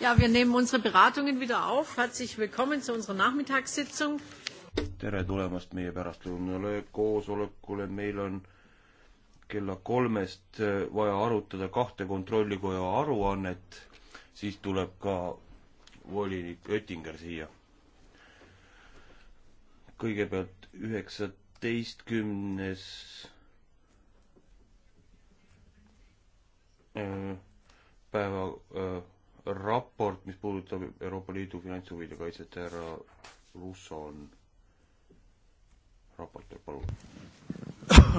Ja, wir nehmen unsere Beratungen wieder auf. Herzlich willkommen zu unserer Nachmittagssitzung. tere tulemast meie pärastlõunale koosolekule, meil on kella kolmest äh, vaja arutada kahte kontrollikoja aruannet, siis tuleb ka volinik Oettinger siia. kõigepealt üheksateistkümnes äh, päeva öö, äh, raport, mis puudutab Euroopa Liidu finantshuvide kaitset, härra Russo on raportöör, palun.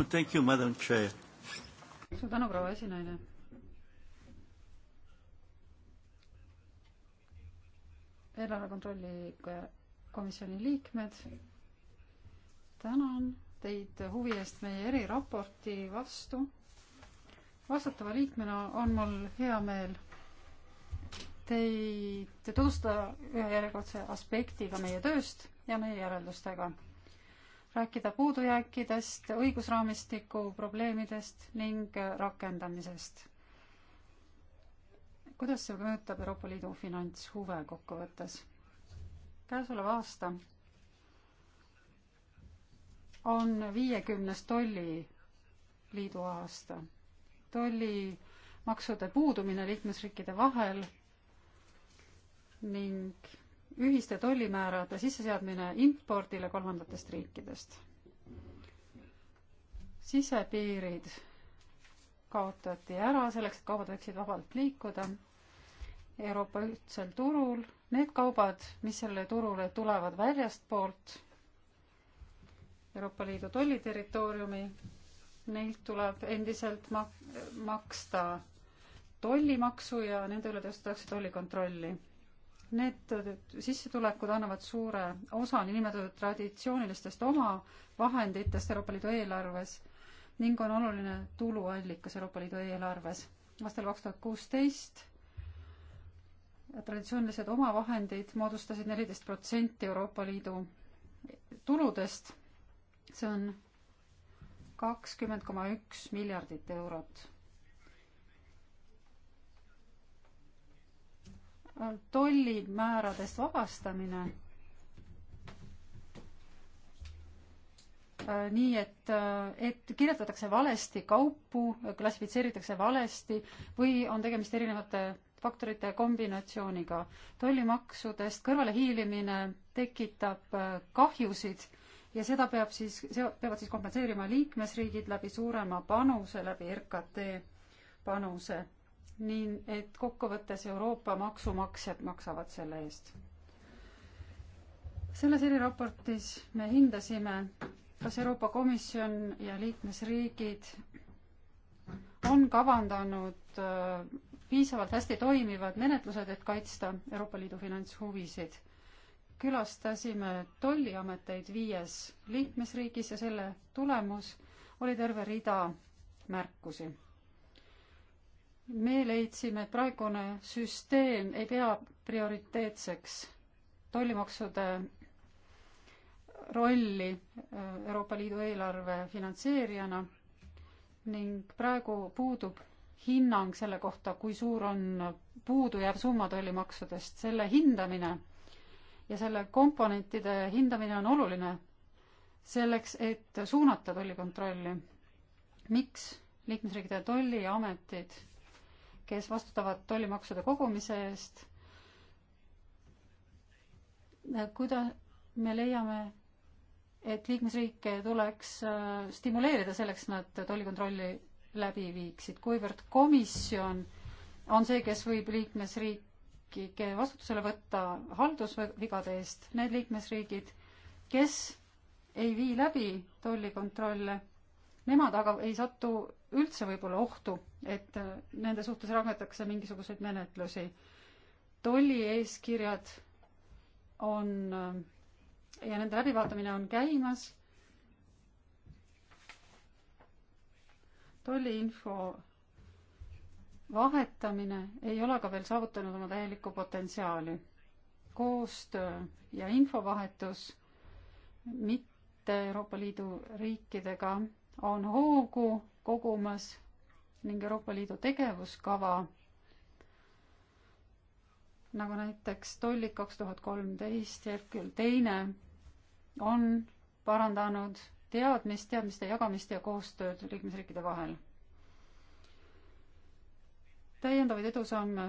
Thank you, madam chair. suur tänu, proua esinaine. eelarve kontrolli komisjoni liikmed, tänan teid huvi eest meie eriraporti vastu. vastutava liikmena on mul hea meel teid tutvustada ühe järjekordse aspektiga meie tööst ja meie järeldustega, rääkida puudujääkidest, õigusraamistiku probleemidest ning rakendamisest. kuidas see mõjutab Euroopa Liidu finantshuve kokkuvõttes? käesolev aasta on viiekümnes tolliliidu aasta. tollimaksude puudumine liikmesriikide vahel ning ühiste tollimäärade sisseseadmine impordile kolmandatest riikidest. sisepiirid kaotati ära selleks, et kaubad võiksid vabalt liikuda Euroopa ühtsel turul. Need kaubad, mis sellele turule tulevad väljastpoolt Euroopa Liidu tolliterritooriumi, neilt tuleb endiselt mak-, maksta tollimaksu ja nende üle teostatakse tollikontrolli Need sissetulekud annavad suure osa niinimetatud traditsioonilistest omavahenditest Euroopa Liidu eelarves ning on oluline tuluallikas Euroopa Liidu eelarves. aastal kaks tuhat kuusteist traditsioonilised omavahendid moodustasid neliteist protsenti Euroopa Liidu tuludest. see on kakskümmend koma üks miljardit eurot. tollimääradest vabastamine. Äh, nii et, äh, et kirjutatakse valesti kaupu, klassifitseeritakse valesti või on tegemist erinevate faktorite kombinatsiooniga. tollimaksudest kõrvalehiilimine tekitab äh, kahjusid ja seda peab siis, peavad siis kompenseerima liikmesriigid läbi suurema panuse, läbi RKT panuse nii et kokkuvõttes Euroopa maksumaksjad maksavad selle eest. selles eriraportis me hindasime, kas Euroopa Komisjon ja liikmesriigid on kavandanud äh, piisavalt hästi toimivad menetlused, et kaitsta Euroopa Liidu finantshuvisid. külastasime tolliameteid viies liikmesriigis ja selle tulemus oli terve rida märkusi me leidsime, et praegune süsteem ei pea prioriteetseks tollimaksude rolli äh, Euroopa Liidu eelarve finantseerijana ning praegu puudub hinnang selle kohta, kui suur on puudujääv summa tollimaksudest. selle hindamine ja selle komponentide hindamine on oluline selleks, et suunata tollikontrolli. miks liikmesriikide tolliametid kes vastutavad tollimaksude kogumise eest. kuida-, me leiame, et liikmesriike tuleks äh, stimuleerida selleks, nad tollikontrolli läbi viiksid, kuivõrd komisjon on see, kes võib liikmesriikide vastutusele võtta haldusvigade eest, need liikmesriigid, kes ei vii läbi tollikontrolle, nemad aga ei satu üldse võib-olla ohtu et äh, nende suhtes rakendatakse mingisuguseid menetlusi. tollieeskirjad on äh, ja nende läbivaatamine on käimas. tolliinfo vahetamine ei ole ka veel saavutanud oma täielikku potentsiaali. koostöö ja infovahetus mitte Euroopa Liidu riikidega on hoogu kogumas ning Euroopa Liidu tegevuskava, nagu näiteks Tollid kaks tuhat kolmteist ja küll teine, on parandanud teadmist, teadmiste jagamist ja koostööd liikmesriikide vahel. täiendavaid edusamme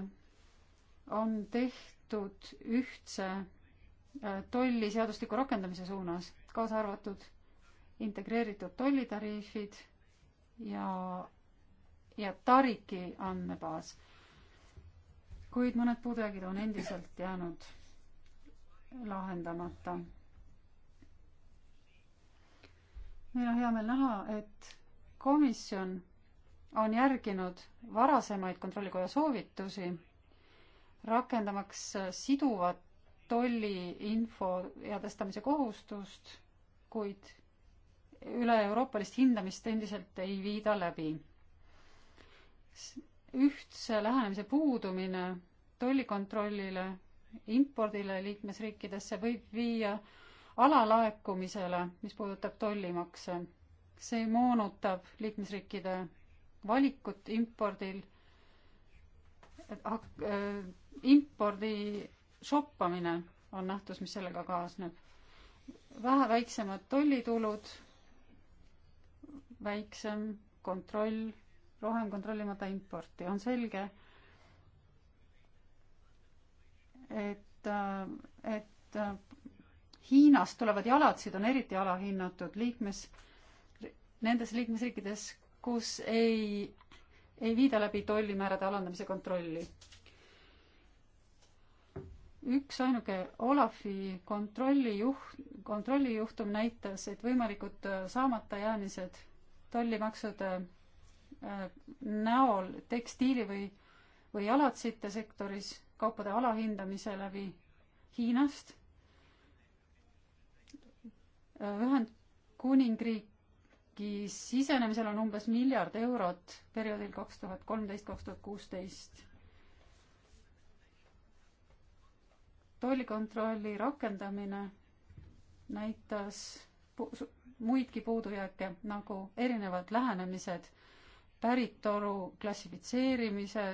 on tehtud ühtse äh, tolliseadustiku rakendamise suunas, kaasa arvatud integreeritud tollitariifid ja ja Tariki andmebaas. kuid mõned puudujäägid on endiselt jäänud lahendamata. meil on hea meel näha, et komisjon on järginud varasemaid kontrollikoja soovitusi, rakendamaks siduvat tolliinfo headestamise kohustust, kuid üle-euroopalist hindamist endiselt ei viida läbi ühtse lähenemise puudumine tollikontrollile, impordile liikmesriikidesse võib viia alalaekumisele, mis puudutab tollimakse. see moonutab liikmesriikide valikut impordil, äh, impordi shoppamine on nähtus, mis sellega kaasneb. vähe väiksemad tollitulud, väiksem kontroll rohkem kontrollimata importi. on selge, et, et Hiinast tulevad jalatsid on eriti alahinnatud liikmes, nendes liikmesriikides, kus ei, ei viida läbi tollimäärade alandamise kontrolli. üksainuke Olafi kontrollijuht, kontrollijuhtum näitas, et võimalikud saamata jäämised tollimaksude näol tekstiili või, või jalatsite sektoris kaupade alahindamise läbi Hiinast. Ühendkuningriigi sisenemisel on umbes miljard eurot perioodil kaks tuhat kolmteist, kaks tuhat kuusteist. tollikontrolli rakendamine näitas muidki puudujääke nagu erinevad lähenemised päritolu klassifitseerimise,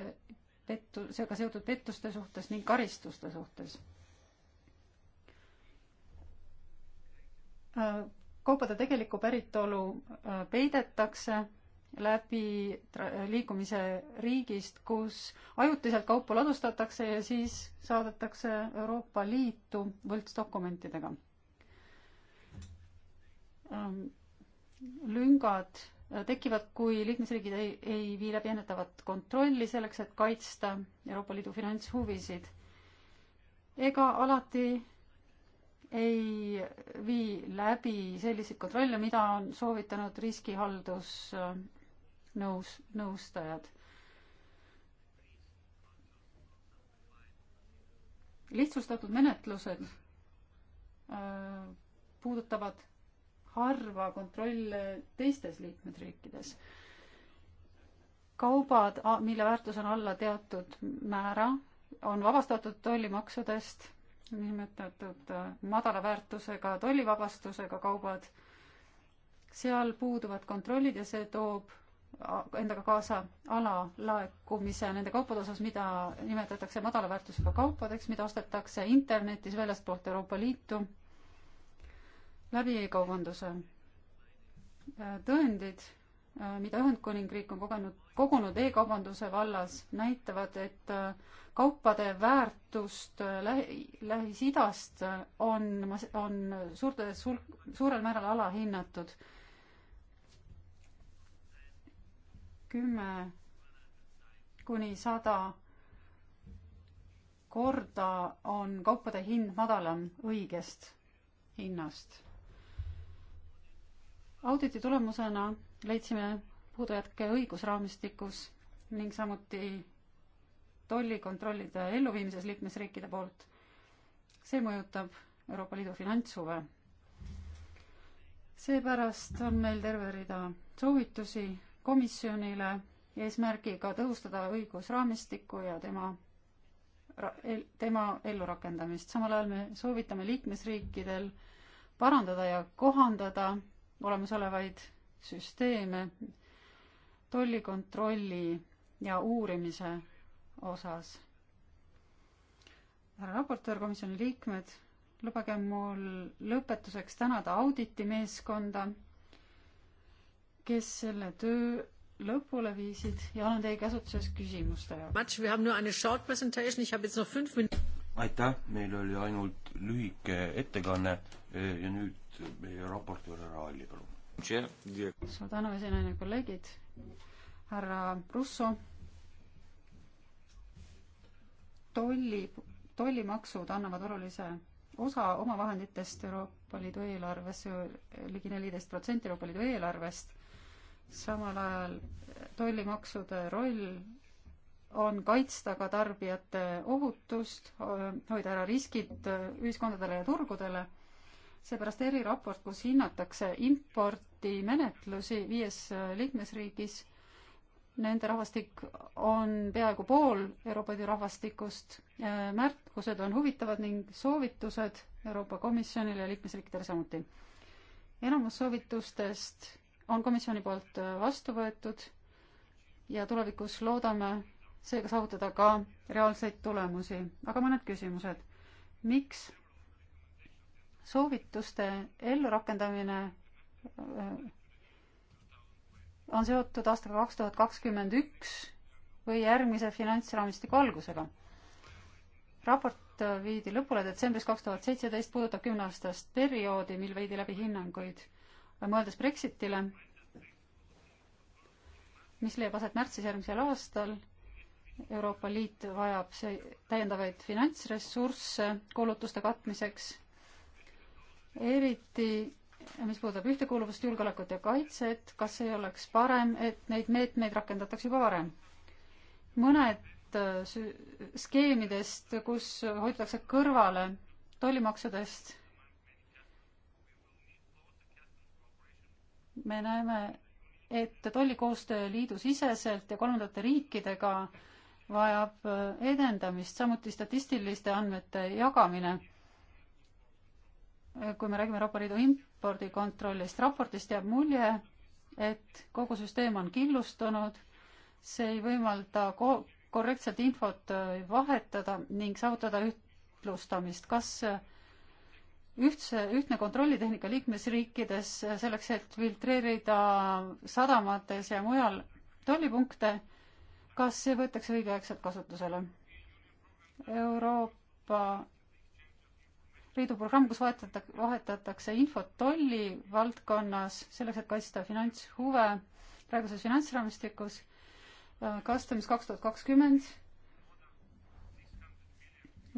pettu-, seega seotud pettuste suhtes ning karistuste suhtes. Äh, kaupade tegelikku päritolu äh, peidetakse läbi liikumise riigist, kus ajutiselt kaupu ladustatakse ja siis saadetakse Euroopa Liitu võltsdokumentidega. Ähm, lüngad tekivad, kui liikmesriigid ei, ei vii läbi ennetavat kontrolli selleks, et kaitsta Euroopa Liidu finantshuvisid. ega alati ei vii läbi selliseid kontrolle, mida on soovitanud riskihaldusnõus, nõustajad. lihtsustatud menetlused äh, puudutavad harva kontrolle teistes liikmesriikides. kaubad, mille väärtus on alla teatud määra, on vabastatud tollimaksudest, nimetatud äh, madala väärtusega tollivabastusega kaubad, seal puuduvad kontrollid ja see toob endaga kaasa alalaekumise nende kaupade osas, mida nimetatakse madala väärtusega kaupadeks, mida ostetakse internetis väljastpoolt Euroopa Liitu läbi e-kaubanduse. tõendid, mida Ühendkuningriik on kogenud, kogunud e-kaubanduse vallas, näitavad, et äh, kaupade väärtust äh, lähi, Lähis-Idast äh, on, on suurtes hulk, suurel määral alahinnatud. kümme kuni sada korda on kaupade hind madalam õigest hinnast auditi tulemusena leidsime puudujääke õigusraamistikus ning samuti tollikontrollide elluviimises liikmesriikide poolt. see mõjutab Euroopa Liidu finantshuve. seepärast on meil terve rida soovitusi komisjonile eesmärgiga tõhustada õigusraamistikku ja tema tema ellurakendamist, samal ajal me soovitame liikmesriikidel parandada ja kohandada olemasolevaid süsteeme tollikontrolli ja uurimise osas. härra raportöör, komisjoni liikmed, lubage mul lõpetuseks tänada auditimeeskonda, kes selle töö lõpule viisid ja olen teie käsutuses küsimuste jaoks aitäh, meil oli ainult lühike ettekanne eh, ja nüüd meie raportöör härra Alli, palun. suur tänu, esinejad ja kolleegid. härra Russo. tolli, tollimaksud annavad olulise osa omavahenditest Euroopa Liidu eelarves, ligi neliteist protsenti Euroopa Liidu eelarvest. samal ajal tollimaksude roll on kaitsta ka tarbijate ohutust, hoida ära riskid ühiskondadele ja turgudele. seepärast eriraport, kus hinnatakse impordimenetlusi viies liikmesriigis, nende rahvastik on peaaegu pool Euroopa Liidu rahvastikust. märkused on huvitavad ning soovitused Euroopa Komisjonile ja liikmesriikidele samuti. enamus soovitustest on komisjoni poolt vastu võetud ja tulevikus loodame seega saavutada ka reaalseid tulemusi. aga mõned küsimused. miks soovituste ellurakendamine äh, on seotud aastaga kaks tuhat kakskümmend üks või järgmise finantsraamistiku algusega. raport äh, viidi lõpule detsembris kaks tuhat seitseteist, puudutab kümneaastast perioodi, mil viidi läbi hinnanguid, mõeldes Brexitile, mis leiab aset märtsis järgmisel aastal Euroopa Liit vajab see täiendavaid finantsressursse kulutuste katmiseks, eriti mis puudutab ühtekuuluvust, julgeolekut ja kaitset, kas ei oleks parem, et neid meetmeid rakendataks juba varem? mõned äh, skeemidest, kus hoitakse kõrvale tollimaksudest, me näeme, et tollikoostöö liidu siseselt ja kolmandate riikidega äh, vajab äh, edendamist, samuti statistiliste andmete jagamine. Äh, kui me räägime Euroopa Liidu impordikontrollist, raportist jääb mulje, et kogu süsteem on killustunud, see ei võimalda ko-, korrektselt infot äh, vahetada ning saavutada ühtlustamist. kas ühtse, ühtne kontrollitehnika liikmesriikides selleks, et filtreerida sadamates ja mujal tollipunkte, kas see võetakse õigeaegselt kasutusele? Euroopa Liidu programm, kus vahetata, vahetatakse infot tolli valdkonnas selleks, et kaitsta finantshuve praeguses finantsraamistikus. Äh, customs kaks tuhat kakskümmend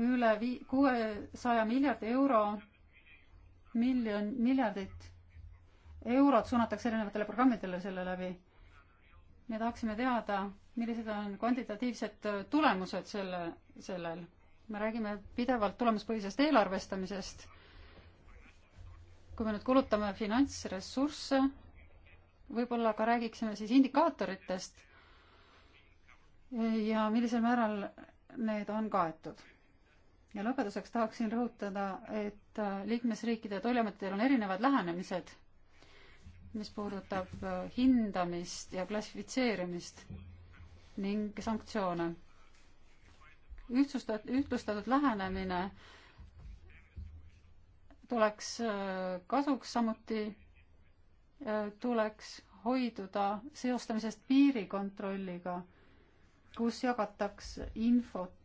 üle vii-, kuuesaja miljardi euro, miljon, miljardit eurot suunatakse erinevatele programmidele selle läbi. me tahaksime teada, millised on kvantitatiivsed äh, tulemused selle, sellel? me räägime pidevalt tulemuspõhisest eelarvestamisest. kui me nüüd kulutame finantsressursse, võib-olla ka räägiksime siis indikaatoritest ja millisel määral need on kaetud. ja lõpetuseks tahaksin rõhutada, et äh, liikmesriikide tolliametitel on erinevad lähenemised, mis puudutab äh, hindamist ja klassifitseerimist ning sanktsioone. ühtsustat-, ühtlustatud lähenemine tuleks äh, kasuks, samuti äh, tuleks hoiduda seostamisest piirikontrolliga, kus jagatakse infot.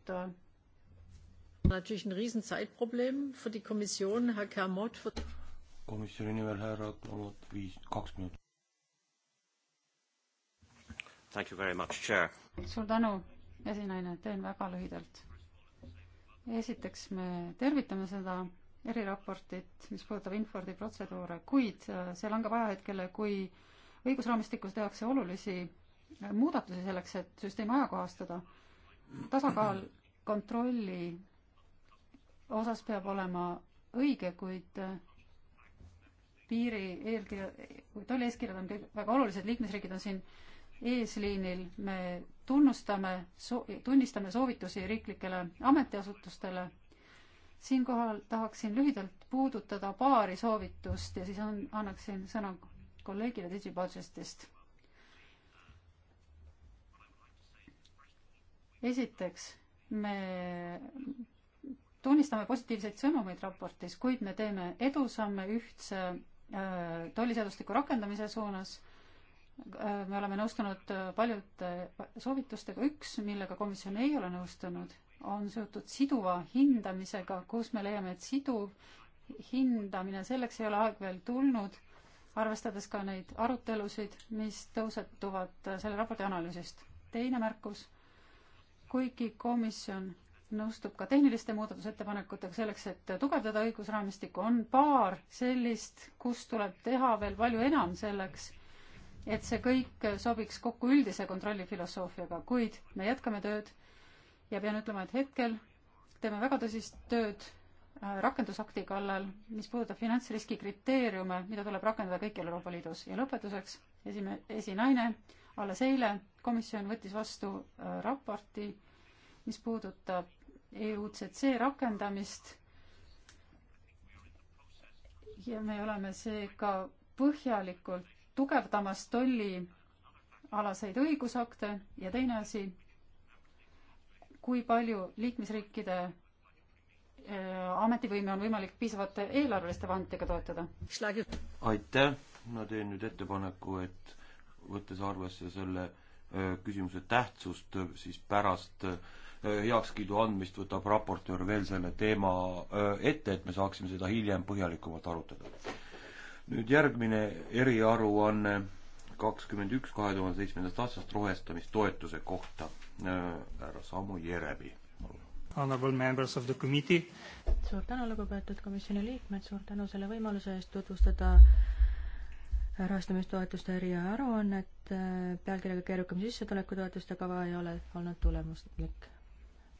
Natürlich ein Riesenzeitproblem für die Kommission, Herr Kermot. komisjoni nimel härra Kermot, viis, kaks minutit. Thank you very much, Chair suur tänu, esinaine, teen väga lühidalt. esiteks me tervitame seda eriraportit, mis puudutab Infordi protseduure, kuid äh, see langeb ajahetkele, kui õigusraamistikus tehakse olulisi äh, muudatusi selleks, et süsteemi ajakohastada. tasakaal kontrolli osas peab olema õige, kuid äh, piiri eelkirja, kui tolli eeskirjad on kõik väga olulised, liikmesriigid on siin äh, eesliinil, me tunnustame, tunnistame soovitusi riiklikele ametiasutustele. siinkohal tahaksin lühidalt puudutada paari soovitust ja siis on, annaksin sõna kolleegile DigiBudgetist. esiteks, me tunnistame positiivseid sõnumeid raportis, kuid me teeme edusamme ühtse äh, tolliseadustiku rakendamise suunas Äh, me oleme nõustunud äh, paljude äh, soovitustega, üks, millega komisjon ei ole nõustunud, on seotud siduva hindamisega, kus me leiame, et siduv hindamine, selleks ei ole aeg veel tulnud, arvestades ka neid arutelusid, mis tõusetuvad selle raporti analüüsist. teine märkus, kuigi komisjon nõustub ka tehniliste muudatusettepanekutega selleks, et tugevdada õigusraamistikku, on paar sellist, kus tuleb teha veel palju enam selleks, et see kõik sobiks kokku üldise kontrolli filosoofiaga, kuid me jätkame tööd ja pean ütlema, et hetkel teeme väga tõsist tööd äh, rakendusakti kallal, mis puudutab finantsriski kriteeriume, mida tuleb rakendada kõikjal Euroopa Liidus. ja lõpetuseks esime-, esinaine, alles eile komisjon võttis vastu äh, raporti, mis puudutab EUCC rakendamist ja me oleme seega põhjalikult tugevdamas tollialaseid õigusakte ja teine asi, kui palju liikmesriikide äh, ametivõime on võimalik piisavate eelarveliste vahenditega toetada. aitäh, ma teen nüüd ettepaneku, et võttes arvesse selle äh, küsimuse tähtsust, siis pärast äh, heakskiidu andmist võtab raportöör veel selle teema ette, et me saaksime seda hiljem põhjalikumalt arutada nüüd järgmine eriaruanne kakskümmend üks kahe tuhande seitsmendast aastast rohestamistoetuse kohta. Äh, härra Samu Jerebi, palun. Honorable members of the committee. suur tänu, lugupeetud komisjoni liikmed, suur tänu selle võimaluse eest tutvustada rahastamistoetuste eriaruannet äh, pealkirjaga Keerukam sissetulekutoetuste kava ei ole olnud tulemuslik.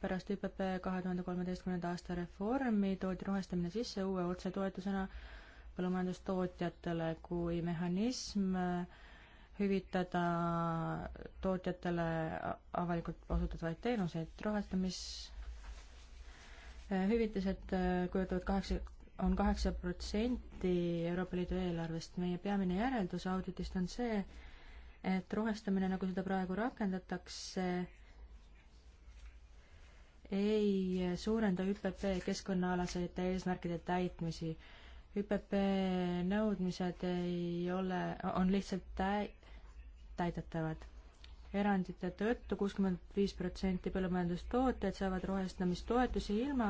pärast ÜPP kahe tuhande kolmeteistkümnenda aasta reformi toodi rohestamine sisse uue otsetoetusena põllumajandustootjatele kui mehhanism äh, hüvitada tootjatele avalikult osutatavaid teenuseid, rahastamishüvitised äh, äh, kujutavad kaheksa, on kaheksa protsenti Euroopa Liidu eelarvest. meie peamine järeldus auditist on see, et rohestamine, nagu seda praegu rakendatakse, ei suurenda ÜPP keskkonnaalaseid eesmärkide täitmisi ÜPP nõudmised ei ole, on lihtsalt täi-, täidetavad. erandite tõttu kuuskümmend viis protsenti põllumajandustooted saavad rohestamistoetusi ilma,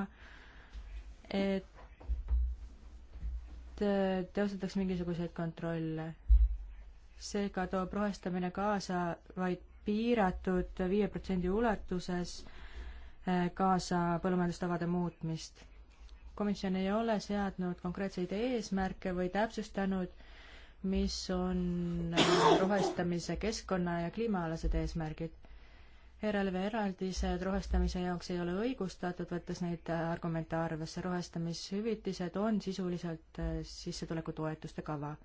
et teostataks mingisuguseid kontrolle. seega toob rohestamine kaasa vaid piiratud viie protsendi ulatuses eh, kaasa põllumajandustavade muutmist komisjon ei ole seadnud konkreetseid eesmärke või täpsustanud, mis on äh, rohestamise keskkonna ja kliimaalased eesmärgid. RLV eraldised rohestamise jaoks ei ole õigustatud, võttes neid äh, argumente arvesse. rohestamishüvitised on sisuliselt äh, sissetulekutoetuste kava.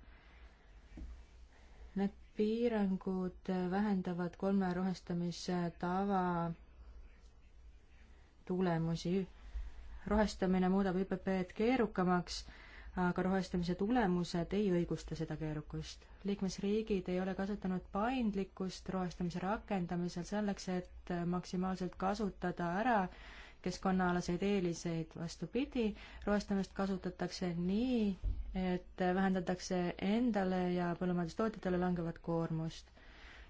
Need piirangud vähendavad kolme rohestamise tava tulemusi rohestamine muudab ÜPP-d keerukamaks, aga rohestamise tulemused ei õigusta seda keerukust. liikmesriigid ei ole kasutanud paindlikkust rohestamise rakendamisel selleks, et maksimaalselt kasutada ära keskkonnaalaseid eeliseid, vastupidi, rohestamist kasutatakse nii, et vähendatakse endale ja põllumajandustootjatele langevat koormust.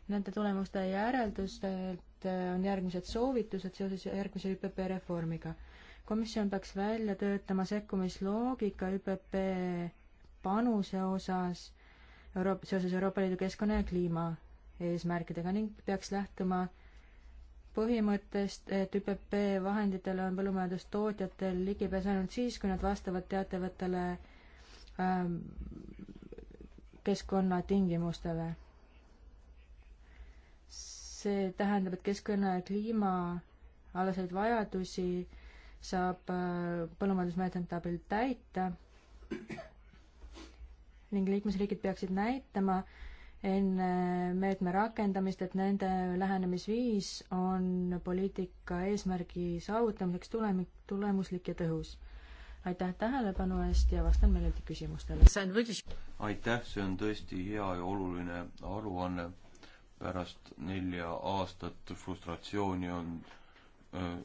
Nende tulemuste järeldustelt on järgmised soovitused seoses järgmise ÜPP reformiga komisjon peaks välja töötama sekkumisloogika ÜPP panuse osas Euroop-, seoses Euroopa Liidu keskkonna ja kliima eesmärkidega ning peaks lähtuma põhimõttest, et ÜPP vahenditele on põllumajandustootjatel ligipääs ainult siis, kui nad vastavad teatavatele ähm, keskkonnatingimustele. see tähendab, et keskkonna ja kliima alaseid vajadusi saab äh, põllumajandusmeetmete abil täita ning liikmesriigid peaksid näitama enne meetme rakendamist, et nende lähenemisviis on poliitika eesmärgi saavutamiseks tulem-, tulemuslik ja tõhus. aitäh tähelepanu eest ja vastan meeleldi küsimustele. aitäh, see on tõesti hea ja oluline aruanne. pärast nelja aastat frustratsiooni on öö,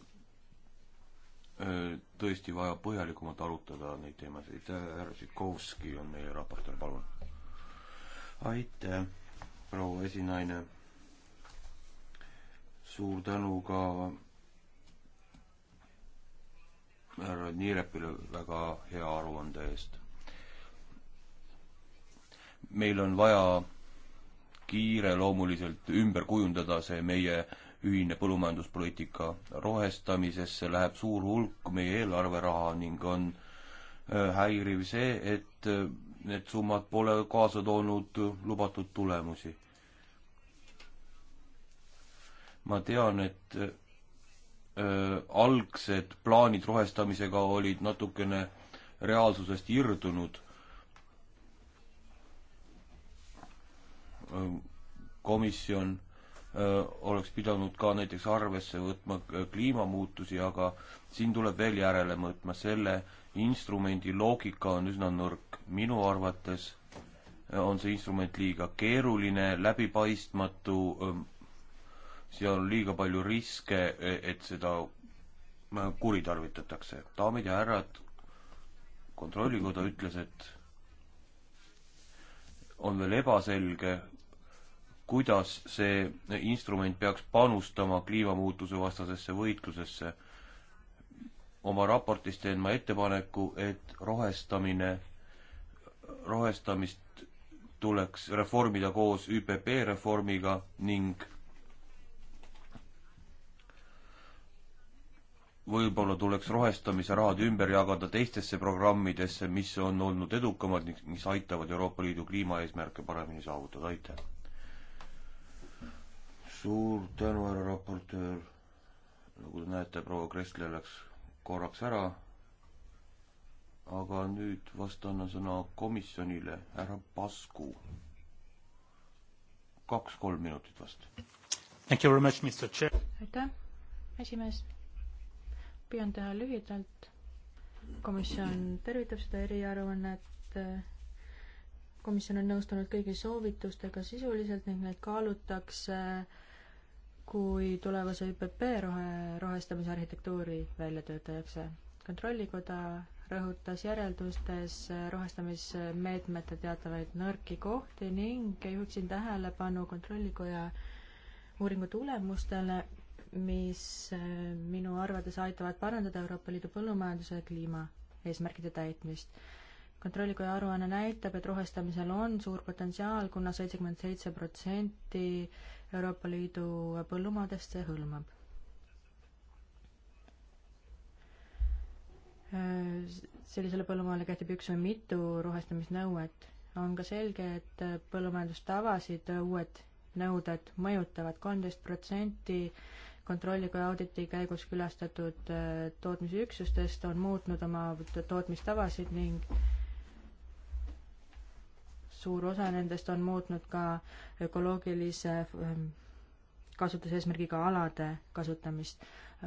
tõesti vaja põhjalikumalt arutada neid teemasid. härra Sikovski on meie raportöör, palun. aitäh, proua esinaine. suur tänu ka härra Niirepile väga hea aruande eest. meil on vaja kiireloomuliselt ümber kujundada see meie äh, ühine põllumajanduspoliitika rohestamisesse läheb suur hulk meie eelarveraha ning on äh, häiriv see, et äh, need summad pole kaasa toonud lubatud tulemusi. ma tean, et äh, algsed plaanid rohestamisega olid natukene reaalsusest irdunud äh,. komisjon Äh, oleks pidanud ka näiteks arvesse võtma äh, kliimamuutusi, aga siin tuleb veel järele mõõtma, selle instrumendi loogika on üsna nõrk. minu arvates äh, on see instrument liiga keeruline, läbipaistmatu, ähm, seal on liiga palju riske, et seda kuritarvitatakse. daamid ja härrad, kontrollikoda ütles, et on veel ebaselge, kuidas see instrument peaks panustama kliimamuutuse vastasesse võitlusesse. oma raportis teen ma ettepaneku, et rohestamine, rohestamist tuleks reformida koos ÜPP reformiga ning võib-olla tuleks rohestamise rahad ümber jagada teistesse programmidesse, mis on olnud edukamad ning mis aitavad Euroopa Liidu kliimaeesmärke paremini saavutada, aitäh! suur tänu, härra raportöör. nagu te näete, proua Kressle läks korraks ära. aga nüüd vast annan sõna komisjonile, härra Pasku. kaks-kolm minutit vast. aitäh, esimees. püüan teha lühidalt. komisjon tervitab seda eriaruannet komisjon on nõustunud kõigi soovitustega sisuliselt ning neid kaalutakse äh, kui tulevase ÜPP rohe, rohestamise arhitektuuri välja töötatakse. kontrollikoda rõhutas järeldustes rohestamismeetmete teatavaid nõrki kohti ning juhtisin tähelepanu kontrollikoja uuringu tulemustele, mis äh, minu arvates aitavad parandada Euroopa Liidu põllumajanduse kliimaeesmärkide täitmist kontrollikoja aruanne näitab, et rohestamisel on suur potentsiaal kuna, kuna seitsekümmend seitse protsenti Euroopa Liidu põllumaadest see hõlmab. Äh, sellisele põllumaale kehtib üks või mitu rohestamisnõuet. on ka selge, et põllumajandustavasid uued nõuded mõjutavad kolmteist protsenti kontrollikoja auditi käigus külastatud äh, tootmisüksustest on muutnud oma tootmistavasid ning suur osa nendest on muutnud ka ökoloogilise ähm, kasutuseesmärgiga alade kasutamist.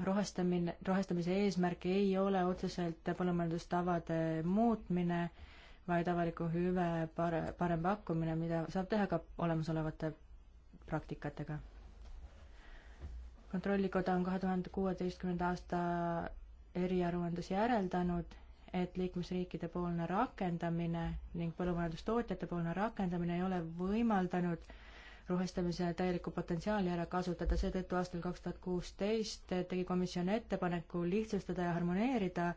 rohestamine, rohestamise eesmärk ei ole otseselt põllumajandustavade muutmine, vaid avaliku hüve pare-, parem pakkumine, mida saab teha ka olemasolevate praktikatega. kontrollikoda on kahe tuhande kuueteistkümnenda aasta eriaruandes järeldanud, et liikmesriikide poolne rakendamine ning põllumajandustootjate poolne rakendamine ei ole võimaldanud rohestamise täielikku potentsiaali ära kasutada, seetõttu aastal kaks tuhat kuusteist tegi komisjon ettepaneku lihtsustada ja harmoneerida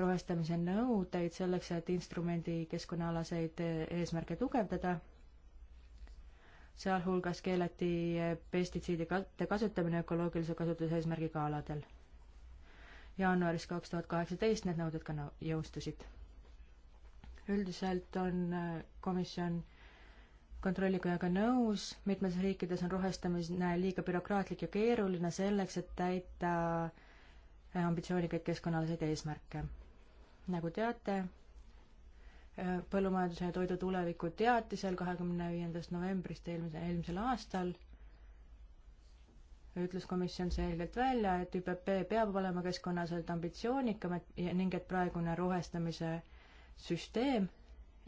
rohestamise nõudeid selleks, et instrumendi keskkonnaalaseid eesmärke tugevdada sealhulgas keelati pestitsiidide kasutamine ökoloogilise kasutuse eesmärgiga aladel jaanuaris kaks tuhat kaheksateist need nõuded ka jõustusid. üldiselt on äh, komisjon kontrollikojaga nõus, mitmes riikides on rohestamine liiga bürokraatlik ja keeruline selleks, et täita äh, ambitsioonikaid keskkonnaalaseid eesmärke. nagu teate, äh, põllumajanduse ja toidu tuleviku teatisel kahekümne viiendast novembrist eelmise, eelmisel aastal ütles komisjon selgelt välja, et ÜPP peab olema keskkonnaselt ambitsioonikam, et ning et praegune rohestamise süsteem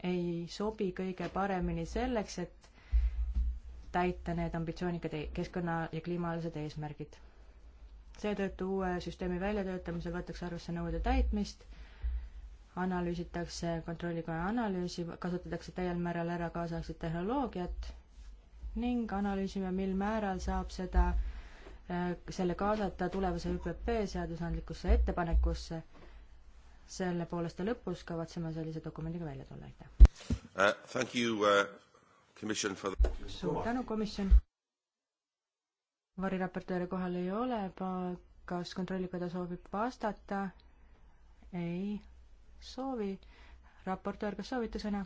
ei sobi kõige paremini selleks, et täita need ambitsioonikad e-, keskkonna- ja kliimaalised eesmärgid. seetõttu uue süsteemi väljatöötamisel võetakse arvesse nõude täitmist, analüüsitakse kontrollikoja analüüsi, kasutatakse täiel määral ära kaasaegset tehnoloogiat ning analüüsime, mil määral saab seda Äh, selle kaasata tulevase ÜPP seadusandlikusse ettepanekusse. selle pooleste lõpus kavatseme sellise dokumendiga välja tulla, aitäh uh,. Uh, suur tänu, komisjon. variraportööri kohal ei ole, kas kontrollikoda soovib vastata? ei soovi. raportöör, kas soovite sõna?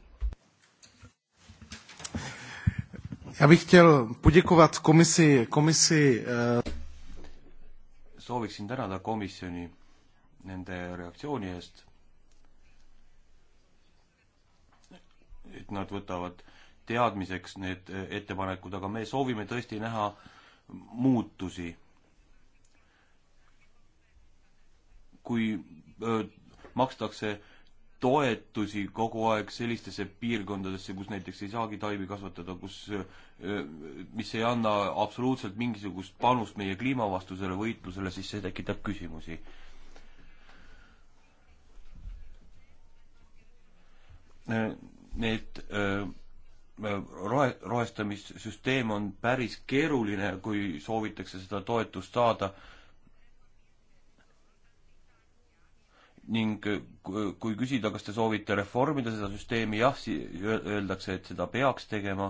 Já bych chtěl poděkovat komisi, komisi äh... sooviksin tänada komisjoni nende reaktsiooni eest. et nad võtavad teadmiseks need eh, ettepanekud, aga me soovime tõesti näha muutusi. kui öö, eh, makstakse toetusi kogu aeg sellistesse piirkondadesse, kus näiteks ei saagi taimi kasvatada, kus, mis ei anna absoluutselt mingisugust panust meie kliimavastusele võitlusele, siis see tekitab küsimusi. Need rohe, rohestamissüsteem on päris keeruline, kui soovitakse seda toetust saada ning kui küsida, kas te soovite reformida seda süsteemi, jah, öeldakse, et seda peaks tegema.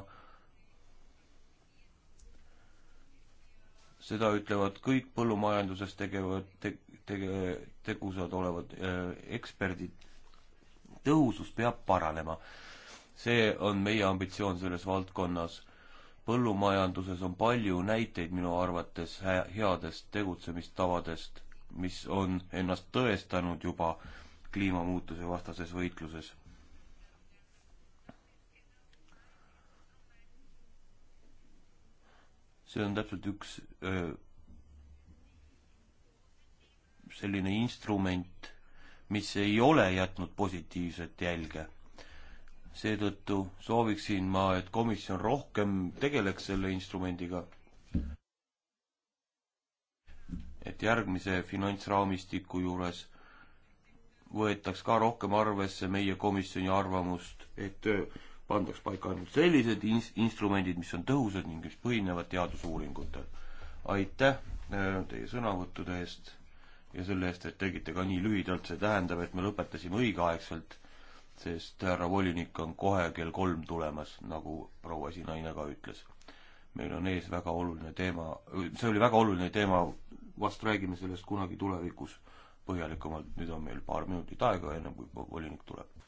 seda ütlevad kõik põllumajanduses tegevad te,, tege-, tegusad olevad äh, eksperdid. tõhusus peab paranema. see on meie ambitsioon selles valdkonnas. põllumajanduses on palju näiteid minu arvates hä-, headest tegutsemistavadest mis on ennast tõestanud juba kliimamuutuse vastases võitluses. see on täpselt üks öö, selline instrument, mis ei ole jätnud positiivset jälge. seetõttu sooviksin ma, et komisjon rohkem tegeleks selle instrumendiga et järgmise finantsraamistiku juures võetaks ka rohkem arvesse meie komisjoni arvamust, et äh, pandaks paika ainult sellised ins-, instrumendid, mis on tõhusad ning mis põhinevad teadusuuringutel. aitäh äh, teie sõnavõttude eest ja selle eest, et tegite ka nii lühidalt, see tähendab, et me lõpetasime õigeaegselt, sest härra volinik on kohe kell kolm tulemas, nagu proua esinaine ka ütles meil on ees väga oluline teema, see oli väga oluline teema vast räägime sellest kunagi tulevikus põhjalikumalt, nüüd on meil paar minutit aega, enne kui volinik tuleb.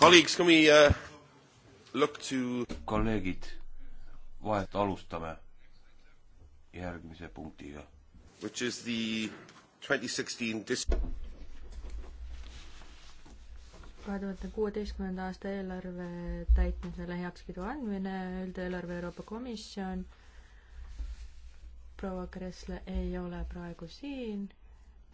Colleagues, can we uh, look to... kolleegid, vahet alustame järgmise punktiga. Which is the 2016 dis-... kahe tuhande kuueteistkümnenda aasta eelarve täitmisele heakskiidu andmine, üldeelarve Euroopa Komisjon. proua Kressle ei ole praegu siin,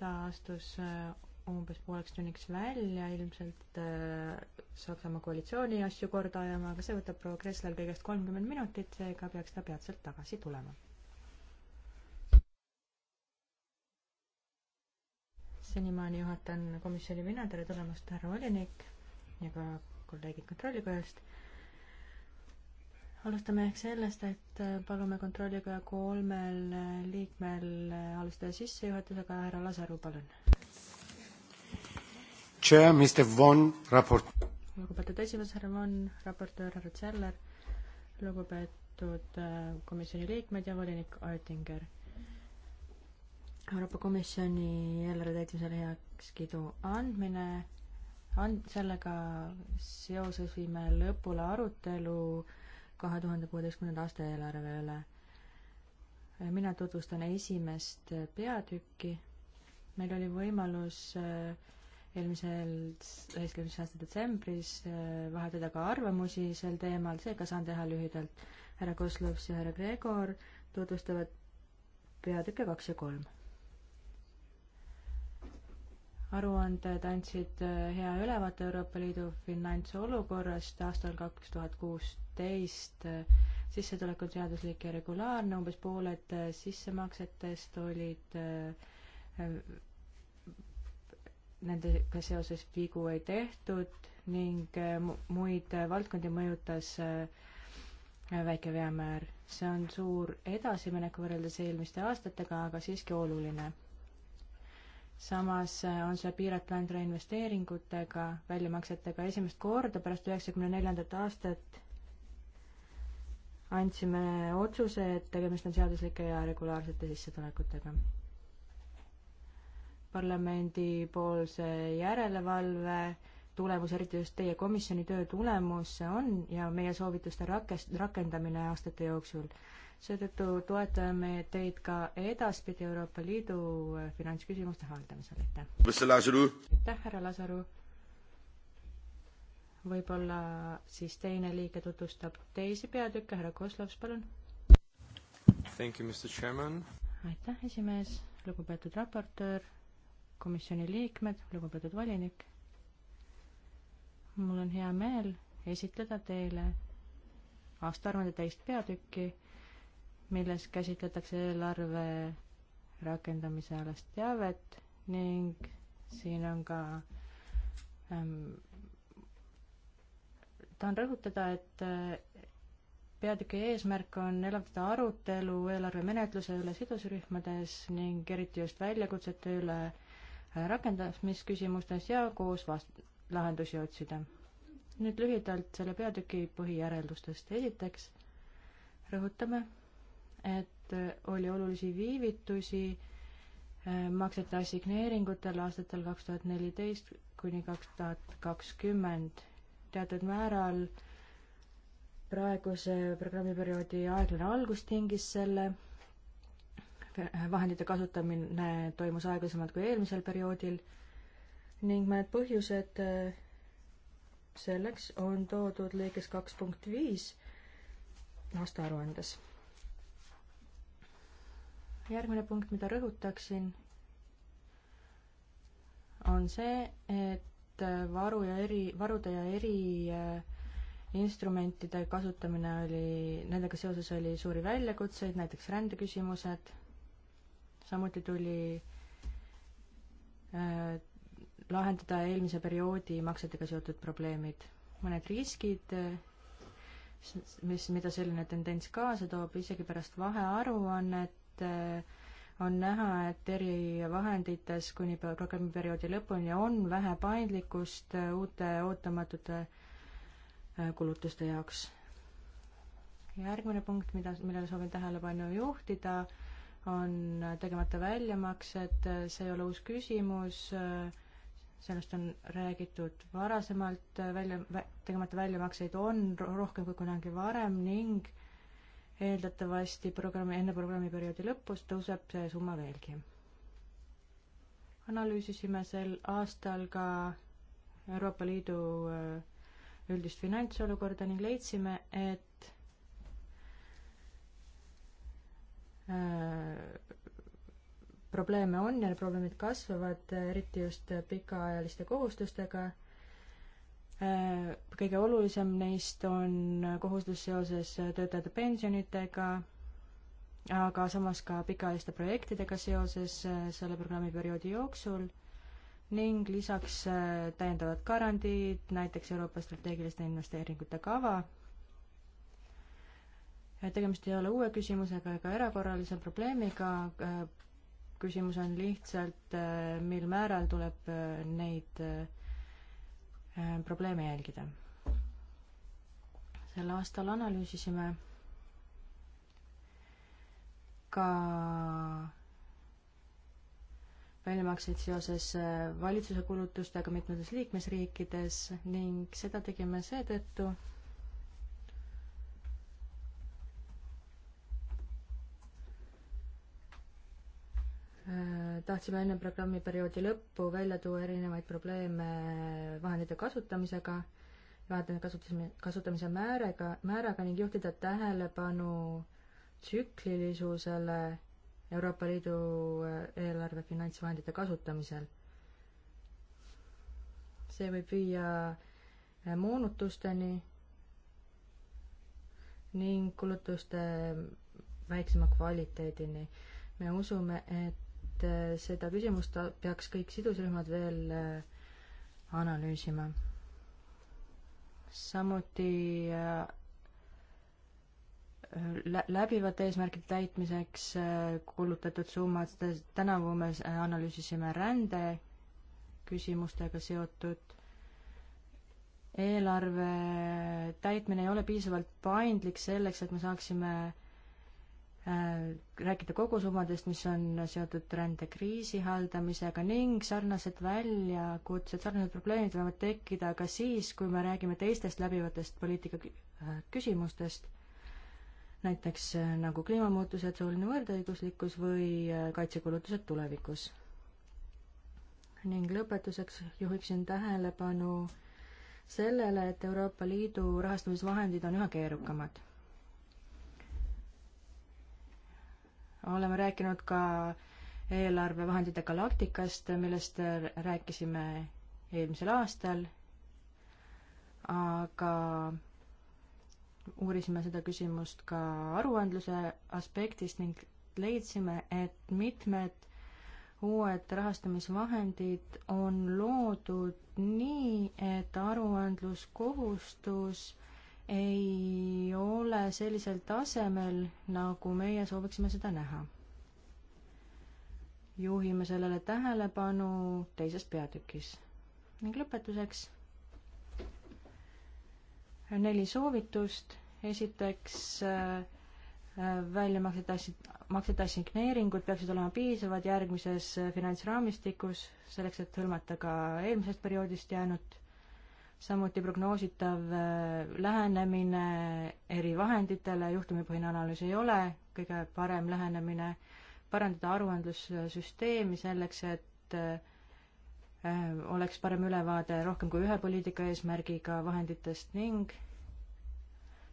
ta astus äh, umbes pooleks tunniks välja ilmselt äh, Saksamaa koalitsiooni asju korda ajama, aga see võtab proua Kresslal kõigest kolmkümmend minutit, seega peaks ta peatselt tagasi tulema. senimaani juhatan komisjoni mina, tere tulemast, härra volinik ja ka kolleegid Kontrollikojast. alustame ehk sellest, et äh, palume Kontrollikoja kolmel äh, liikmel äh, alustada sissejuhatusega, härra Lasaru, palun Chair, Mr Von, raport-. lugupeetud esimees, härra Von, raportöör härra Zeller, lugupeetud äh, komisjoni liikmed ja volinik Oettinger. Euroopa Komisjoni eelarve täitmisele heakskiidu andmine on sellega seoses viime lõpule arutelu kahe tuhande kuueteistkümnenda aasta eelarve üle. mina tutvustan esimest peatükki. meil oli võimalus äh, eelmisel, eelmise aasta detsembris äh, vahetada ka arvamusi sel teemal, seega saan teha lühidalt. härra Kozlovs ja härra Gregor tutvustavad peatükke kaks ja kolm. aruanded andsid äh, hea ülevaate Euroopa Liidu finantsolukorrast aastal kaks tuhat kuusteist. Äh, sissetulek on seaduslik ja regulaarne, umbes pooled sissemaksetest olid nendega seoses vigu ei tehtud ning äh, muid äh, valdkondi mõjutas äh, väike veamäär. see on suur edasiminek võrreldes eelmiste aastatega, aga siiski oluline. samas on see piiratud ainult reinvesteeringutega, väljamaksetega esimest korda pärast üheksakümne neljandat aastat andsime otsuse, et tegemist on seaduslike ja regulaarsete sissetulekutega parlamendipoolse järelevalve tulemus, eriti just teie komisjoni töö tulemus see on ja meie soovituste rakest-, rakendamine aastate jooksul. seetõttu toetame teid ka edaspidi Euroopa Liidu finantsküsimuste haldamisel, aitäh! aitäh, härra Lasaru! võib-olla siis teine liige tutvustab teisi peatükke, härra Koslovs, palun! aitäh, esimees, lugupeetud raportöör komisjoni liikmed, lugupeetud volinik. mul on hea meel esitleda teile aastaaruande teist peatükki, milles käsitletakse eelarve rakendamise alast teavet ning siin on ka ähm, tahan rõhutada, et äh, peatüki eesmärk on elavdada arutelu eelarve menetluse üle sidusrühmades ning eriti just väljakutsete üle, rakendamisküsimustes ja koos vast-, lahendusi otsida. nüüd lühidalt selle peatüki põhijäreldustest. esiteks rõhutame, et oli olulisi viivitusi eh, maksete assigneeringutel aastatel kaks tuhat neliteist kuni kaks tuhat kakskümmend teatud määral praeguse programmiperioodi aeglane algus tingis selle vahendite kasutamine toimus aeglasemalt kui eelmisel perioodil ning mõned põhjused äh, selleks on toodud lõikes kaks punkt viis aastaaruandes. järgmine punkt, mida rõhutaksin, on see, et varu ja eri, varude ja eri äh, instrumentide kasutamine oli, nendega seoses oli suuri väljakutseid, näiteks rändeküsimused samuti tuli äh, lahendada eelmise perioodi maksetega seotud probleemid. mõned riskid, äh, mis, mida selline tendents kaasa toob, isegi pärast vahearuannet äh, on näha, et erivahendites kuni programmiperioodi lõpuni on vähe paindlikkust äh, uute ootamatute äh, kulutuste jaoks. järgmine punkt, mida, millele soovin tähelepanu juhtida, on tegemata väljamaksed, see ei ole uus küsimus, sellest on räägitud varasemalt, välja, tegemata väljamakseid on rohkem kui kunagi varem ning eeldatavasti programmi, enne programmiperioodi lõpus tõuseb see summa veelgi. analüüsisime sel aastal ka Euroopa Liidu üldist finantsolukorda ning leidsime, et Äh, probleeme on ja need probleemid kasvavad, eriti just pikaajaliste kohustustega. Äh, kõige olulisem neist on kohustus seoses töötajate pensionitega, aga samas ka pikaajaliste projektidega seoses äh, selle programmiperioodi jooksul ning lisaks täiendavad garantiid, näiteks Euroopa strateegiliste investeeringute kava tegemist ei ole uue küsimusega ega erakorralise probleemiga, äh, küsimus on lihtsalt, äh, mil määral tuleb äh, neid probleeme jälgida. sel aastal analüüsisime ka väljamakseid seoses valitsuse kulutustega mitmetes liikmesriikides ning seda tegime seetõttu, Äh, tahtsime enne programmiperioodi lõppu välja tuua erinevaid probleeme vahendite kasutamisega, vahendite kasutasime, kasutamise määraga, määraga ning juhtida tähelepanu tsüklilisusele Euroopa Liidu äh, eelarve finantsvahendite kasutamisel. see võib viia äh, moonutusteni ning kulutuste väiksema kvaliteedini. me usume, et et äh, seda küsimust peaks kõik sidusrühmad veel äh, analüüsima. samuti äh, läbivate eesmärkide täitmiseks kulutatud summad, tänavu me analüüsisime rände küsimustega seotud eelarve täitmine ei ole piisavalt paindlik selleks, et me saaksime Äh, rääkida kogusummadest, mis on seotud rändekriisi haldamisega ning sarnased väljakutsed, sarnased probleemid võivad tekkida ka siis, kui me räägime teistest läbivatest poliitika äh, küsimustest, näiteks äh, nagu kliimamuutused, sooline võrdõiguslikkus või kaitsekulutused tulevikus. ning lõpetuseks juhiksin tähelepanu sellele, et Euroopa Liidu rahastamisvahendid on üha keerukamad oleme rääkinud ka eelarvevahendite galaktikast, millest rääkisime eelmisel aastal, aga uurisime seda küsimust ka aruandluse aspektist ning leidsime, et mitmed uued rahastamisvahendid on loodud nii, et aruandluskohustus ei ole sellisel tasemel, nagu meie sooviksime seda näha. juhime sellele tähelepanu teises peatükis. ning lõpetuseks neli soovitust. esiteks äh, väljamaksed, maksed assigneeringud peaksid olema piisavad järgmises finantsraamistikus, selleks et hõlmata ka eelmisest perioodist jäänut samuti prognoositav äh, lähenemine erivahenditele, juhtumipõhine analüüs ei ole kõige parem lähenemine, parandada aruandlussüsteemi selleks, et äh, oleks parem ülevaade rohkem kui ühe poliitika eesmärgiga vahenditest ning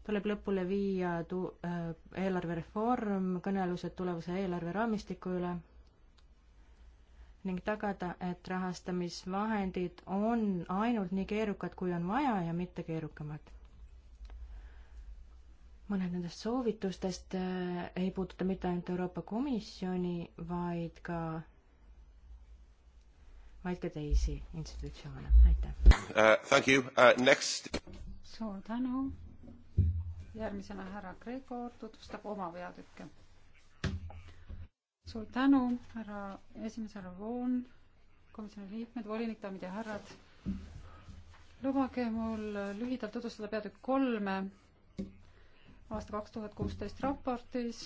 tuleb lõpule viia tu-, äh, eelarvereform, kõnelused tulevase eelarveraamistiku üle ning tagada, et rahastamisvahendid on ainult nii keerukad, kui on vaja ja mitte keerukamad. mõned nendest soovitustest äh, ei puuduta mitte ainult Euroopa Komisjoni, vaid ka, vaid ka teisi institutsioone, aitäh uh,. Thank you uh,, next. suur tänu. järgmisena härra Gregor tutvustab oma peatükke suur tänu, härra esimees, härra Voon, komisjoni liikmed, volinik, daamid ja härrad. lubage mul lühidalt tutvustada peatükk kolme aasta kaks tuhat kuusteist raportis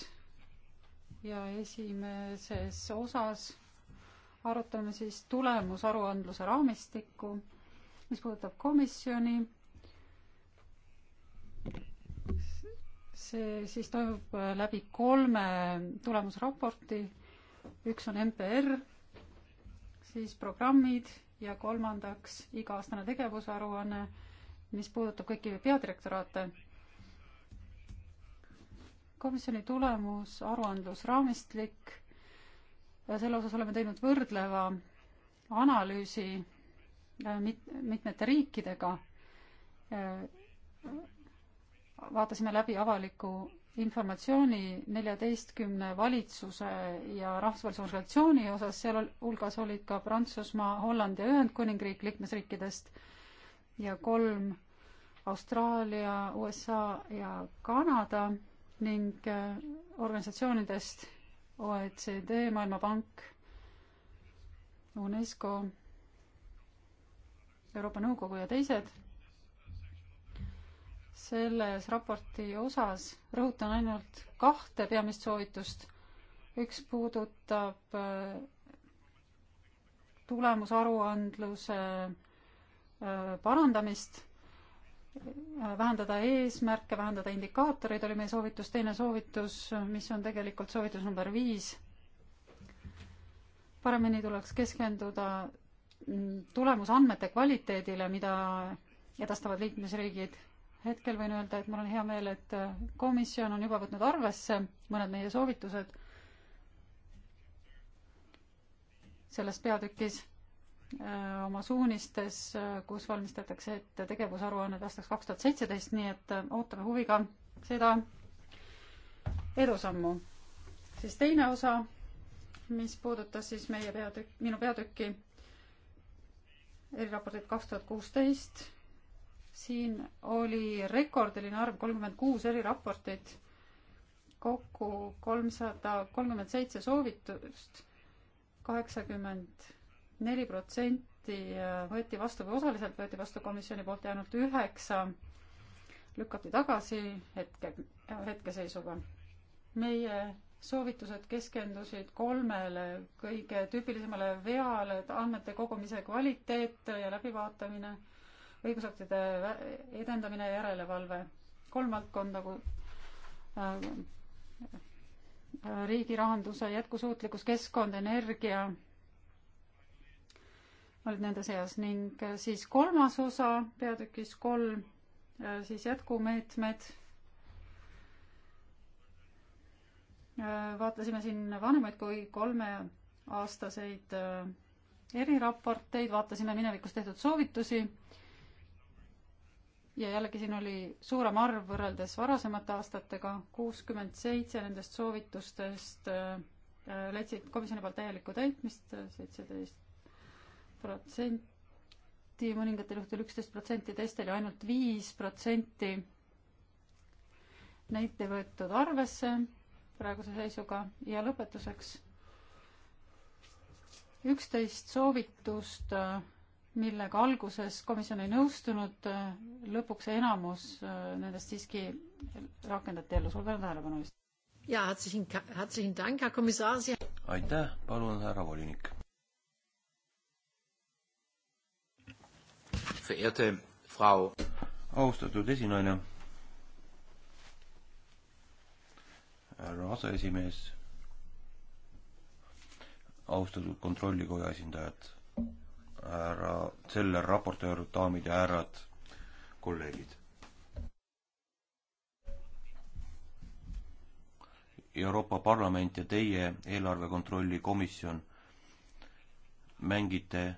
ja esimeses osas arutame siis tulemusaruandluse raamistikku, mis puudutab komisjoni see siis toimub äh, läbi kolme tulemusraporti. üks on MPR, siis programmid ja kolmandaks iga-aastane tegevusaruanne, mis puudutab kõiki peadirektoraate. komisjoni tulemus, aruandlusraamistik ja selle osas oleme teinud võrdleva analüüsi äh, mit-, mitmete riikidega äh, vaatasime läbi avaliku informatsiooni neljateistkümne valitsuse ja rahvusvahelise organisatsiooni osas, seal hulgas olid ka Prantsusmaa, Holland ja Ühendkuningriik liikmesriikidest ja kolm Austraalia, USA ja Kanada ning äh, organisatsioonidest OECD, Maailmapank, UNESCO, Euroopa Nõukogu ja teised selles raporti osas rõhutan ainult kahte peamist soovitust. üks puudutab äh, tulemusaruandluse äh, parandamist, äh, vähendada eesmärke, vähendada indikaatoreid, oli meie soovitus. teine soovitus, mis on tegelikult soovitus number viis, paremini tuleks keskenduda mm, tulemusandmete kvaliteedile, mida edastavad liikmesriigid hetkel võin öelda, et mul on hea meel, et äh, komisjon on juba võtnud arvesse mõned meie soovitused selles peatükis äh, oma suunistes, äh, kus valmistatakse ette tegevusaruannet aastaks kaks tuhat seitseteist, nii et ootame huviga seda edusammu. siis teine osa, mis puudutas siis meie peatükk, minu peatükki, eriraportit kaks tuhat kuusteist siin oli rekordiline arv, kolmkümmend kuus eriraportit, kokku kolmsada kolmkümmend seitse soovitust, kaheksakümmend neli protsenti äh, võeti vastu või osaliselt võeti vastu komisjoni poolt ja ainult üheksa lükati tagasi hetke, hetkeseisuga. meie soovitused keskendusid kolmele kõige tüüpilisemale veale, et andmete kogumise kvaliteet ja läbivaatamine õigusaktide edendamine ja järelevalve. kolm valdkonda nagu riigi rahanduse jätkusuutlikkus, keskkond, energia olid nende seas ning äh, siis kolmas osa peatükis kolm, siis jätkumeetmed vaatasime siin vanemaid kui kolmeaastaseid eriraporteid, vaatasime minevikus tehtud soovitusi ja jällegi siin oli suurem arv võrreldes varasemate aastatega, kuuskümmend seitse nendest soovitustest äh, äh, leidsid komisjoni poolt täielikku täitmist, seitseteist protsenti, mõningatel juhtudel üksteist protsenti, teistel ju ainult viis protsenti. Neid ei võetud arvesse praeguse seisuga ja lõpetuseks üksteist soovitust äh, millega alguses komisjon ei nõustunud, lõpuks enamus äh, nendest siiski rakendati ellu. suur tänu tähelepanu eest! jaa, herzlichen, herzlichen Dank, Herr Kommissar. aitäh, palun, härra volinik. Verehrte Frau. austatud esinaine, härra aseesimees, austatud kontrollikoja esindajad härra Zeller, raportöör, daamid ja härrad, kolleegid. Euroopa Parlament ja teie eelarvekontrolli komisjon mängite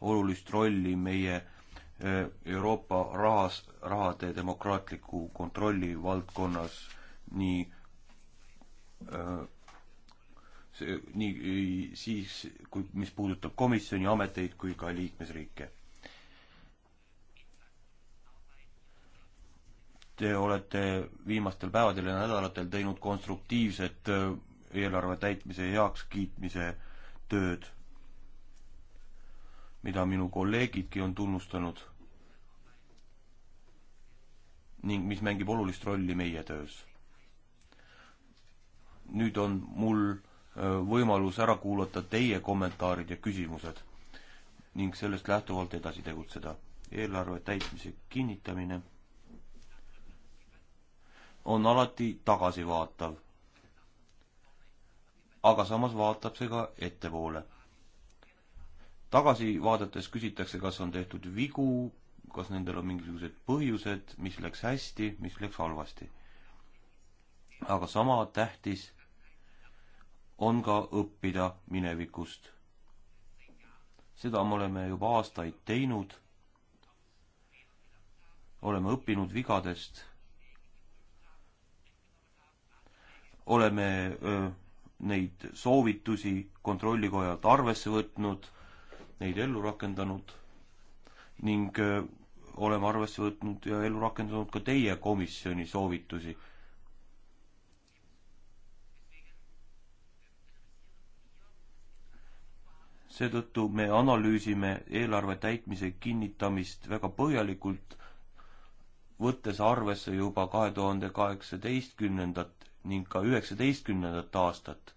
olulist rolli meie Euroopa rahas, rahade demokraatliku kontrolli valdkonnas nii öö, see nii siis, kui, mis puudutab komisjoni ameteid kui ka liikmesriike. Te olete viimastel päevadel ja nädalatel teinud konstruktiivset äh, eelarve täitmise heakskiitmise tööd, mida minu kolleegidki on tunnustanud ning mis mängib olulist rolli meie töös. nüüd on mul Äh, võimalus ära kuulata teie kommentaarid ja küsimused ning sellest lähtuvalt edasi tegutseda. eelarve täitmise kinnitamine on alati tagasivaatav, aga samas vaatab see ka ettepoole. tagasi vaadates küsitakse, kas on tehtud vigu, kas nendel on mingisugused põhjused, mis läks hästi, mis läks halvasti. aga sama tähtis on ka õppida minevikust. seda me oleme juba aastaid teinud, oleme õppinud vigadest, oleme öö, neid soovitusi Kontrollikojalt arvesse võtnud, neid ellu rakendanud ning öö, oleme arvesse võtnud ja ellu rakendanud ka teie komisjoni soovitusi seetõttu me analüüsime eelarve täitmise kinnitamist väga põhjalikult, võttes arvesse juba kahe tuhande kaheksateistkümnendat ning ka üheksateistkümnendat aastat.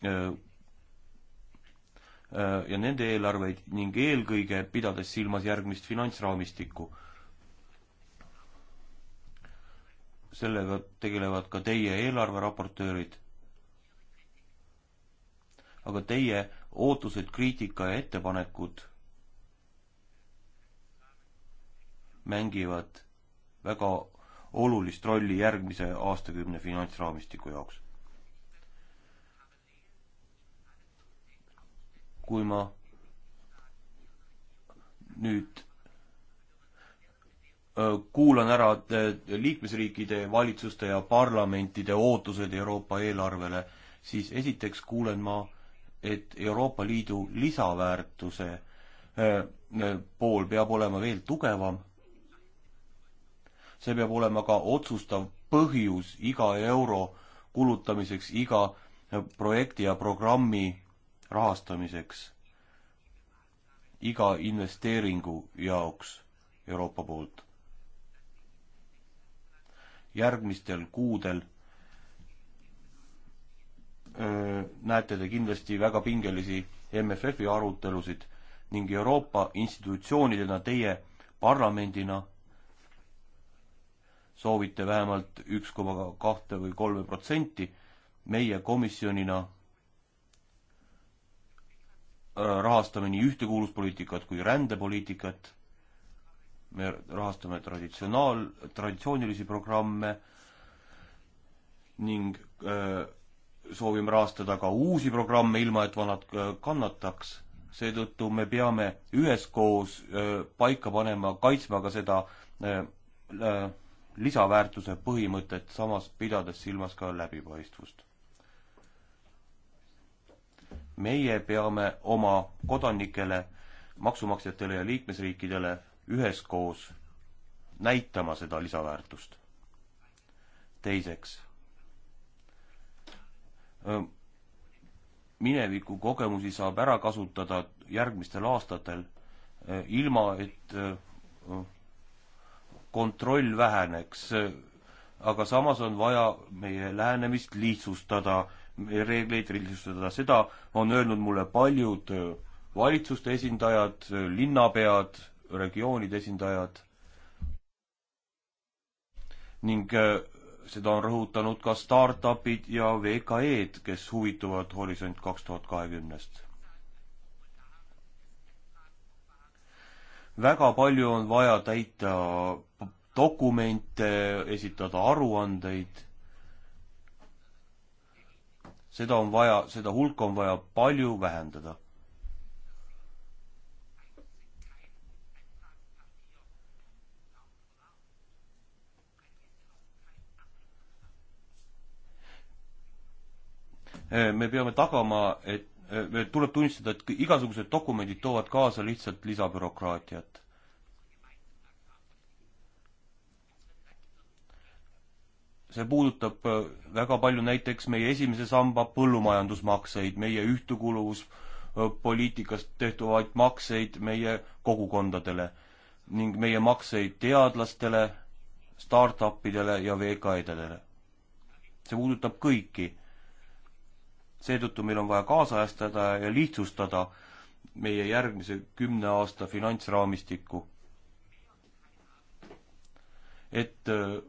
ja nende eelarveid ning eelkõige pidades silmas järgmist finantsraamistikku. sellega tegelevad ka teie eelarveraportöörid aga teie ootused, kriitika ja ettepanekud mängivad väga olulist rolli järgmise aastakümne finantsraamistiku jaoks. kui ma nüüd äh, kuulan ära äh, liikmesriikide valitsuste ja parlamentide ootused Euroopa eelarvele, siis esiteks kuulen ma et Euroopa Liidu lisaväärtuse eh, eh, pool peab olema veel tugevam. see peab olema ka otsustav põhjus iga euro kulutamiseks, iga eh, projekti ja programmi rahastamiseks, iga investeeringu jaoks Euroopa poolt. järgmistel kuudel näete te kindlasti väga pingelisi MFF-i arutelusid ning Euroopa institutsioonidena teie parlamendina soovite vähemalt üks koma kahte või kolme protsenti, meie komisjonina äh, rahastame nii ühtekuuluspoliitikat kui rändepoliitikat, me rahastame traditsionaal, traditsioonilisi programme ning öö, äh, soovime rahastada ka uusi programme, ilma et vanad äh, kannataks. seetõttu me peame üheskoos äh, paika panema, kaitsma ka seda äh, lisaväärtuse põhimõtet, samas pidades silmas ka läbipaistvust. meie peame oma kodanikele, maksumaksjatele ja liikmesriikidele üheskoos näitama seda lisaväärtust. teiseks mineviku kogemusi saab ära kasutada järgmistel aastatel, ilma et kontroll väheneks. aga samas on vaja meie lähenemist lihtsustada, reegleid lihtsustada, seda on öelnud mulle paljud valitsuste esindajad, linnapead, regioonide esindajad ning seda on rõhutanud ka startupid ja VKE-d, kes huvituvad Horisont kaks tuhat kahekümnest. väga palju on vaja täita dokumente, esitada aruandeid. seda on vaja, seda hulka on vaja palju vähendada Äh, me peame tagama, et äh, tuleb tunnistada, et igasugused dokumendid toovad kaasa lihtsalt lisabürokraatiat. see puudutab äh, väga palju näiteks meie esimese samba põllumajandusmakseid, meie ühtekuuluvuspoliitikast tehtuvaid makseid meie kogukondadele ning meie makseid teadlastele, startup idele ja VKE-dele. see puudutab kõiki seetõttu meil on vaja kaasajastada ja lihtsustada meie järgmise kümne aasta finantsraamistikku. et äh,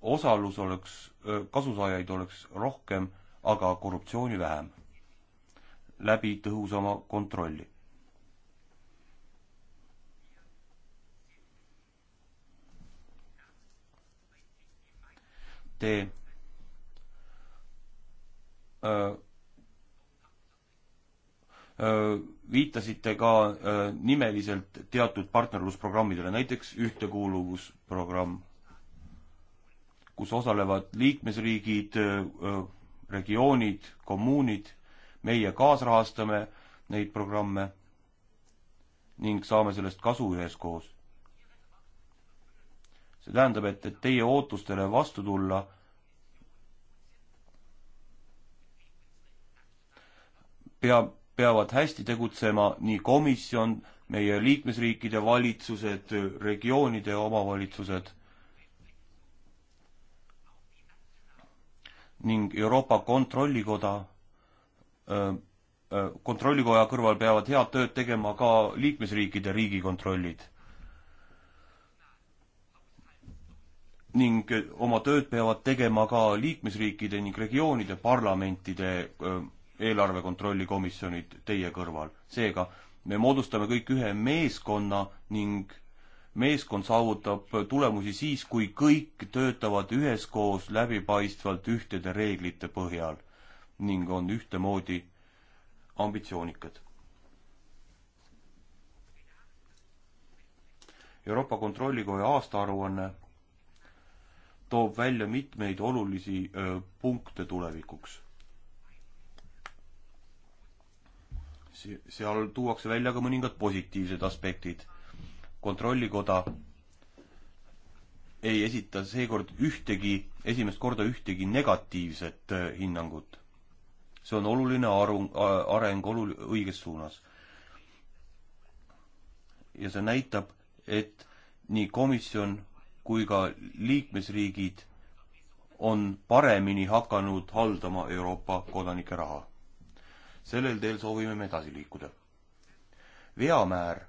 osalus oleks, äh, kasusaajaid oleks rohkem, aga korruptsiooni vähem. läbi tõhusama kontrolli. Te Äh, äh, viitasite ka äh, nimeliselt teatud partnerlusprogrammidele, näiteks ühtekuuluvusprogramm, kus osalevad liikmesriigid, regioonid, kommuunid, meie kaasrahastame neid programme ning saame sellest kasu üheskoos. see tähendab, et, et teie ootustele vastu tulla peab, peavad hästi tegutsema nii komisjon, meie liikmesriikide valitsused, regioonide omavalitsused ning Euroopa Kontrollikoda, kontrollikoja kõrval peavad head tööd tegema ka liikmesriikide riigikontrollid. ning oma tööd peavad tegema ka liikmesriikide ning regioonide parlamentide öö, eelarve kontrolli komisjonid teie kõrval. seega me moodustame kõik ühe meeskonna ning meeskond saavutab tulemusi siis, kui kõik töötavad üheskoos läbipaistvalt ühtede reeglite põhjal ning on ühtemoodi ambitsioonikad. Euroopa Kontrollikoja aastaaruanne toob välja mitmeid olulisi öö, punkte tulevikuks seal tuuakse välja ka mõningad positiivsed aspektid. kontrollikoda ei esita seekord ühtegi, esimest korda ühtegi negatiivset äh, hinnangut. see on oluline aru, areng olul-, õiges suunas. ja see näitab, et nii komisjon kui ka liikmesriigid on paremini hakanud haldama Euroopa kodanike raha sellel teel soovime me edasi liikuda. veamäär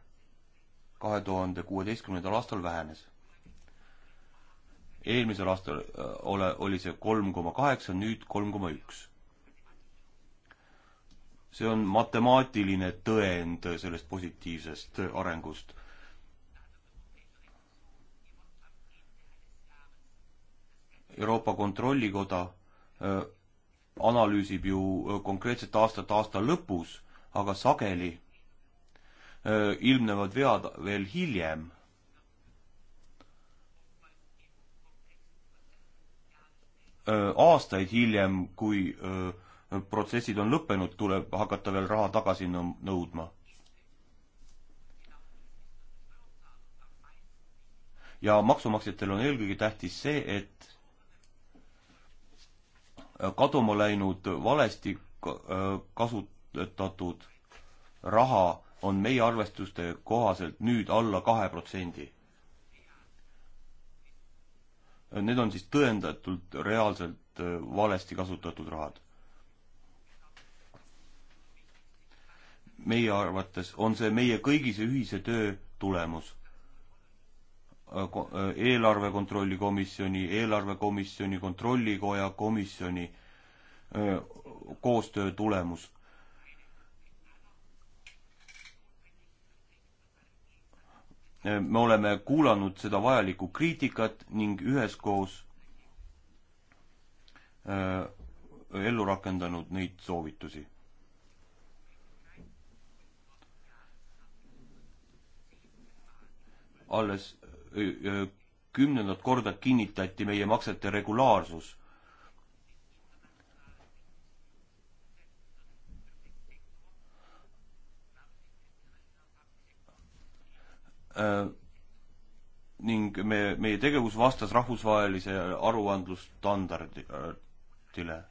kahe tuhande kuueteistkümnendal aastal vähenes. eelmisel aastal äh, ole, oli see kolm koma kaheksa, nüüd kolm koma üks. see on matemaatiline tõend sellest positiivsest arengust. Euroopa Kontrollikoda äh, analüüsib ju konkreetset aastat aasta lõpus, aga sageli ilmnevad vead veel hiljem. aastaid hiljem, kui protsessid on lõppenud, tuleb hakata veel raha tagasi nõudma. ja maksumaksjatel on eelkõige tähtis see, et kaduma läinud, valesti äh, kasutatud raha on meie arvestuste kohaselt nüüd alla kahe protsendi. Need on siis tõendatult reaalselt äh, valesti kasutatud rahad. meie arvates on see meie kõigise ühise töö tulemus Äh, äh, eelarve kontrolli komisjoni, eelarvekomisjoni, kontrollikoja komisjoni äh, koostöö tulemus. me oleme kuulanud seda vajalikku kriitikat ning üheskoos ellu rakendanud neid soovitusi. alles kümnendat korda kinnitati meie maksete regulaarsus. ning me, meie tegevus vastas rahvusvahelise aruandlusstandardile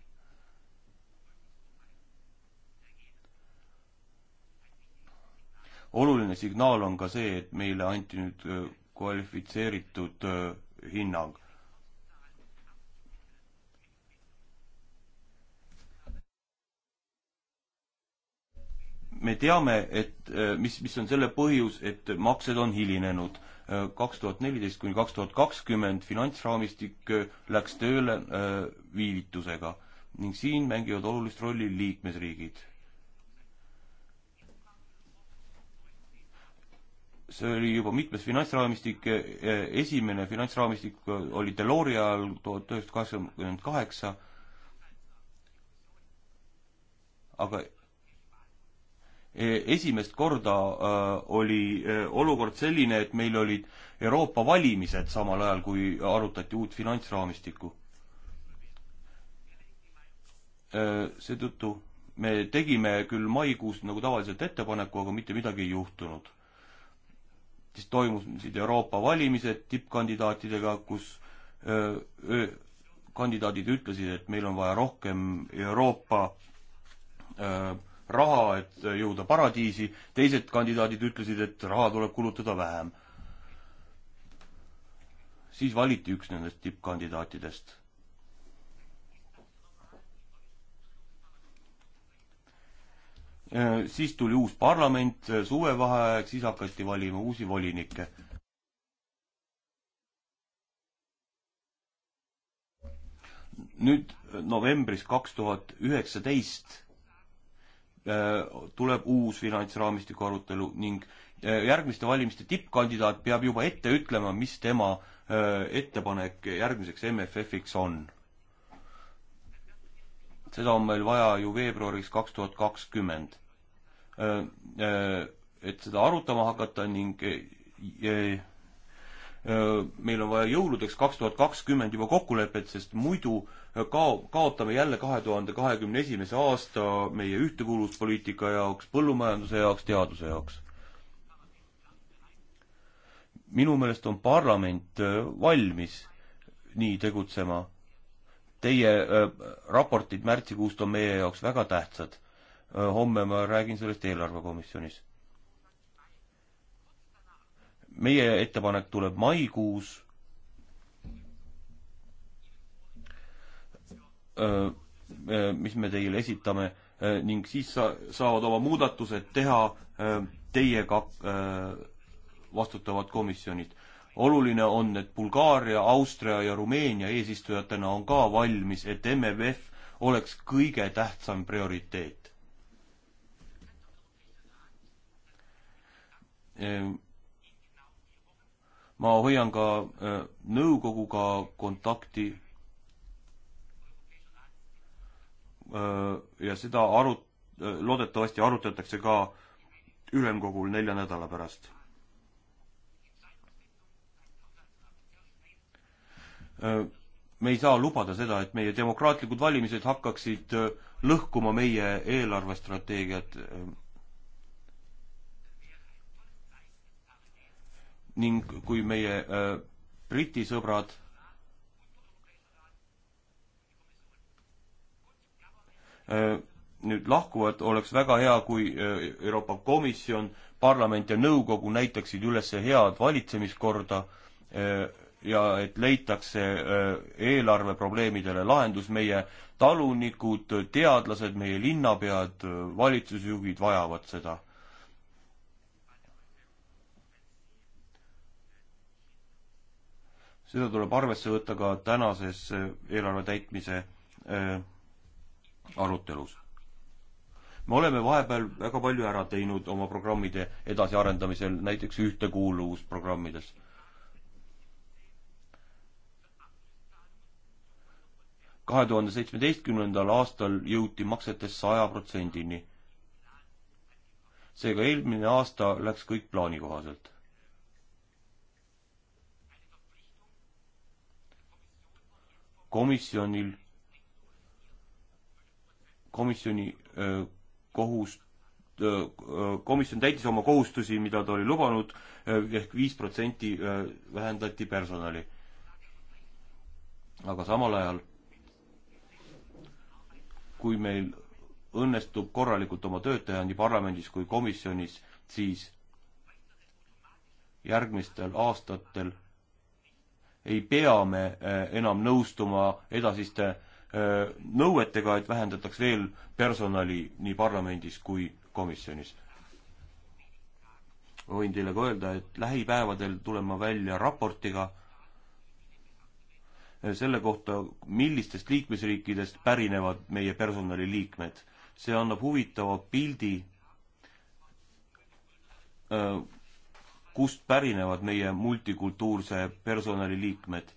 oluline signaal on ka see, et meile anti nüüd kvalifitseeritud äh, hinnang. me teame, et äh, mis, mis on selle põhjus, et maksed on hilinenud. Äh, kaks tuhat neliteist kuni kaks tuhat kakskümmend finantsraamistik läks tööle viivitusega ning siin mängivad olulist rolli liikmesriigid see oli juba mitmes finantsraamistik, e, e, esimene finantsraamistik oli Delori ajal tuhat üheksasada kaheksakümmend kaheksa, aga e, esimest korda oli olukord selline, et meil olid Euroopa valimised samal ajal, kui arutati uut finantsraamistikku. seetõttu me tegime küll maikuus nagu tavaliselt ettepaneku, aga mitte midagi ei juhtunud siis toimusid Euroopa valimised tippkandidaatidega, kus öö, öö, kandidaadid ütlesid, et meil on vaja rohkem Euroopa öö, raha, et jõuda paradiisi, teised kandidaadid ütlesid, et raha tuleb kulutada vähem. siis valiti üks nendest tippkandidaatidest Äh, siis tuli uus parlament, äh, suvevaheaeg, siis hakati valima uusi volinikke. nüüd äh, novembris kaks tuhat üheksateist tuleb uus finantsraamistiku arutelu ning järgmiste valimiste tippkandidaat peab juba ette ütlema, mis tema ettepanek järgmiseks MFF-iks on seda on meil vaja ju veebruariks kaks tuhat kakskümmend. et seda arutama hakata ning e, e, meil on vaja jõuludeks kaks tuhat kakskümmend juba kokkulepet, sest muidu kao-, kaotame jälle kahe tuhande kahekümne esimese aasta meie ühtekuuluvuspoliitika jaoks, põllumajanduse jaoks, teaduse jaoks. minu meelest on parlament valmis nii tegutsema Teie äh, raportid märtsikuust on meie jaoks väga tähtsad. Äh, homme ma räägin sellest eelarvekomisjonis. meie ettepanek tuleb maikuus. Äh, mis me teile esitame ning siis sa, saavad oma muudatused teha teiega vastutavad komisjonid oluline on, et Bulgaaria, Austria ja Rumeenia eesistujatena on ka valmis, et MFF oleks kõige tähtsam prioriteet. Ehm, ma hoian ka ehm, nõukoguga kontakti ehm, ja seda arut-, loodetavasti arutatakse ka ülemkogul nelja nädala pärast Äh, me ei saa lubada seda, et meie demokraatlikud valimised hakkaksid äh, lõhkuma meie eelarvestrateegiat äh. ning kui meie Briti sõbrad nüüd lahkuvad, oleks väga hea, kui Euroopa Komisjon, parlament ja nõukogu näitaksid üles head valitsemiskorda ja et leitakse äh, eelarveprobleemidele lahendus, meie talunikud, teadlased, meie linnapead, valitsusjuhid vajavad seda. seda tuleb arvesse võtta ka tänases äh, eelarve täitmise äh, arutelus. me oleme vahepeal väga palju ära teinud oma programmide edasiarendamisel, näiteks ühtekuuluvusprogrammides kahe tuhande seitsmeteistkümnendal aastal jõuti maksetes saja protsendini. seega eelmine aasta läks kõik plaani kohaselt. komisjonil, komisjoni kohus, komisjon täitis oma kohustusi, mida ta oli lubanud ehk, ehk viis protsenti vähendati personali. aga samal ajal kui meil õnnestub korralikult oma tööd teha nii parlamendis kui komisjonis, siis järgmistel aastatel ei pea me eh, enam nõustuma edasiste eh, nõuetega, et vähendataks veel personali nii parlamendis kui komisjonis. võin teile ka öelda, et lähipäevadel tulen ma välja raportiga selle kohta, millistest liikmesriikidest pärinevad meie personaliliikmed. see annab huvitava pildi, kust pärinevad meie multikultuurse personaliliikmed.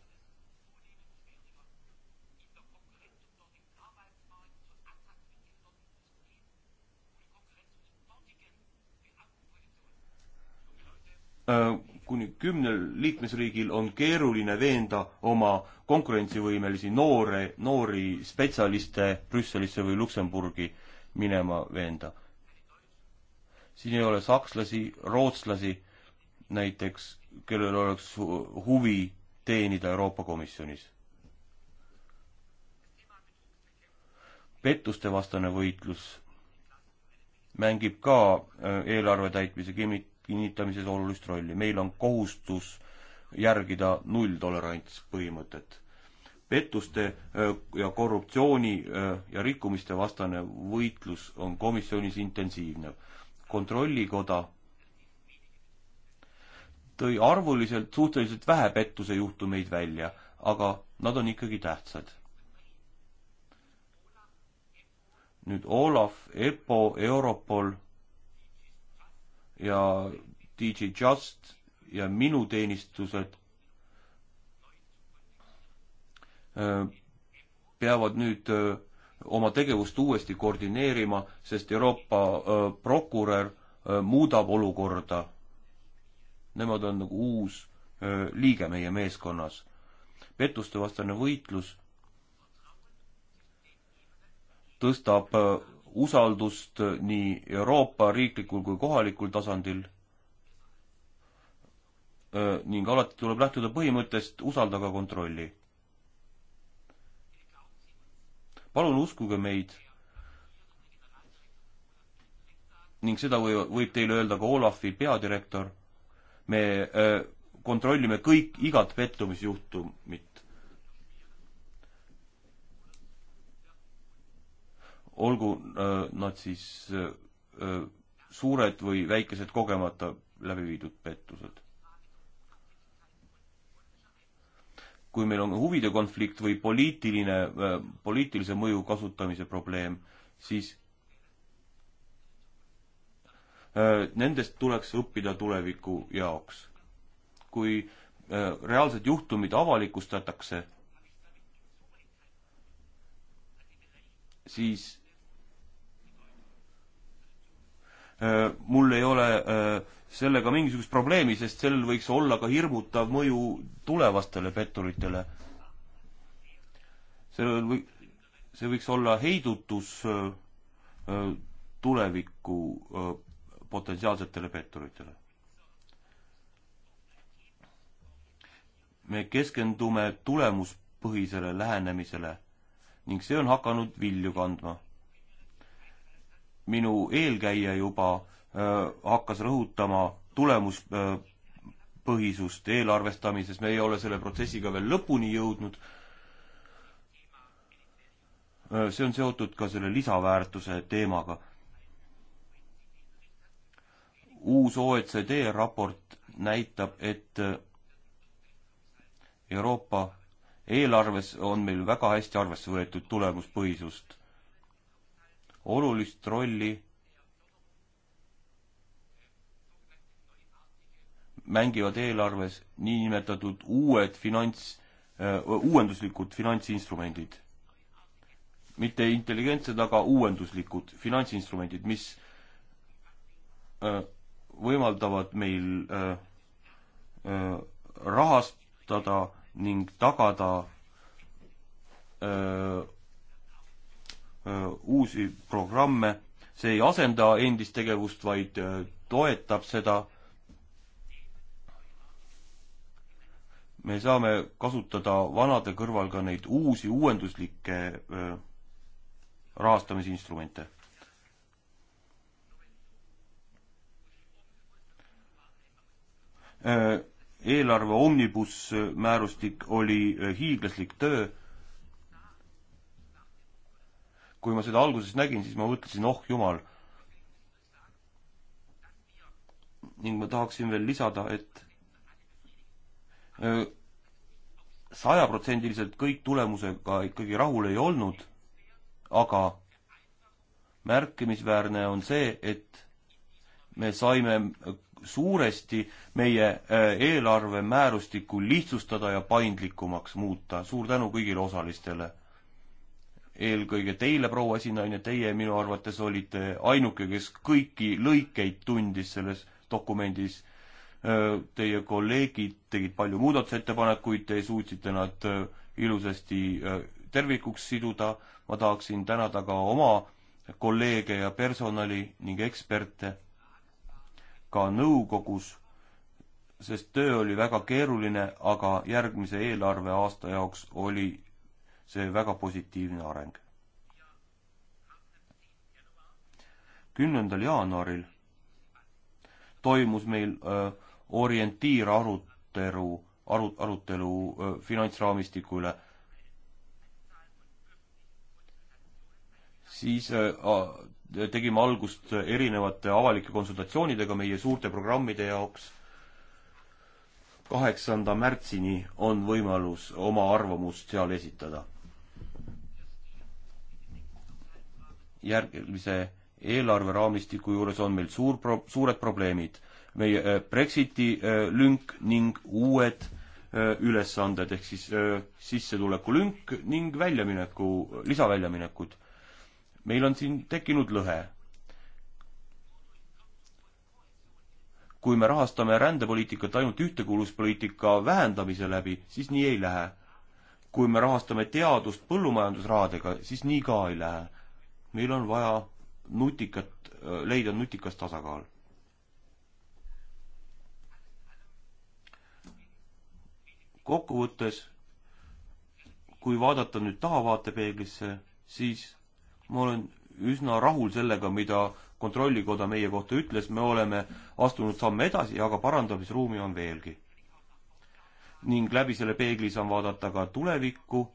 Uh, kuni kümnel liikmesriigil on keeruline veenda oma konkurentsivõimelisi noore, noori spetsialiste Brüsselisse või Luksemburgi minema veenda. siin ei ole sakslasi, rootslasi näiteks, kellel oleks huvi teenida Euroopa Komisjonis. pettustevastane võitlus mängib ka äh, eelarve täitmise kimi-, kinnitamises olulist rolli. meil on kohustus järgida nulltolerants põhimõtet. pettuste ja korruptsiooni ja rikkumiste vastane võitlus on komisjonis intensiivne. kontrollikoda tõi arvuliselt suhteliselt vähe pettuse juhtumeid välja, aga nad on ikkagi tähtsad. nüüd Olav, EPPO, Europol ja DJ Just ja minu teenistused äh, peavad nüüd äh, oma tegevust uuesti koordineerima, sest Euroopa äh, prokurör muudab olukorda. Nemad on nagu uus liige meie meeskonnas. pettustevastane võitlus tõstab usaldust nii Euroopa riiklikul kui kohalikul tasandil ning alati tuleb lähtuda põhimõttest usalda ka kontrolli. palun uskuge meid ning seda või, võib teile öelda ka Olafi peadirektor, me öö, kontrollime kõik, igat pettumisjuhtumit. olgu äh, nad siis äh, äh, suured või väikesed kogemata läbi viidud pettused. kui meil on huvide konflikt või poliitiline, poliitilise mõju kasutamise probleem, siis nendest tuleks õppida tuleviku jaoks. kui reaalsed juhtumid avalikustatakse, siis Äh, mul ei ole äh, sellega mingisugust probleemi, sest sellel võiks olla ka hirmutav mõju tulevastele petturitele. sellel või, see võiks olla heidutus äh, tuleviku potentsiaalsetele petturitele. me keskendume tulemuspõhisele lähenemisele ning see on hakanud vilju kandma minu eelkäija juba äh, hakkas rõhutama tulemuspõhisust äh, eelarvestamises, me ei ole selle protsessiga veel lõpuni jõudnud. Äh, see on seotud ka selle lisaväärtuse teemaga. uus OECD raport näitab, et Euroopa eelarves on meil väga hästi arvesse võetud tulemuspõhisust olulist rolli mängivad eelarves niinimetatud uued finants, uuenduslikud finantsinstrumendid. mitte intelligentsed, aga uuenduslikud finantsinstrumendid, mis öö, võimaldavad meil öö, öö, rahastada ning tagada öö, Äh, uusi programme, see ei asenda endist tegevust, vaid äh, toetab seda. me saame kasutada vanade kõrval ka neid uusi uuenduslikke äh, rahastamisinstrumente. eelarve omnibus määrustik oli hiiglaslik töö kui ma seda alguses nägin, siis ma mõtlesin, oh jumal. ning ma tahaksin veel lisada et, et sajaprotsendiliselt kõik tulemusega ikkagi rahul ei olnud, aga märkimisväärne on see, et me saime suuresti meie eelarvemäärustiku lihtsustada ja paindlikumaks muuta. suur tänu kõigile osalistele eelkõige teile, proua esinaine, teie minu arvates olite ainuke, kes kõiki lõikeid tundis selles dokumendis. Teie kolleegid tegid palju muudatusettepanekuid, te suutsite nad ilusasti tervikuks siduda. ma tahaksin tänada ka oma kolleege ja personali ning eksperte ka nõukogus, sest töö oli väga keeruline, aga järgmise eelarveaasta jaoks oli see väga positiivne areng. kümnendal jaanuaril toimus meil öö, äh, orientiirarutelu, aru-, arutelu äh, finantsraamistiku üle. siis öö, äh, tegime algust erinevate avalike konsultatsioonidega meie suurte programmide jaoks. kaheksanda märtsini on võimalus oma arvamust seal esitada järgmise eelarveraamistiku juures on meil suur pro-, suured probleemid. meie äh, Brexiti äh, lünk ning uued äh, ülesanded, ehk siis sissetulekulünk ning väljamineku, lisaväljaminekud. meil on siin tekkinud lõhe. kui me rahastame rändepoliitikat ainult ühtekuuluvuspoliitika vähendamise läbi, siis nii ei lähe. kui me rahastame teadust põllumajandusrahadega, siis nii ka ei lähe meil on vaja nutikat, äh, leida nutikas tasakaal. kokkuvõttes, kui vaadata nüüd tahavaatepeeglisse, siis ma olen üsna rahul sellega, mida Kontrollikoda meie kohta ütles, me oleme astunud samme edasi, aga parandamisruumi on veelgi. ning läbi selle peegli saan vaadata ka tulevikku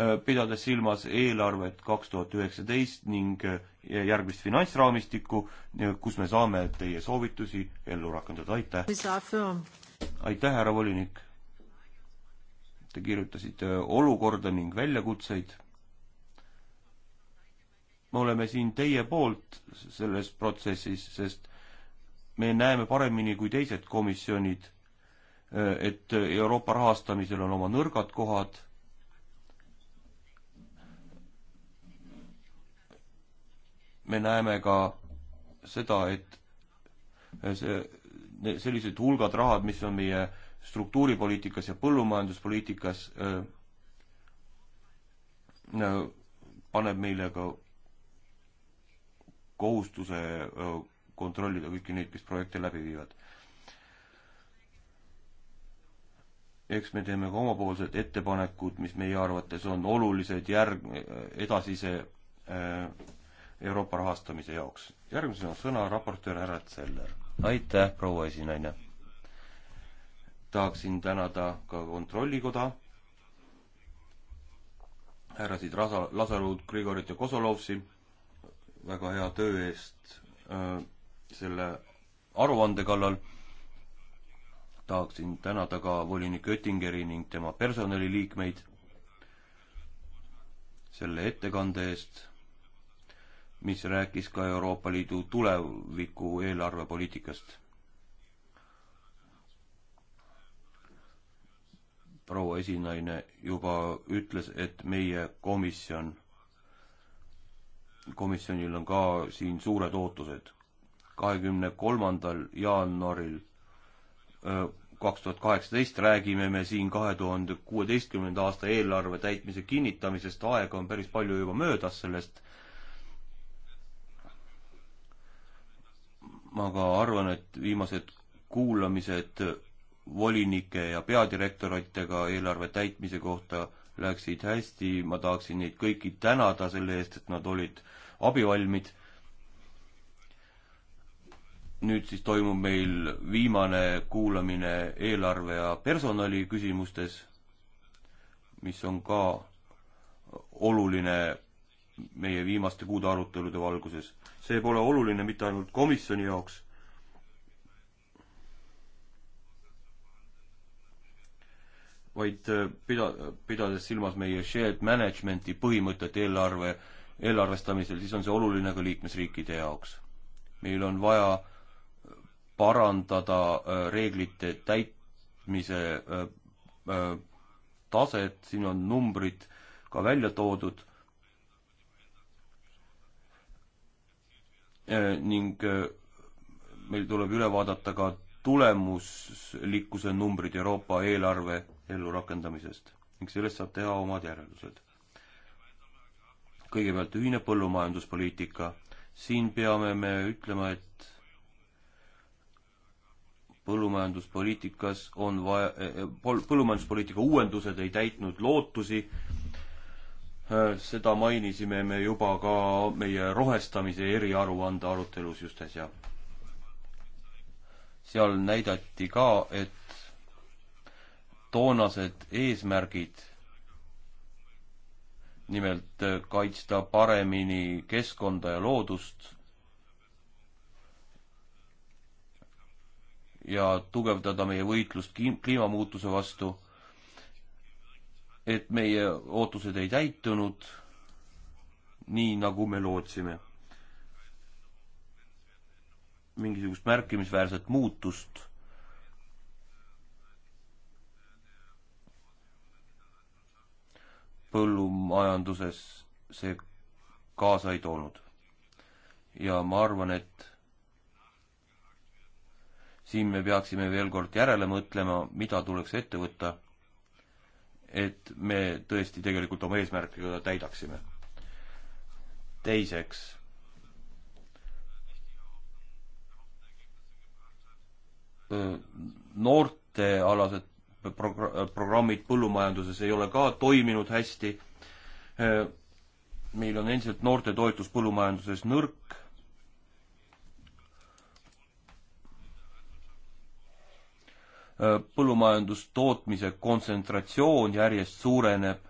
Äh, pidades silmas eelarvet kaks tuhat üheksateist ning äh, järgmist finantsraamistikku, äh, kus me saame teie soovitusi ellu rakendada, aitäh! aitäh, härra volinik! Te kirjutasite olukorda ning väljakutseid. me oleme siin teie poolt selles protsessis, sest me näeme paremini kui teised komisjonid, et Euroopa rahastamisel on oma nõrgad kohad me näeme ka seda, et see, sellised hulgad rahad, mis on meie struktuuripoliitikas ja põllumajanduspoliitikas äh,, paneb meile ka kohustuse äh, kontrollida kõiki neid, kes projekte läbi viivad. eks me teeme ka omapoolsed ettepanekud, mis meie arvates on olulised järg-, edasise äh, Euroopa rahastamise jaoks. järgmisena sõna raportöör härra Zeller. aitäh, proua esinaine! tahaksin tänada ka Kontrollikoda, härrasid Rasa-, Lasarud, Grigorit ja Kosolovsi väga hea töö eest äh, selle aruande kallal. tahaksin tänada ka volinik Oettingeri ning tema personaliliikmeid selle ettekande eest mis rääkis ka Euroopa Liidu tuleviku eelarvepoliitikast. proua esinaine juba ütles, et meie komisjon, komisjonil on ka siin suured ootused. kahekümne kolmandal jaanuaril kaks tuhat kaheksateist räägime me siin kahe tuhande kuueteistkümnenda aasta eelarve täitmise kinnitamisest, aega on päris palju juba möödas sellest ma ka arvan, et viimased kuulamised volinike ja peadirektoritega eelarve täitmise kohta läksid hästi, ma tahaksin neid kõiki tänada selle eest, et nad olid abivalmid. nüüd siis toimub meil viimane kuulamine eelarve ja personali küsimustes, mis on ka oluline meie viimaste kuude arutelude valguses. see pole oluline mitte ainult komisjoni jaoks, vaid äh, pida-, pidades silmas meie shared management'i põhimõtet eelarve, eelarvestamisel, siis on see oluline ka liikmesriikide jaoks. meil on vaja äh, parandada äh, reeglite täitmise taset, siin on numbrid ka välja toodud Äh, ning äh, meil tuleb üle vaadata ka tulemuslikkuse numbrid Euroopa eelarve ellurakendamisest ning sellest saab teha omad järeldused. kõigepealt ühine põllumajanduspoliitika. siin peame me ütlema, et põllumajanduspoliitikas on vaja, eh, eh, põllumajanduspoliitika uuendused ei täitnud lootusi Äh, seda mainisime me juba ka meie rohestamise eriaruande arutelus just äsja. seal näidati ka, et toonased eesmärgid, nimelt äh, kaitsta paremini keskkonda ja loodust ja tugevdada meie võitlust kliimamuutuse vastu et meie ootused ei täitunud nii, nagu me lootsime. mingisugust märkimisväärset muutust põllumajanduses see kaasa ei toonud. ja ma arvan, et siin me peaksime veel kord järele mõtlema, mida tuleks ette võtta et me tõesti tegelikult oma eesmärkidega täidaksime. teiseks, äh, noortealased progr-, programmid põllumajanduses ei ole ka toiminud hästi, äh, meil on endiselt noorte toetus põllumajanduses nõrk Äh, põllumajandustootmise kontsentratsioon järjest suureneb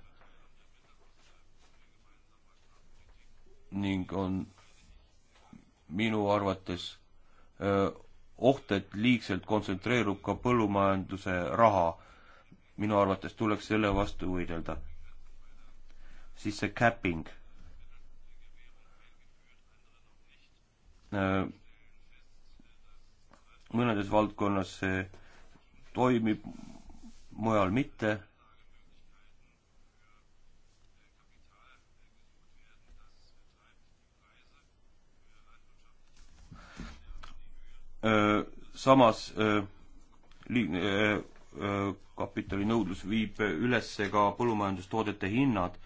ning on minu arvates öö, äh, oht, et liigselt kontsentreerub ka põllumajanduse raha. minu arvates tuleks selle vastu võidelda. siis see capping. Äh, mõnedes valdkonnas see toimib, mujal mitte. samas liigne kapitalinõudlus viib üles ka põllumajandustoodete hinnad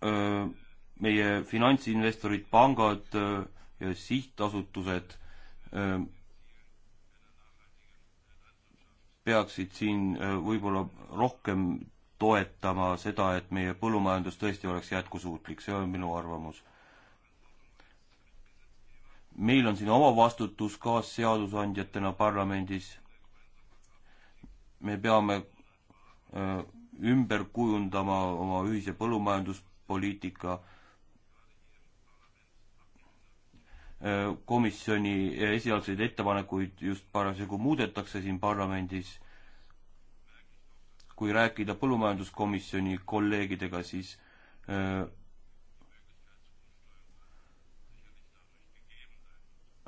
öö, meie finantsinvestorid, pangad äh, ja sihtasutused ähm, peaksid siin äh, võib-olla rohkem toetama seda, et meie põllumajandus tõesti oleks jätkusuutlik, see on minu arvamus. meil on siin oma vastutus ka seadusandjatena parlamendis. me peame äh, ümber kujundama oma ühise põllumajanduspoliitika komisjoni esialgseid ettepanekuid just parasjagu muudetakse siin parlamendis. kui rääkida põllumajanduskomisjoni kolleegidega, siis öö,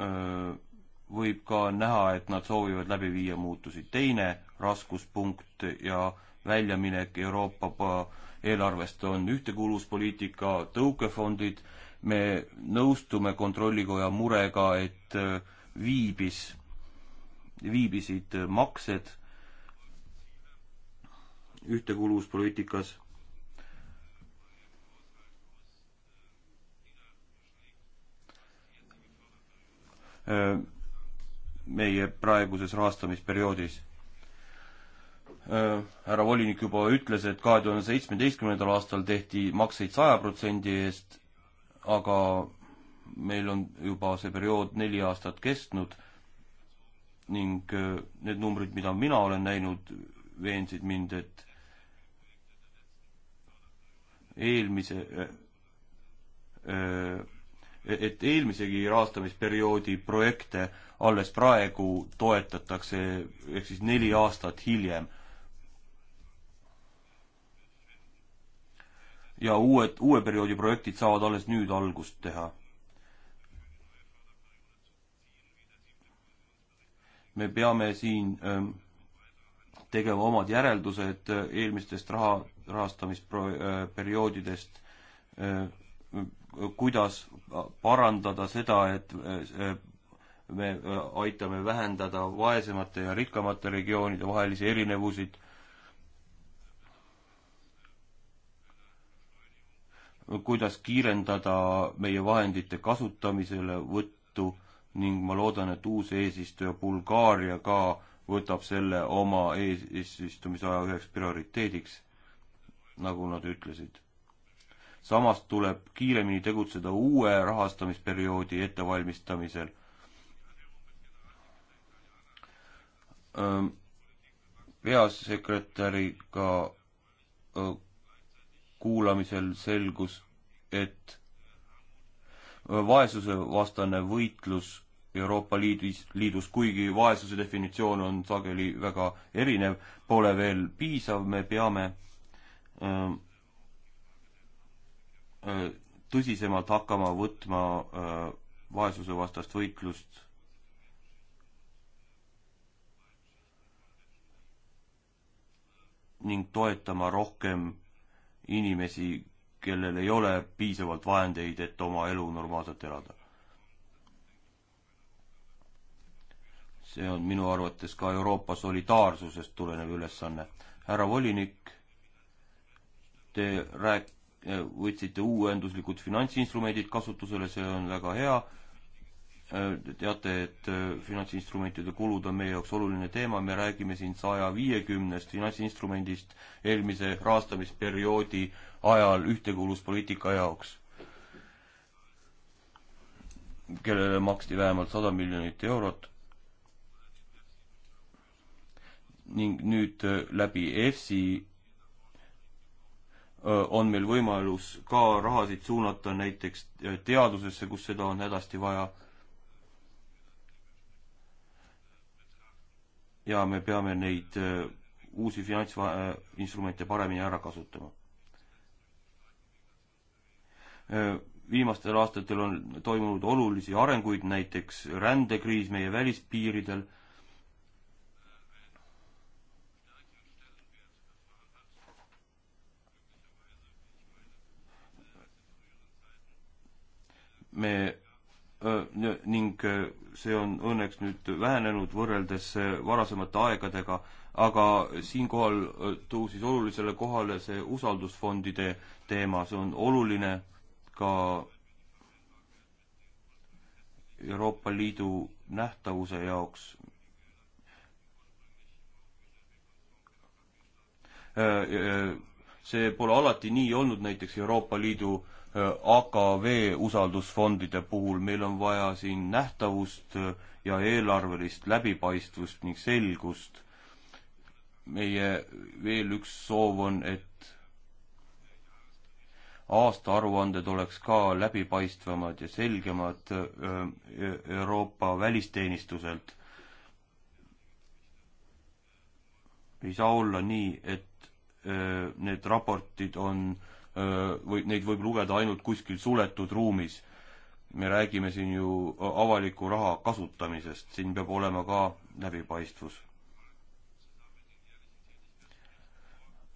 öö, võib ka näha, et nad soovivad läbi viia muutusi. teine raskuspunkt ja väljaminek Euroopa eelarvest on ühtekuuluvuspoliitika, tõukefondid me nõustume Kontrollikoja murega, et äh, viibis, viibisid äh, maksed ühtekuuluvuspoliitikas. Äh, meie praeguses rahastamisperioodis härra volinik juba ütles, et kahe tuhande seitsmeteistkümnendal aastal tehti makseid saja protsendi eest aga meil on juba see periood neli aastat kestnud ning äh, need numbrid, mida mina olen näinud, veensid mind, et eelmise, äh, äh, et eelmisegi rahastamisperioodi projekte alles praegu toetatakse, ehk siis neli aastat hiljem ja uued, uue perioodi projektid saavad alles nüüd algust teha. me peame siin ähm, tegema omad järeldused äh, eelmistest raha, rahastamisperioodidest, äh, kuidas parandada seda, et äh, me aitame vähendada vaesemate ja rikkamate regioonide vahelisi erinevusid, kuidas kiirendada meie vahendite kasutamiselevõttu ning ma loodan, et uus eesistuja Bulgaaria ka võtab selle oma eesistumisaja üheks prioriteediks, nagu nad ütlesid. samas tuleb kiiremini tegutseda uue rahastamisperioodi ettevalmistamisel peasekretäriga kuulamisel selgus, et vaesusevastane võitlus Euroopa Liidus, Liidus, kuigi vaesuse definitsioon on sageli väga erinev, pole veel piisav, me peame öö, ähm, äh, tõsisemalt hakkama võtma äh, vaesusevastast võitlust ning toetama rohkem inimesi, kellel ei ole piisavalt vahendeid, et oma elu normaalselt elada. see on minu arvates ka Euroopa solidaarsusest tulenev ülesanne. härra volinik, te rääk-, võtsite uuenduslikud finantsinstrumendid kasutusele, see on väga hea Äh, teate, et äh, finantsinstrumentide kulud on meie jaoks oluline teema, me räägime siin saja viiekümnest finantsinstrumendist eelmise rahastamisperioodi ajal ühtekuuluvuspoliitika jaoks, kellele maksti vähemalt sada miljonit eurot. ning nüüd äh, läbi EFSI on meil võimalus ka rahasid suunata näiteks teadusesse, kus seda on hädasti vaja ja me peame neid äh, uusi finantsinstrumente äh, paremini ära kasutama. Äh, viimastel aastatel on toimunud olulisi arenguid, näiteks rändekriis meie välispiiridel. me Äh, ning äh, see on õnneks nüüd vähenenud võrreldes äh, varasemate aegadega, aga siinkohal tõusis olulisele kohale see usaldusfondide teema, see on oluline ka Euroopa Liidu nähtavuse jaoks. see pole alati nii olnud näiteks Euroopa Liidu äh, Äh, AKV usaldusfondide puhul meil on vaja siin nähtavust äh, ja eelarvelist läbipaistvust ning selgust. meie veel üks soov on, et aastaaruanded oleks ka läbipaistvamad ja selgemad äh, Euroopa välisteenistuselt. ei saa olla nii, et need raportid on öö, Äh, või neid võib lugeda ainult kuskil suletud ruumis. me räägime siin ju avaliku raha kasutamisest, siin peab olema ka läbipaistvus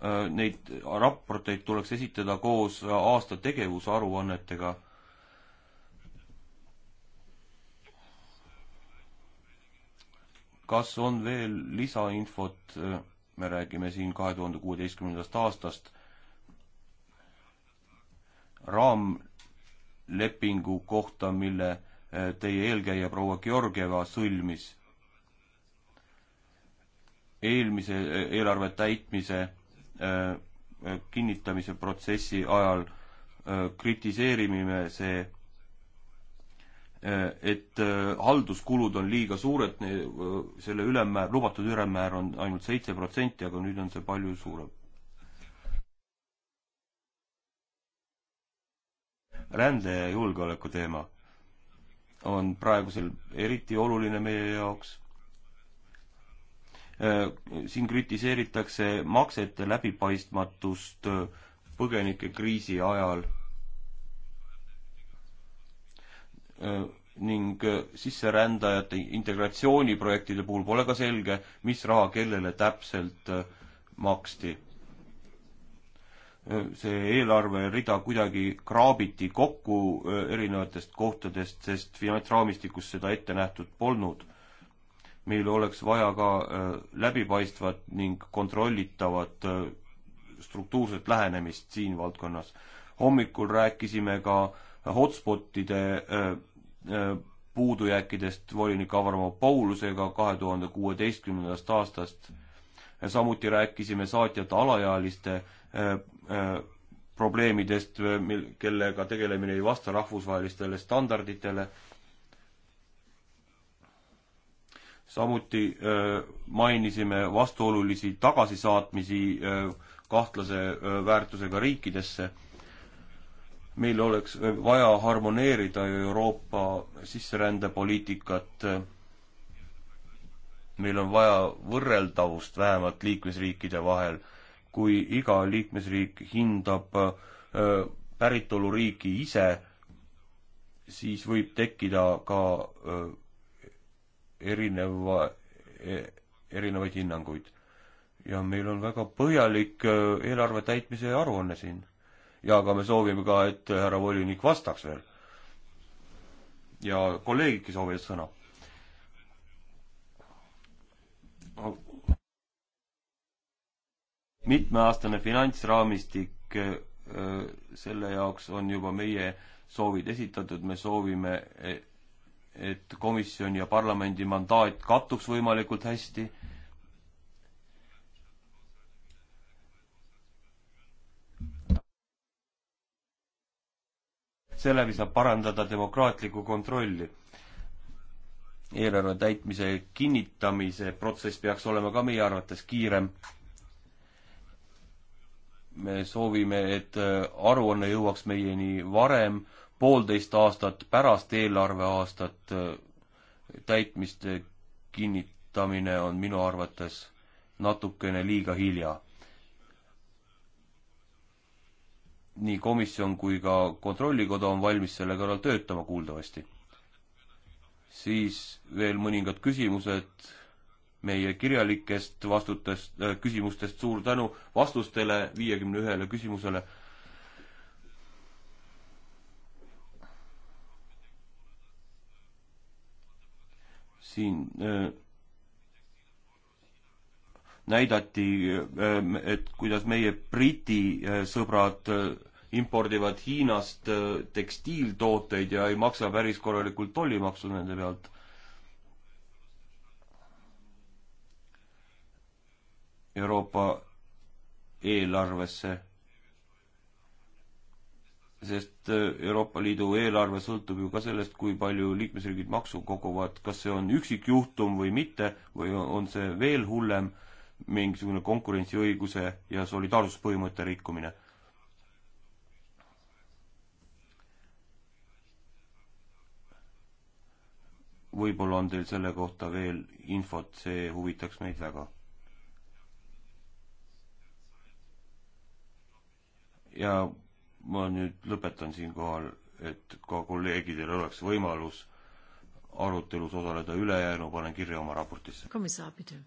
äh, neid raporteid tuleks esitada koos aasta tegevusaruannetega. kas on veel lisainfot, äh, me räägime siin kahe tuhande kuueteistkümnendast aastast, raamlepingu kohta, mille eh, teie eelkäija proua Georgieva sõlmis eelmise eh, eelarve täitmise eh, kinnitamise protsessi ajal kritiseerimine see, et halduskulud on liiga suured, selle ülemmäär, lubatud ülemmäär on ainult seitse protsenti, aga nüüd on see palju suurem. rände ja julgeoleku teema on praegusel eriti oluline meie jaoks. Äh, siin kritiseeritakse maksete läbipaistmatust põgenikekriisi ajal äh, ning sisserändajate integratsiooniprojektide puhul pole ka selge, mis raha kellele täpselt äh, maksti see eelarverida kuidagi kraabiti kokku äh, erinevatest kohtadest, sest finantsraamistikus seda ette nähtud polnud. meil oleks vaja ka äh, läbipaistvat ning kontrollitavat äh, struktuurset lähenemist siin valdkonnas. hommikul rääkisime ka hotspotide puudujääkidest volinik Avarma Paulusega kahe tuhande kuueteistkümnendast aastast samuti rääkisime saatjate alaealiste äh, äh, probleemidest, äh, mil, kellega tegelemine ei vasta rahvusvahelistele standarditele. samuti öö, mainisime vastuolulisi tagasisaatmisi öö, kahtlase öö, väärtusega riikidesse. meil oleks vaja harmoneerida Euroopa sisserändepoliitikat öö, meil on vaja võrreldavust vähemalt liikmesriikide vahel. kui iga liikmesriik hindab öö, päritoluriiki ise, siis võib tekkida ka öö, erineva, e, erinevaid hinnanguid. ja meil on väga põhjalik öö, eelarve täitmise aruanne siin. ja aga me soovime ka, et härra volinik vastaks veel. ja kolleegidki soovivad sõna mitmeaastane finantsraamistik, äh, selle jaoks on juba meie soovid esitatud, me soovime, e-, et komisjon ja parlamendi mandaat kattuks võimalikult hästi. seeläbi saab parandada demokraatlikku kontrolli eelarve täitmise kinnitamise protsess peaks olema ka meie arvates kiirem. me soovime, et äh, aruanne jõuaks meieni varem, poolteist aastat pärast eelarveaastat äh, täitmist kinnitamine on minu arvates natukene liiga hilja. nii komisjon kui ka kontrollikoda on valmis selle kallal töötama kuuldavasti siis veel mõningad küsimused meie kirjalikest vastutest äh,, küsimustest, suur tänu vastustele viiekümne ühele küsimusele. siin äh, näidati äh,, et kuidas meie Briti äh, sõbrad äh, impordivad Hiinast äh, tekstiiltooteid ja ei maksa päris korralikult tollimaksu nende pealt. Euroopa eelarvesse. sest äh, Euroopa Liidu eelarve sõltub ju ka sellest, kui palju liikmesriigid maksu koguvad, kas see on üksikjuhtum või mitte või on see veel hullem, mingisugune konkurentsiõiguse ja solidaarsuspõhimõtte rikkumine võib-olla on teil selle kohta veel infot, see huvitaks meid väga. ja ma nüüd lõpetan siinkohal, et ka kolleegidel oleks võimalus arutelus osaleda, ülejäänu panen kirja oma raportisse. komisjon, aitäh.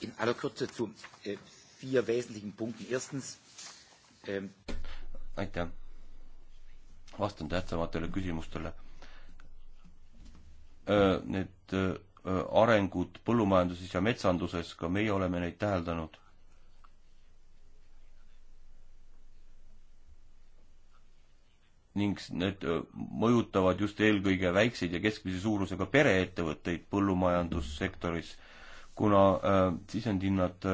In aller Kürze zu äh, vier wesentlichen Punkten. Erstens. Ähm aitäh. vastan tähtsamatele küsimustele Äh, need äh, arengud põllumajanduses ja metsanduses, ka meie oleme neid täheldanud. ning need äh, mõjutavad just eelkõige väikseid ja keskmise suurusega pereettevõtteid põllumajandussektoris, kuna sisendhinnad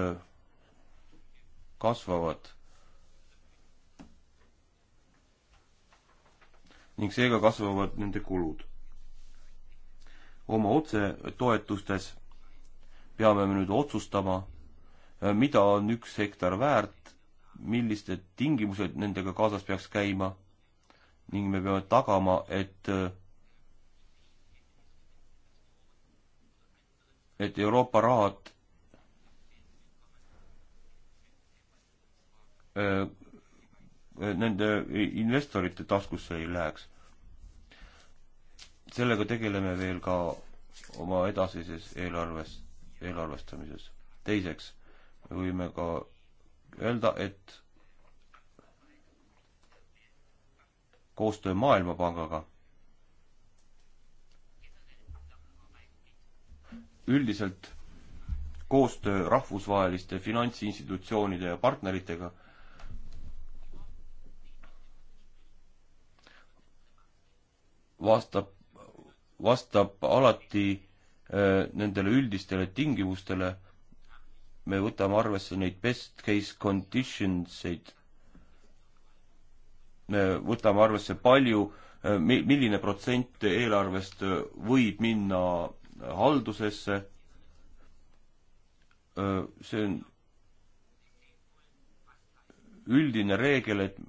kasvavad ning seega kasvavad nende kulud oma otsetoetustes peame me nüüd otsustama, äh, mida on üks hektar väärt, millised tingimused nendega kaasas peaks käima ning me peame tagama, et äh, et Euroopa rahad äh, nende investorite taskusse ei läheks sellega tegeleme veel ka oma edasises eelarves, eelarvestamises. teiseks, me võime ka öelda, et koostöö Maailmapangaga üldiselt koostöö rahvusvaheliste finantsinstitutsioonide ja partneritega vastab vastab alati äh, nendele üldistele tingimustele, me võtame arvesse neid best case conditions eid, me võtame arvesse palju, äh, milline protsent eelarvest äh, võib minna haldusesse, see on üldine reegel, et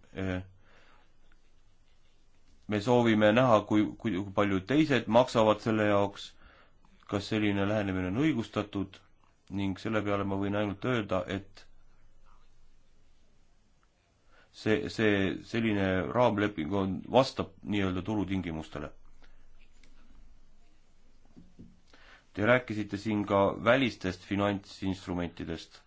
me soovime näha, kui, kui palju teised maksavad selle jaoks, kas selline lähenemine on õigustatud ning selle peale ma võin ainult öelda, et see, see selline raamleping on, vastab nii-öelda turutingimustele. Te rääkisite siin ka välistest finantsinstrumentidest.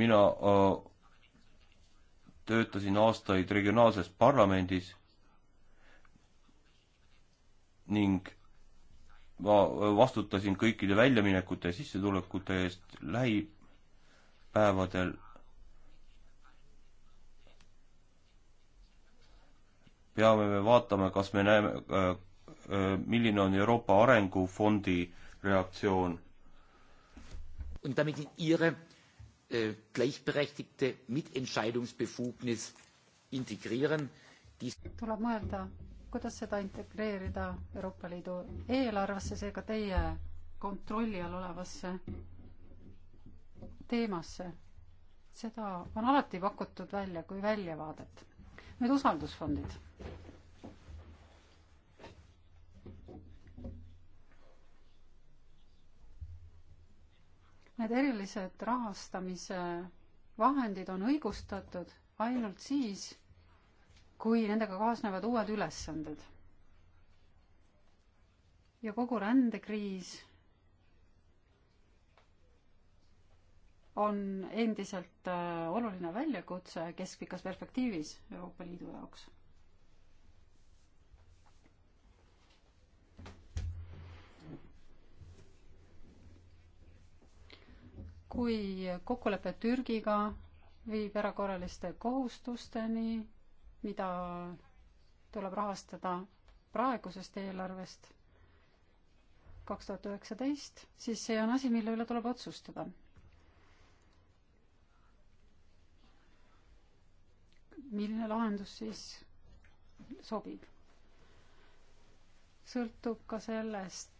mina öö, äh, töötasin aastaid regionaalses parlamendis ning ma vastutasin kõikide väljaminekute ja sissetulekute eest lähipäevadel. peame me vaatama, kas me näeme, äh, äh, milline on Euroopa Arengufondi reaktsioon. Und damit in Ihre äh, gleichberechtigte Mitentscheidungsbefugnis integrieren. tuleb mõelda kuidas seda integreerida Euroopa Liidu eelarvesse, seega teie kontrolli all olevasse teemasse? seda on alati pakutud välja kui väljavaadet. nüüd usaldusfondid. Need erilised rahastamise vahendid on õigustatud ainult siis, kui nendega kaasnevad uued ülesanded. ja kogu rändekriis on endiselt äh, oluline väljakutse keskpikas perspektiivis Euroopa Liidu jaoks. kui kokkulepe Türgiga viib erakorraliste kohustusteni mida tuleb rahastada praegusest eelarvest kaks tuhat üheksateist, siis see on asi, mille üle tuleb otsustada. milline lahendus siis sobib? sõltub ka sellest,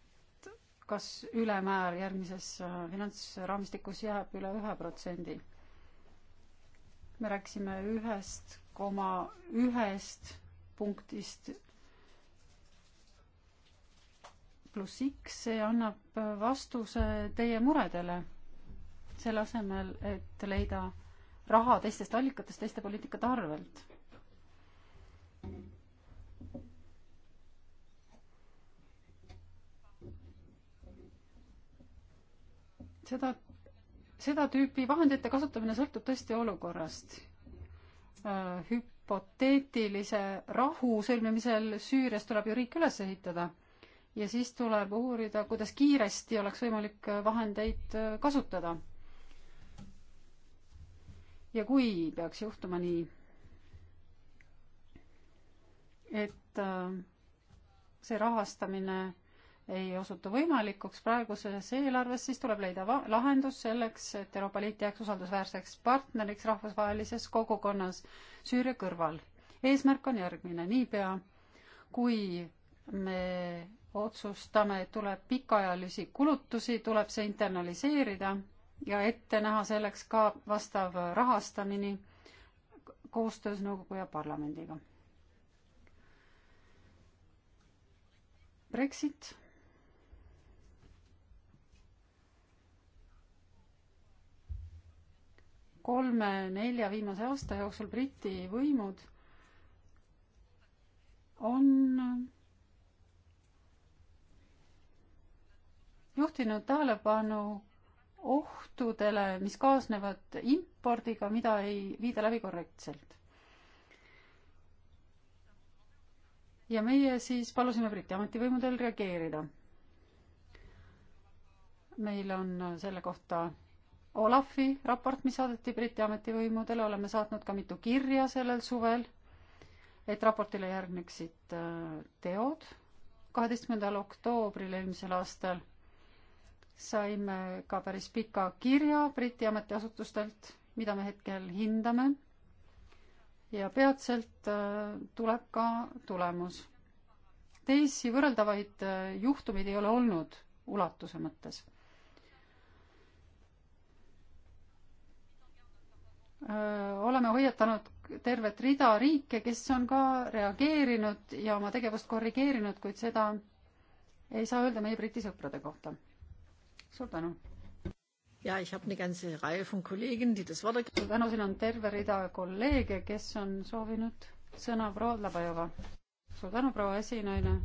kas ülemäär järgmises äh, finantsraamistikus jääb üle ühe protsendi. me rääkisime ühest koma ühest punktist pluss X, see annab vastuse teie muredele. selle asemel, et leida raha teistest allikatest teiste poliitikate arvelt. seda, seda tüüpi vahendite kasutamine sõltub tõesti olukorrast Äh, hüpoteetilise rahu sõlmimisel Süürias tuleb ju riik üles ehitada ja siis tuleb uurida, kuidas kiiresti oleks võimalik vahendeid äh, kasutada. ja kui peaks juhtuma nii, et äh, see rahastamine ei osutu võimalikuks praeguses eelarves, siis tuleb leida lahendus selleks, et Euroopa Liit jääks usaldusväärseks partneriks rahvusvahelises kogukonnas Süüria kõrval. eesmärk on järgmine, niipea kui me otsustame, et tuleb pikaajalisi kulutusi, tuleb see internaliseerida ja ette näha selleks ka vastav rahastamine koostöös nõukogu ja parlamendiga. Brexit kolme-nelja viimase aasta jooksul Briti võimud on juhtinud tähelepanu ohtudele, mis kaasnevad impordiga, mida ei viida läbi korrektselt. ja meie siis palusime Briti ametivõimudel reageerida. meil on selle kohta Olafi raport, mis saadeti Briti ametivõimudele, oleme saatnud ka mitu kirja sellel suvel, et raportile järgneksid äh, teod. kaheteistkümnendal oktoobril eelmisel aastal saime ka päris pika kirja Briti ametiasutustelt, mida me hetkel hindame. ja peatselt äh, tuleb ka tulemus. teisi võrreldavaid äh, juhtumeid ei ole olnud ulatuse mõttes oleme hoiatanud tervet rida riike, kes on ka reageerinud ja oma tegevust korrigeerinud, kuid seda ei saa öelda meie Briti sõprade kohta. suur tänu. ja ich habe eine ganze Reihe von Kollegen, die das Wort. suur tänu, siin on terve rida kolleege, kes on soovinud sõna proua Labajova. suur tänu, proua esinaine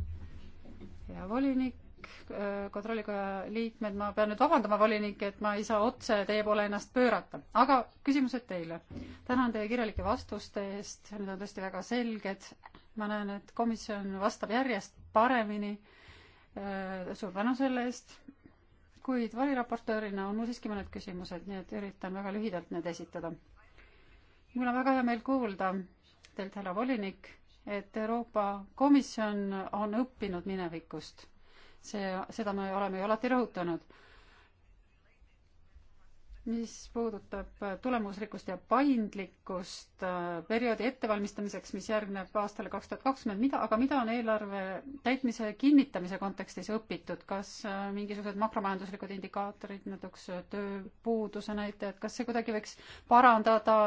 ja volinik kontrollikoja liikmed, ma pean nüüd vabandama, volinik, et ma ei saa otse teie poole ennast pöörata, aga küsimused teile. tänan teie kirjalike vastuste eest, need on tõesti väga selged. ma näen, et komisjon vastab järjest paremini. Äh, suur tänu selle eest. kuid variraportöörina on mul siiski mõned küsimused, nii et üritan väga lühidalt need esitada. mul on väga hea meel kuulda teilt, härra volinik, et Euroopa Komisjon on õppinud minevikust see, seda me oleme ju alati rõhutanud. mis puudutab tulemusrikkust ja paindlikkust äh, perioodi ettevalmistamiseks, mis järgneb aastale kaks tuhat kakskümmend, mida, aga mida on eelarve täitmise kinnitamise kontekstis õpitud, kas äh, mingisugused makromajanduslikud indikaatorid, näiteks äh, tööpuuduse näitajad, kas see kuidagi võiks parandada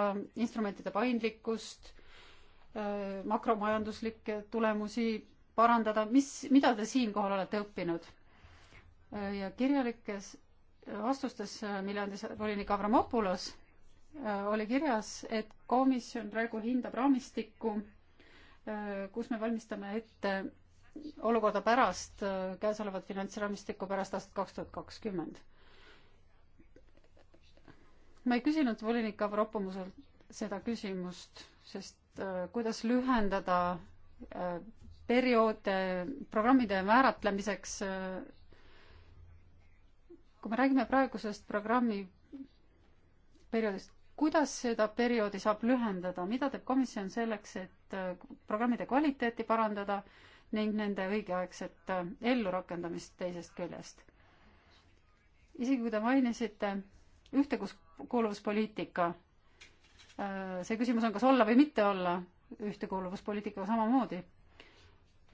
instrumentide paindlikkust, makromajanduslikke tulemusi parandada, mis, mida te siinkohal olete õppinud? ja kirjalikes vastustes, mille andis volinik Avramopulos, oli kirjas, et komisjon praegu hindab raamistikku, kus me valmistame ette olukorda pärast käesolevat finantsraamistikku pärast aastat kaks tuhat kakskümmend. ma ei küsinud volinik Avramopuloselt seda küsimust, sest äh, kuidas lühendada äh, periood eh, programmide määratlemiseks. Eh, kui me räägime praegusest programmi perioodist, kuidas seda perioodi saab lühendada, mida teeb komisjon selleks, et eh, programmide kvaliteeti parandada ning nende õigeaegset ellurakendamist teisest küljest? isegi kui te mainisite ühtekuuluvuspoliitika, see küsimus on, kas olla või mitte olla ühtekuuluvuspoliitikaga samamoodi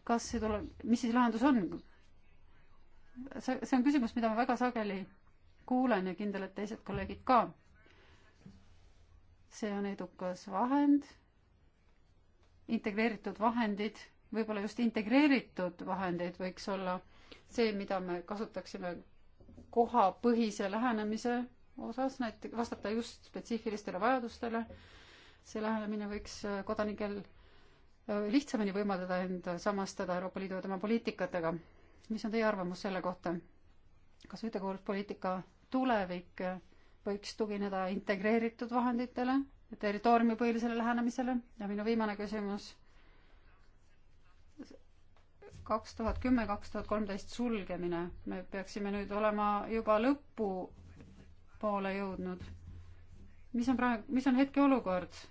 kas see tuleb, mis siis lahendus on? see, see on küsimus, mida ma väga sageli kuulen ja kindel, et teised kolleegid ka. see on edukas vahend, integreeritud vahendid, võib-olla just integreeritud vahendeid võiks olla see, mida me kasutaksime kohapõhise lähenemise osas, näiteks vastata just spetsiifilistele vajadustele. see lähenemine võiks kodanikel lihtsamini võimaldada end samastada Euroopa Liidu ja tema poliitikatega. mis on teie arvamus selle kohta? kas ühtekuuluvuspoliitika tulevik võiks tugineda integreeritud vahenditele, territooriumipõhilisele lähenemisele ja minu viimane küsimus, kaks tuhat kümme, kaks tuhat kolmteist sulgemine, me peaksime nüüd olema juba lõpupoole jõudnud. mis on praegu, mis on hetkeolukord?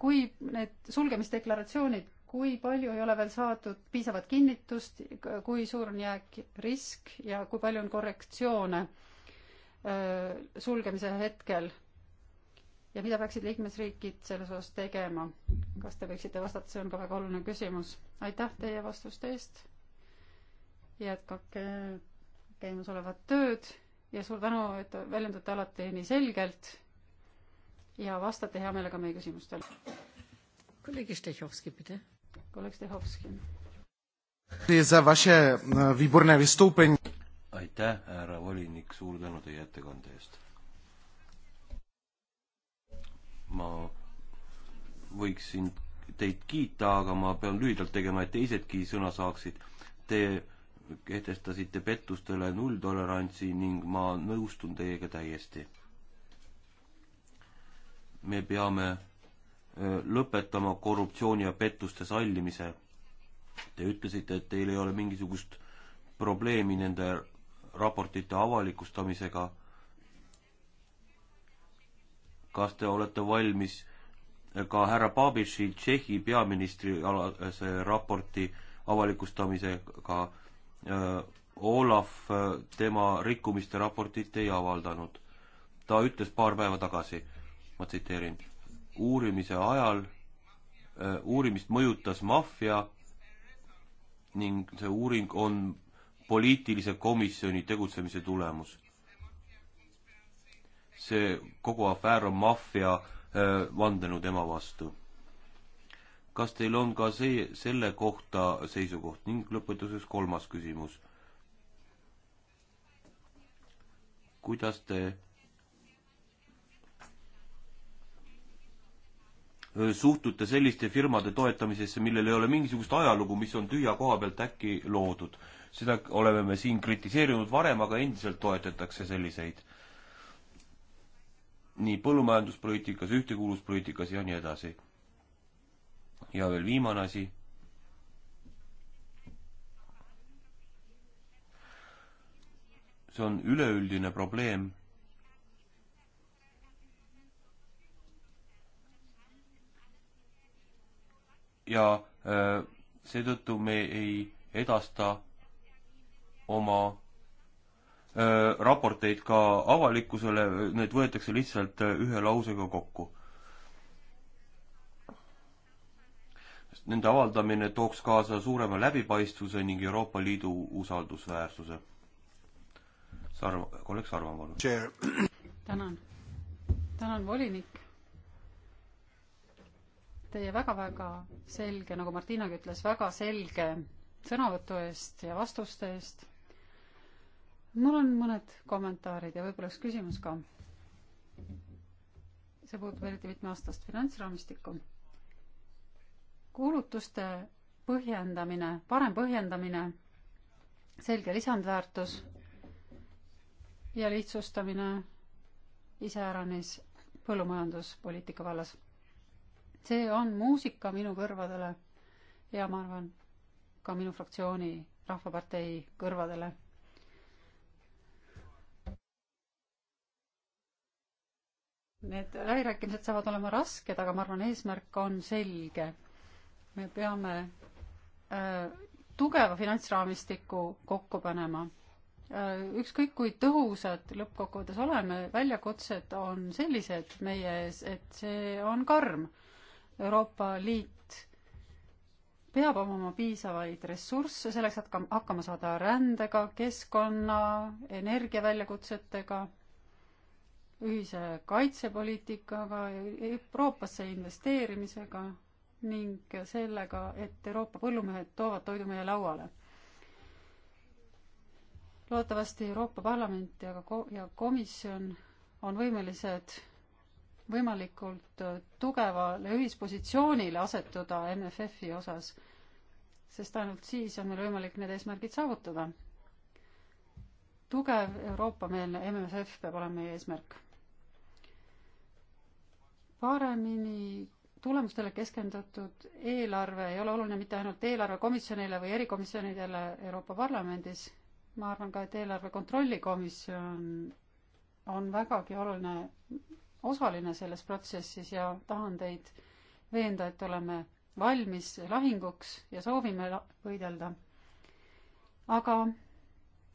kui need sulgemisdeklaratsioonid, kui palju ei ole veel saadud piisavat kinnitust, kui suur on jääkrisk ja kui palju on korrektsioone sulgemise hetkel ja mida peaksid liikmesriigid selles osas tegema? kas te võiksite vastata, see on ka väga oluline küsimus. aitäh teie vastuste eest. jätkake käimasolevat tööd ja suur tänu, et väljendate alati nii selgelt ja vastate hea meelega meie küsimustele. kolleeg Štehhovski, pidi. kolleeg Štehhovski. E, aitäh, härra volinik, suur tänu teie ettekande eest. ma võiksin teid kiita, aga ma pean lühidalt tegema, et teisedki sõna saaksid. Te kehtestasite pettustele nulltolerantsi ning ma nõustun teiega täiesti me peame lõpetama korruptsiooni ja pettuste sallimise. Te ütlesite, et teil ei ole mingisugust probleemi nende raportite avalikustamisega. kas te olete valmis ka härra Babiši Tšehhi peaministri alase raporti avalikustamisega äh,? Olav tema rikkumiste raportit ei avaldanud. ta ütles paar päeva tagasi ma tsiteerin, uurimise ajal äh, uurimist mõjutas maffia ning see uuring on poliitilise komisjoni tegutsemise tulemus. see kogu afäär on maffia äh, vandenõutema vastu. kas teil on ka see, selle kohta seisukoht ning lõpetuseks kolmas küsimus. kuidas te suhtute selliste firmade toetamisesse, millel ei ole mingisugust ajalugu, mis on tühja koha pealt äkki loodud. seda oleme me siin kritiseerinud varem, aga endiselt toetatakse selliseid nii põllumajanduspoliitikas, ühtekuuluvuspoliitikas ja nii edasi. ja veel viimane asi. see on üleüldine probleem ja äh, seetõttu me ei edasta oma öö, äh, raporteid ka avalikkusele, need võetakse lihtsalt äh, ühe lausega kokku. sest nende avaldamine tooks kaasa suurema läbipaistvuse ning Euroopa Liidu usaldusväärsuse. Sarv-, kolleeg Sarvan, palun. tänan. tänan, volinik teie väga-väga selge, nagu Martinagi ütles, väga selge sõnavõtu eest ja vastuste eest. mul on mõned kommentaarid ja võib-olla üks küsimus ka. see puudutab eriti mitmeaastast finantsraamistikku. kuulutuste põhjendamine, parem põhjendamine, selge lisandväärtus ja lihtsustamine iseäranis põllumajanduspoliitika vallas see on muusika minu kõrvadele ja ma arvan, ka minu fraktsiooni Rahvapartei kõrvadele. Need läbirääkimised saavad olema rasked, aga ma arvan, eesmärk on selge. me peame äh, tugeva finantsraamistiku kokku panema äh,. ükskõik kui tõhusad lõppkokkuvõttes oleme, väljakutsed on sellised meie ees, et see on karm Euroopa Liit peab omama piisavaid ressursse selleks, et hakkama saada rändega, keskkonna, energiaväljakutsetega, ühise kaitsepoliitikaga, Euroopasse investeerimisega ning sellega, et Euroopa põllumehed toovad toidu meie lauale. loodetavasti Euroopa Parlament ja ka ko-, ja komisjon on võimelised võimalikult äh, tugevale ühispositsioonile asetuda MFF-i osas, sest ainult siis on meil võimalik need eesmärgid saavutada. tugev Euroopa-meelne MFF peab olema meie eesmärk. paremini tulemustele keskendatud eelarve ei ole oluline mitte ainult eelarvekomisjonile või erikomisjonidele Euroopa Parlamendis, ma arvan ka, et eelarve kontrolli komisjon on vägagi oluline osaline selles protsessis ja tahan teid veenda, et oleme valmis lahinguks ja soovime la võidelda. aga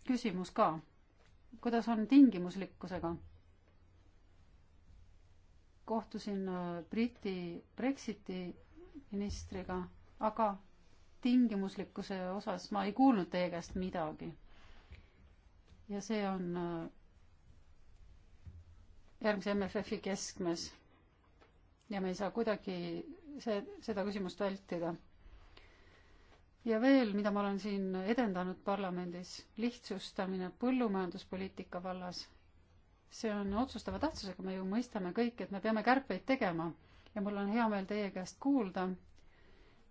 küsimus ka, kuidas on tingimuslikkusega? kohtusin äh, Briti Brexiti ministriga, aga tingimuslikkuse osas ma ei kuulnud teie käest midagi. ja see on äh, järgmise MFF-i keskmes. ja me ei saa kuidagi see, seda küsimust vältida. ja veel, mida ma olen siin edendanud parlamendis, lihtsustamine põllumajanduspoliitika vallas. see on otsustava tähtsusega, me ju mõistame kõik, et me peame kärpeid tegema ja mul on hea meel teie käest kuulda,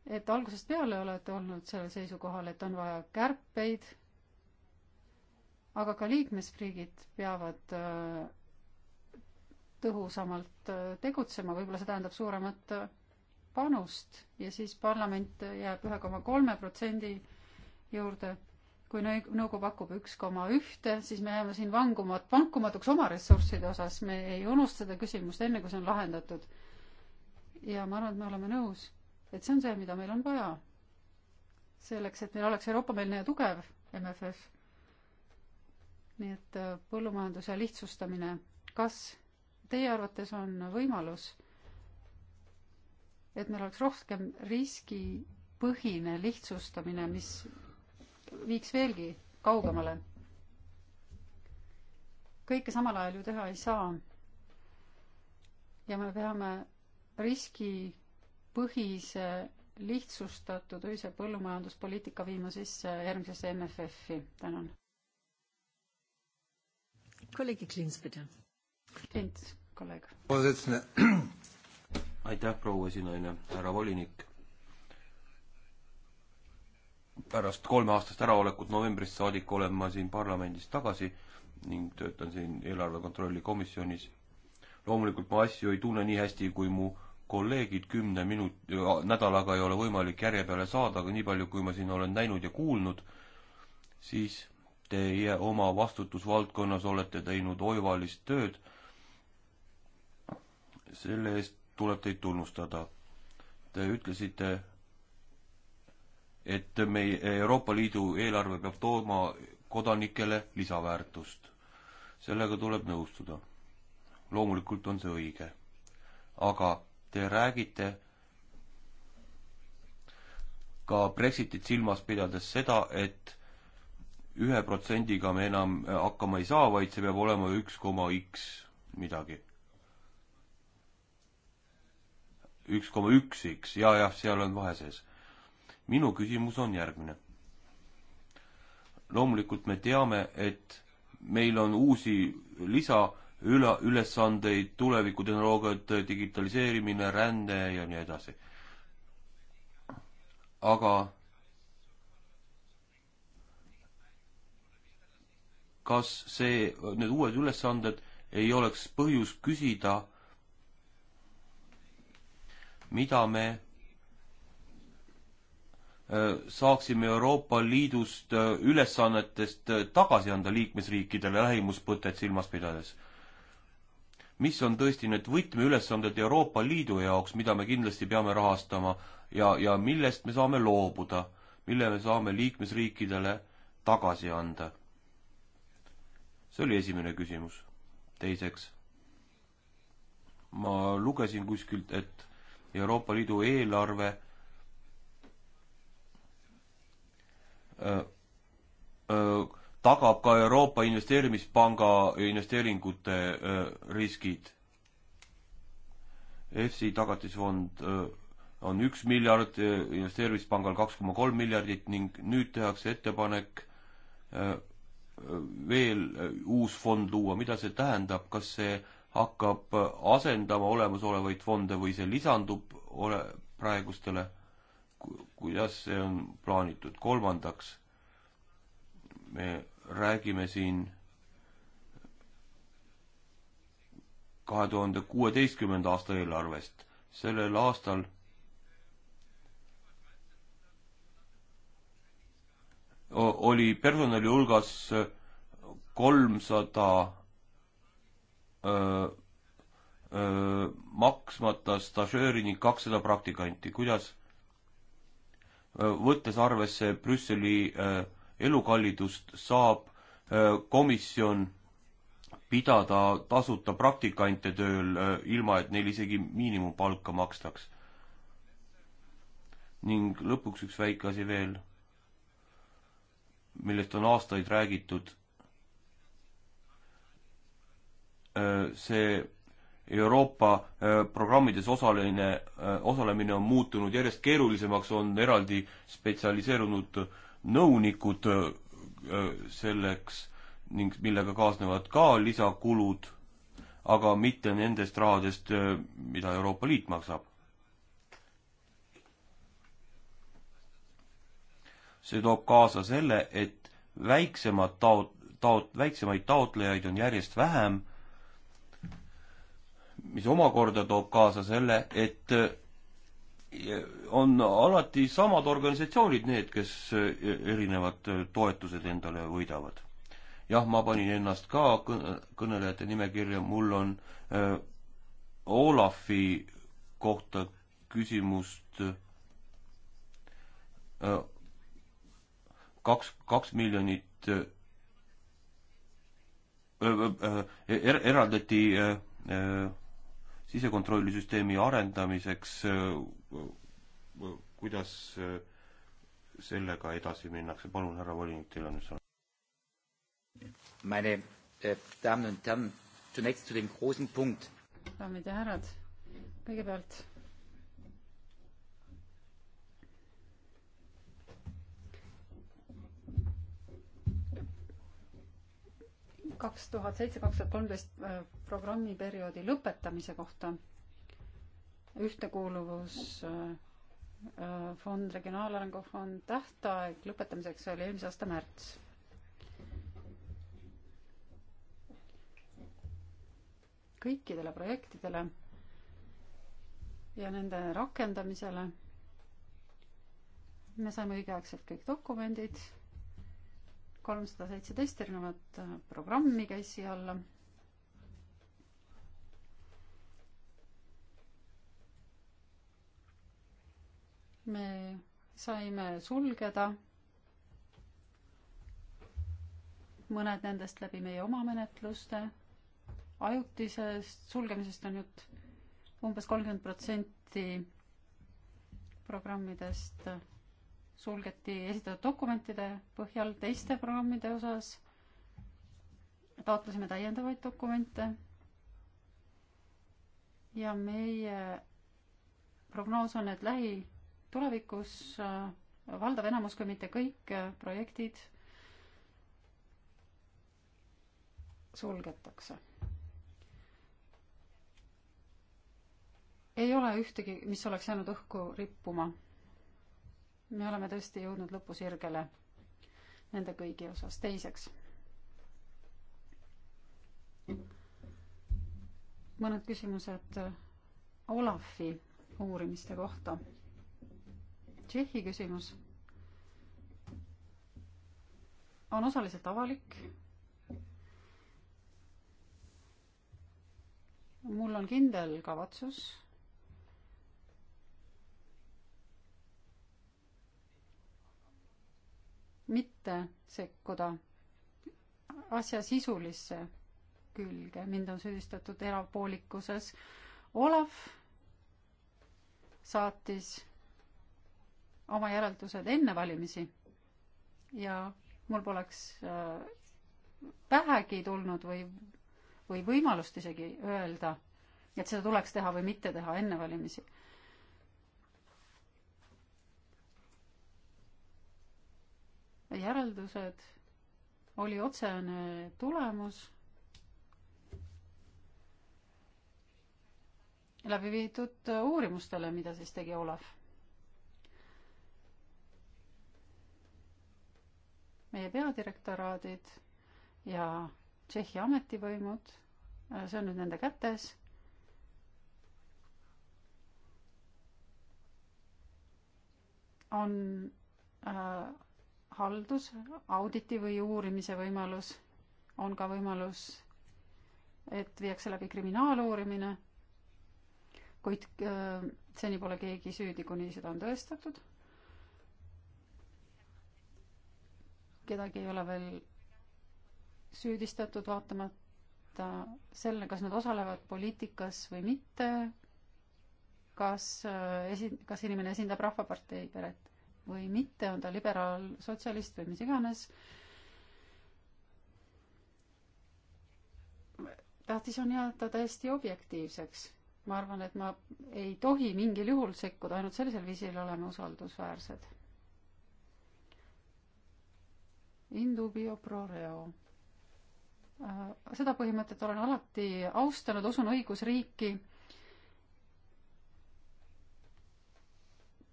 et algusest peale olete olnud sellel seisukohal, et on vaja kärpeid, aga ka liikmesriigid peavad äh, tõhusamalt äh, tegutsema, võib-olla see tähendab suuremat äh, panust ja siis parlament jääb ühe koma kolme protsendi juurde. kui nõukogu pakub üks koma ühte, siis me jääme siin vangumat-, vankumatuks oma ressursside osas, me ei unusta seda küsimust enne, kui see on lahendatud. ja ma arvan, et me oleme nõus, et see on see, mida meil on vaja. selleks, et meil oleks Euroopa-meelne ja tugev MFF. nii et äh, põllumajanduse lihtsustamine, kas teie arvates on võimalus, et meil oleks rohkem riskipõhine lihtsustamine, mis viiks veelgi kaugemale? kõike samal ajal ju teha ei saa. ja me peame riskipõhise lihtsustatud ühise põllumajanduspoliitika viima sisse järgmisesse MFF-i. tänan. kolleeg Klins, palun. Klint, kolleeg. aitäh, proua esinaine, härra volinik. pärast kolmeaastast äraolekut novembrist saadik olen ma siin parlamendis tagasi ning töötan siin eelarve kontrolli komisjonis. loomulikult ma asju ei tunne nii hästi kui mu kolleegid, kümne minut-, nädalaga ei ole võimalik järje peale saada, aga nii palju, kui ma siin olen näinud ja kuulnud, siis teie oma vastutusvaldkonnas olete teinud oivalist tööd selle eest tuleb teid tunnustada. Te ütlesite, et meie Euroopa Liidu eelarve peab tooma kodanikele lisaväärtust. sellega tuleb nõustuda. loomulikult on see õige. aga te räägite ka Brexitit silmas pidades seda, et ühe protsendiga me enam hakkama ei saa, vaid see peab olema üks koma X midagi. üks koma üks X ja, jah, seal on vahe sees. minu küsimus on järgmine. loomulikult me teame, et meil on uusi lisa üle, ülesandeid, tulevikutehnoloogiad, digitaliseerimine, ränne ja nii edasi. aga kas see, need uued ülesanded ei oleks põhjus küsida mida me äh, saaksime Euroopa Liidust äh, ülesannetest äh, tagasi anda liikmesriikidele lähimuspõtet silmas pidades. mis on tõesti need võtmeülesanded Euroopa Liidu jaoks, mida me kindlasti peame rahastama ja, ja millest me saame loobuda, mille me saame liikmesriikidele tagasi anda? see oli esimene küsimus. teiseks, ma lugesin kuskilt, et Euroopa Liidu eelarve öö, öö, tagab ka Euroopa Investeerimispanga investeeringute öö, riskid. EFSI tagatisfond on üks miljard, investeerimispangal kaks koma kolm miljardit ning nüüd tehakse ettepanek veel uus fond luua, mida see tähendab, kas see hakkab äh, asendama olemasolevaid fonde või see lisandub ole praegustele, kuidas see on plaanitud. kolmandaks, me räägime siin kahe tuhande kuueteistkümnenda aasta eelarvest. sellel aastal oli personali hulgas kolmsada 300 maksmata stažööri ning kakssada praktikanti, kuidas võttes arvesse Brüsseli elukallidust, saab komisjon pidada tasuta praktikante tööl, ilma et neil isegi miinimumpalka makstaks. ning lõpuks üks väike asi veel, millest on aastaid räägitud Äh, see Euroopa äh, programmides osaline, äh, osalemine on muutunud järjest keerulisemaks, on eraldi spetsialiseerunud nõunikud selleks ning millega kaasnevad ka lisakulud, aga mitte nendest rahadest, mida Euroopa Liit maksab. see toob kaasa selle, et väiksemad taot-, taot-, väiksemaid taotlejaid on järjest vähem mis omakorda toob kaasa selle, et eh, on alati samad organisatsioonid need, kes eh, erinevad eh, toetused endale võidavad. jah, ma panin ennast ka kõnelejate nimekirja, mul on äh, Olafi kohta küsimust äh, kaks, kaks miljonit äh, äh, eraldati äh, äh, sisekontrollisüsteemi arendamiseks, kuidas sellega edasi minnakse, palun, härra volinik, teil on nüüd sõna. Meine äh, Damen und Herren, zunächst zu dem großen Punkt. daamid ja härrad, kõigepealt kaks tuhat seitse, kaks tuhat kolmteist äh, programmiperioodi lõpetamise kohta ühtekuuluvusfond, äh, äh, regionaalarengu fond, tähtaeg lõpetamiseks oli eelmise aasta märts. kõikidele projektidele ja nende rakendamisele me saime õigeaegselt kõik dokumendid kolmsada seitseteist erinevat äh, programmi käis siia alla. me saime sulgeda mõned nendest läbi meie oma menetluste. ajutisest sulgemisest on jutt umbes kolmkümmend protsenti programmidest sulgeti esitatud dokumentide põhjal teiste programmide osas. taotlesime täiendavaid dokumente. ja meie prognoos on, et lähitulevikus äh, valdav enamus, kui mitte kõik äh, projektid sulgetakse. ei ole ühtegi, mis oleks jäänud õhku rippuma me oleme tõesti jõudnud lõpusirgele nende kõigi osas. teiseks, mõned küsimused Olafi uurimiste kohta. Tšehhi küsimus on osaliselt avalik. mul on kindel kavatsus mitte sekkuda asja sisulisse külge, mind on süüdistatud erapoolikuses. Olav saatis oma järeldused enne valimisi ja mul poleks äh, vähegi tulnud või, või võimalust isegi öelda, et seda tuleks teha või mitte teha enne valimisi järeldused oli otsene tulemus läbi viidud uurimustele, mida siis tegi Olav. meie peadirektoraadid ja Tšehhi ametivõimud, see on nüüd nende kätes. on äh, haldus, auditi või uurimise võimalus, on ka võimalus, et viiakse läbi kriminaaluurimine, kuid äh, seni pole keegi süüdi, kuni seda on tõestatud. kedagi ei ole veel süüdistatud, vaatamata selle, kas nad osalevad poliitikas või mitte, kas äh, esi-, kas inimene esindab Rahvapartei peret või mitte, on ta liberaal, sotsialist või mis iganes. tähtis on jääda täiesti objektiivseks. ma arvan, et ma ei tohi mingil juhul sekkuda, ainult sellisel viisil oleme usaldusväärsed. Indubio pro reo. Äh, seda põhimõtet olen alati austanud, usun õigusriiki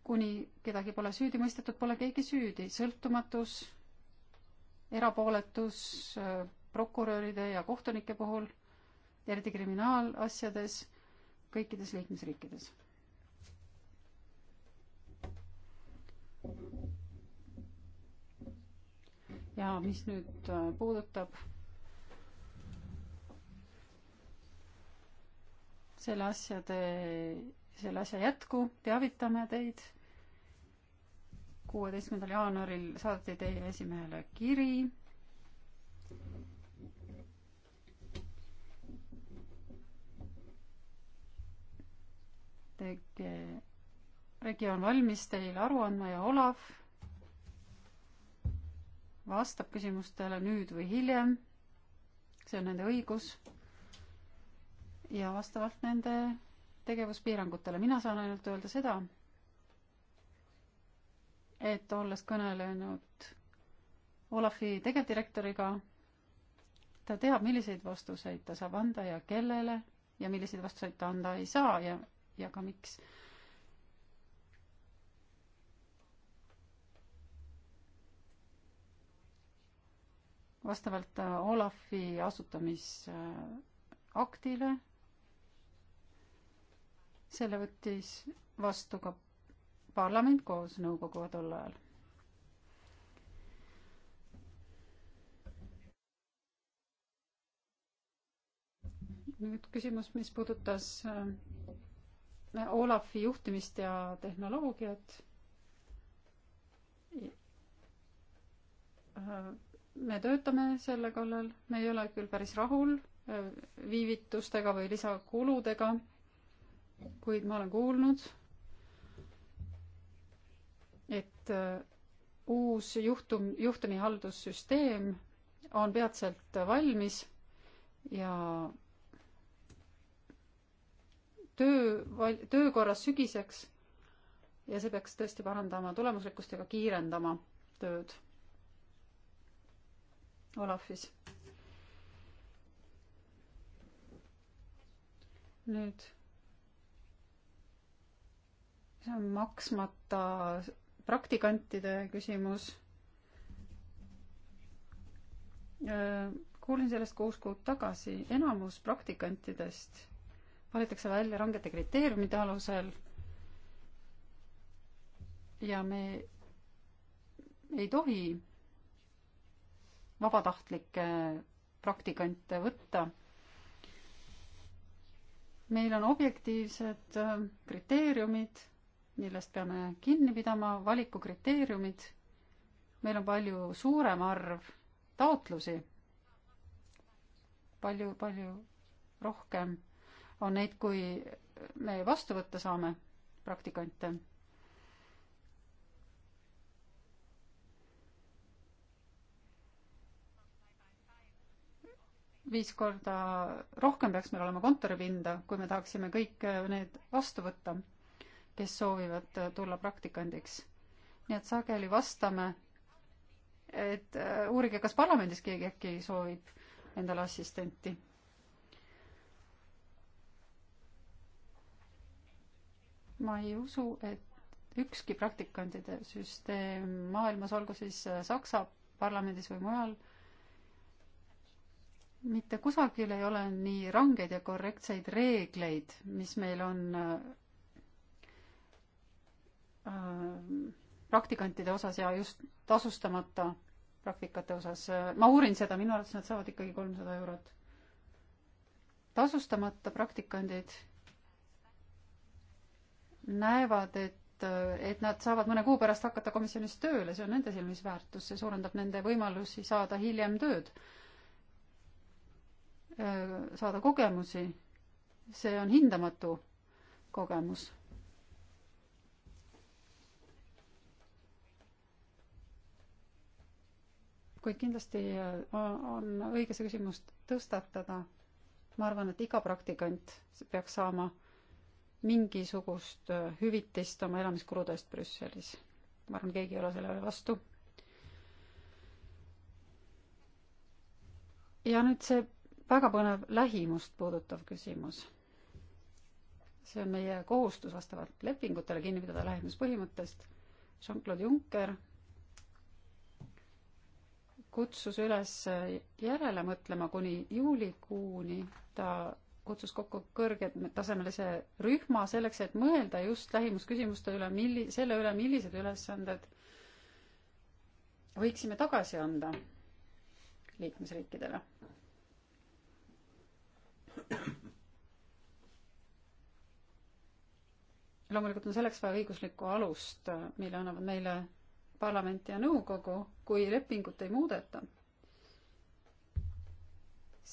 kuni kedagi pole süüdi mõistetud, pole keegi süüdi. sõltumatus, erapooletus äh, prokuröride ja kohtunike puhul, eriti kriminaalasjades, kõikides liikmesriikides. ja mis nüüd äh, puudutab selle asjade selle asja jätku, teavitame teid. kuueteistkümnendal jaanuaril saadeti teie esimehele kiri. tege-, regioon valmis teile aru andma ja Olav vastab küsimustele nüüd või hiljem. see on nende õigus. ja vastavalt nende tegevuspiirangutele. mina saan ainult öelda seda, et olles kõnelenud Olafi tegevdirektoriga, ta teab, milliseid vastuseid ta saab anda ja kellele ja milliseid vastuseid ta anda ei saa ja, ja ka miks. vastavalt Olafi asutamisaktile äh, selle võttis vastu ka parlament koos nõukoguga tol ajal. nüüd küsimus, mis puudutas äh, Olafi juhtimist ja tehnoloogiat äh, me töötame selle kallal, me ei ole küll päris rahul äh, viivitustega või lisakuludega, kuid ma olen kuulnud, et äh, uus juhtum, juhtumi haldussüsteem on peatselt valmis ja töö, töökorras sügiseks ja see peaks tõesti parandama tulemuslikkust ja ka kiirendama tööd Olafis. nüüd maksmata praktikantide küsimus. Äh, kuulsin sellest kuus kuud tagasi, enamus praktikantidest valitakse välja rangete kriteeriumide alusel. ja me ei tohi vabatahtlikke praktikante võtta. meil on objektiivsed äh, kriteeriumid millest peame kinni pidama, valikukriteeriumid. meil on palju suurem arv taotlusi. palju, palju rohkem on neid, kui me vastu võtta saame, praktikante. viis korda rohkem peaks meil olema kontoripinda, kui me tahaksime kõik need vastu võtta kes soovivad äh, tulla praktikandiks. nii et sageli vastame, et äh, uurige, kas parlamendis keegi äkki soovib endale assistenti. ma ei usu, et ükski praktikandide süsteem maailmas, olgu siis äh, Saksa parlamendis või mujal, mitte kusagil ei ole nii rangeid ja korrektseid reegleid, mis meil on Äh, praktikantide osas ja just tasustamata praktikate osas, ma uurin seda, minu arvates nad saavad ikkagi kolmsada eurot. tasustamata praktikandid näevad, et, et nad saavad mõne kuu pärast hakata komisjonis tööle, see on nende silmis väärtus, see suurendab nende võimalusi saada hiljem tööd, äh, saada kogemusi, see on hindamatu kogemus kuid kindlasti äh, on õige see küsimus tõstatada. ma arvan, et iga praktikant peaks saama mingisugust äh, hüvitist oma elamiskulude eest Brüsselis. ma arvan, keegi ei ole sellele vastu. ja nüüd see väga põnev lähimust puudutav küsimus. see on meie kohustus vastavalt lepingutele kinni pidada lähimuspõhimõttest. Jean-Claude Juncker kutsus üles järele mõtlema kuni juulikuuni. ta kutsus kokku kõrgetasemelise rühma selleks, et mõelda just lähimusküsimuste üle, milli-, selle üle, millised ülesanded võiksime tagasi anda liikmesriikidele. loomulikult on selleks vaja õiguslikku alust, mille annavad meile parlamenti ja nõukogu, kui lepingut ei muudeta,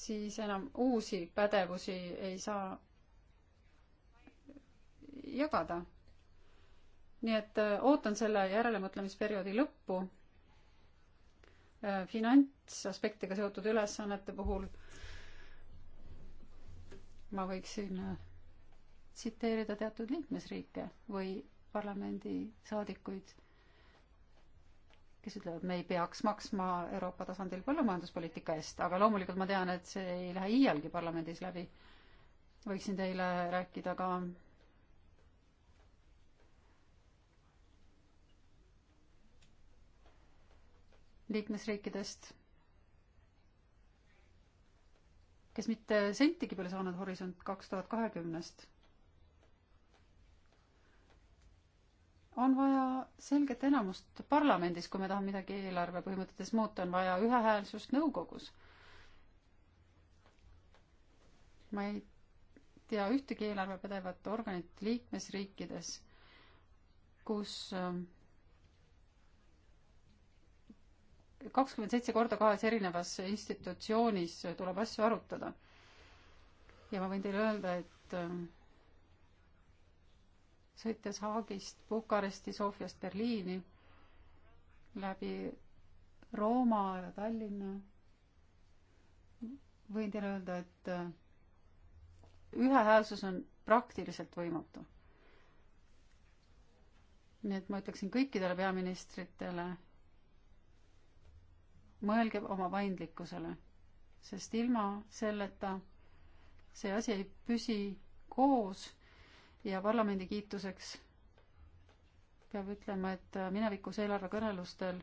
siis enam uusi pädevusi ei saa jagada. nii et äh, ootan selle järelemõtlemisperioodi lõppu äh, finantsaspektiga seotud ülesannete puhul ma võiksin äh, tsiteerida teatud liikmesriike või parlamendisaadikuid kes ütlevad, me ei peaks maksma Euroopa tasandil põllumajanduspoliitika eest, aga loomulikult ma tean, et see ei lähe iialgi parlamendis läbi. võiksin teile rääkida ka liikmesriikidest, kes mitte sentigi pole saanud Horisont kaks tuhat kahekümnest on vaja selget enamust parlamendis, kui me tahame midagi eelarve põhimõtetes muuta, on vaja ühehäälsust nõukogus. ma ei tea ühtegi eelarvepädevat organit liikmesriikides, kus ähm, kakskümmend seitse korda kahes erinevas institutsioonis tuleb asju arutada. ja ma võin teile öelda, et ähm, sõites Haagist Bukaresti, Sofiast Berliini, läbi Rooma ja Tallinna, võin teile öelda, et äh, ühehäälsus on praktiliselt võimatu. nii et ma ütleksin kõikidele peaministritele, mõelge oma paindlikkusele, sest ilma selleta see asi ei püsi koos ja parlamendi kiituseks peab ütlema, et minevikus eelarvekõnelustel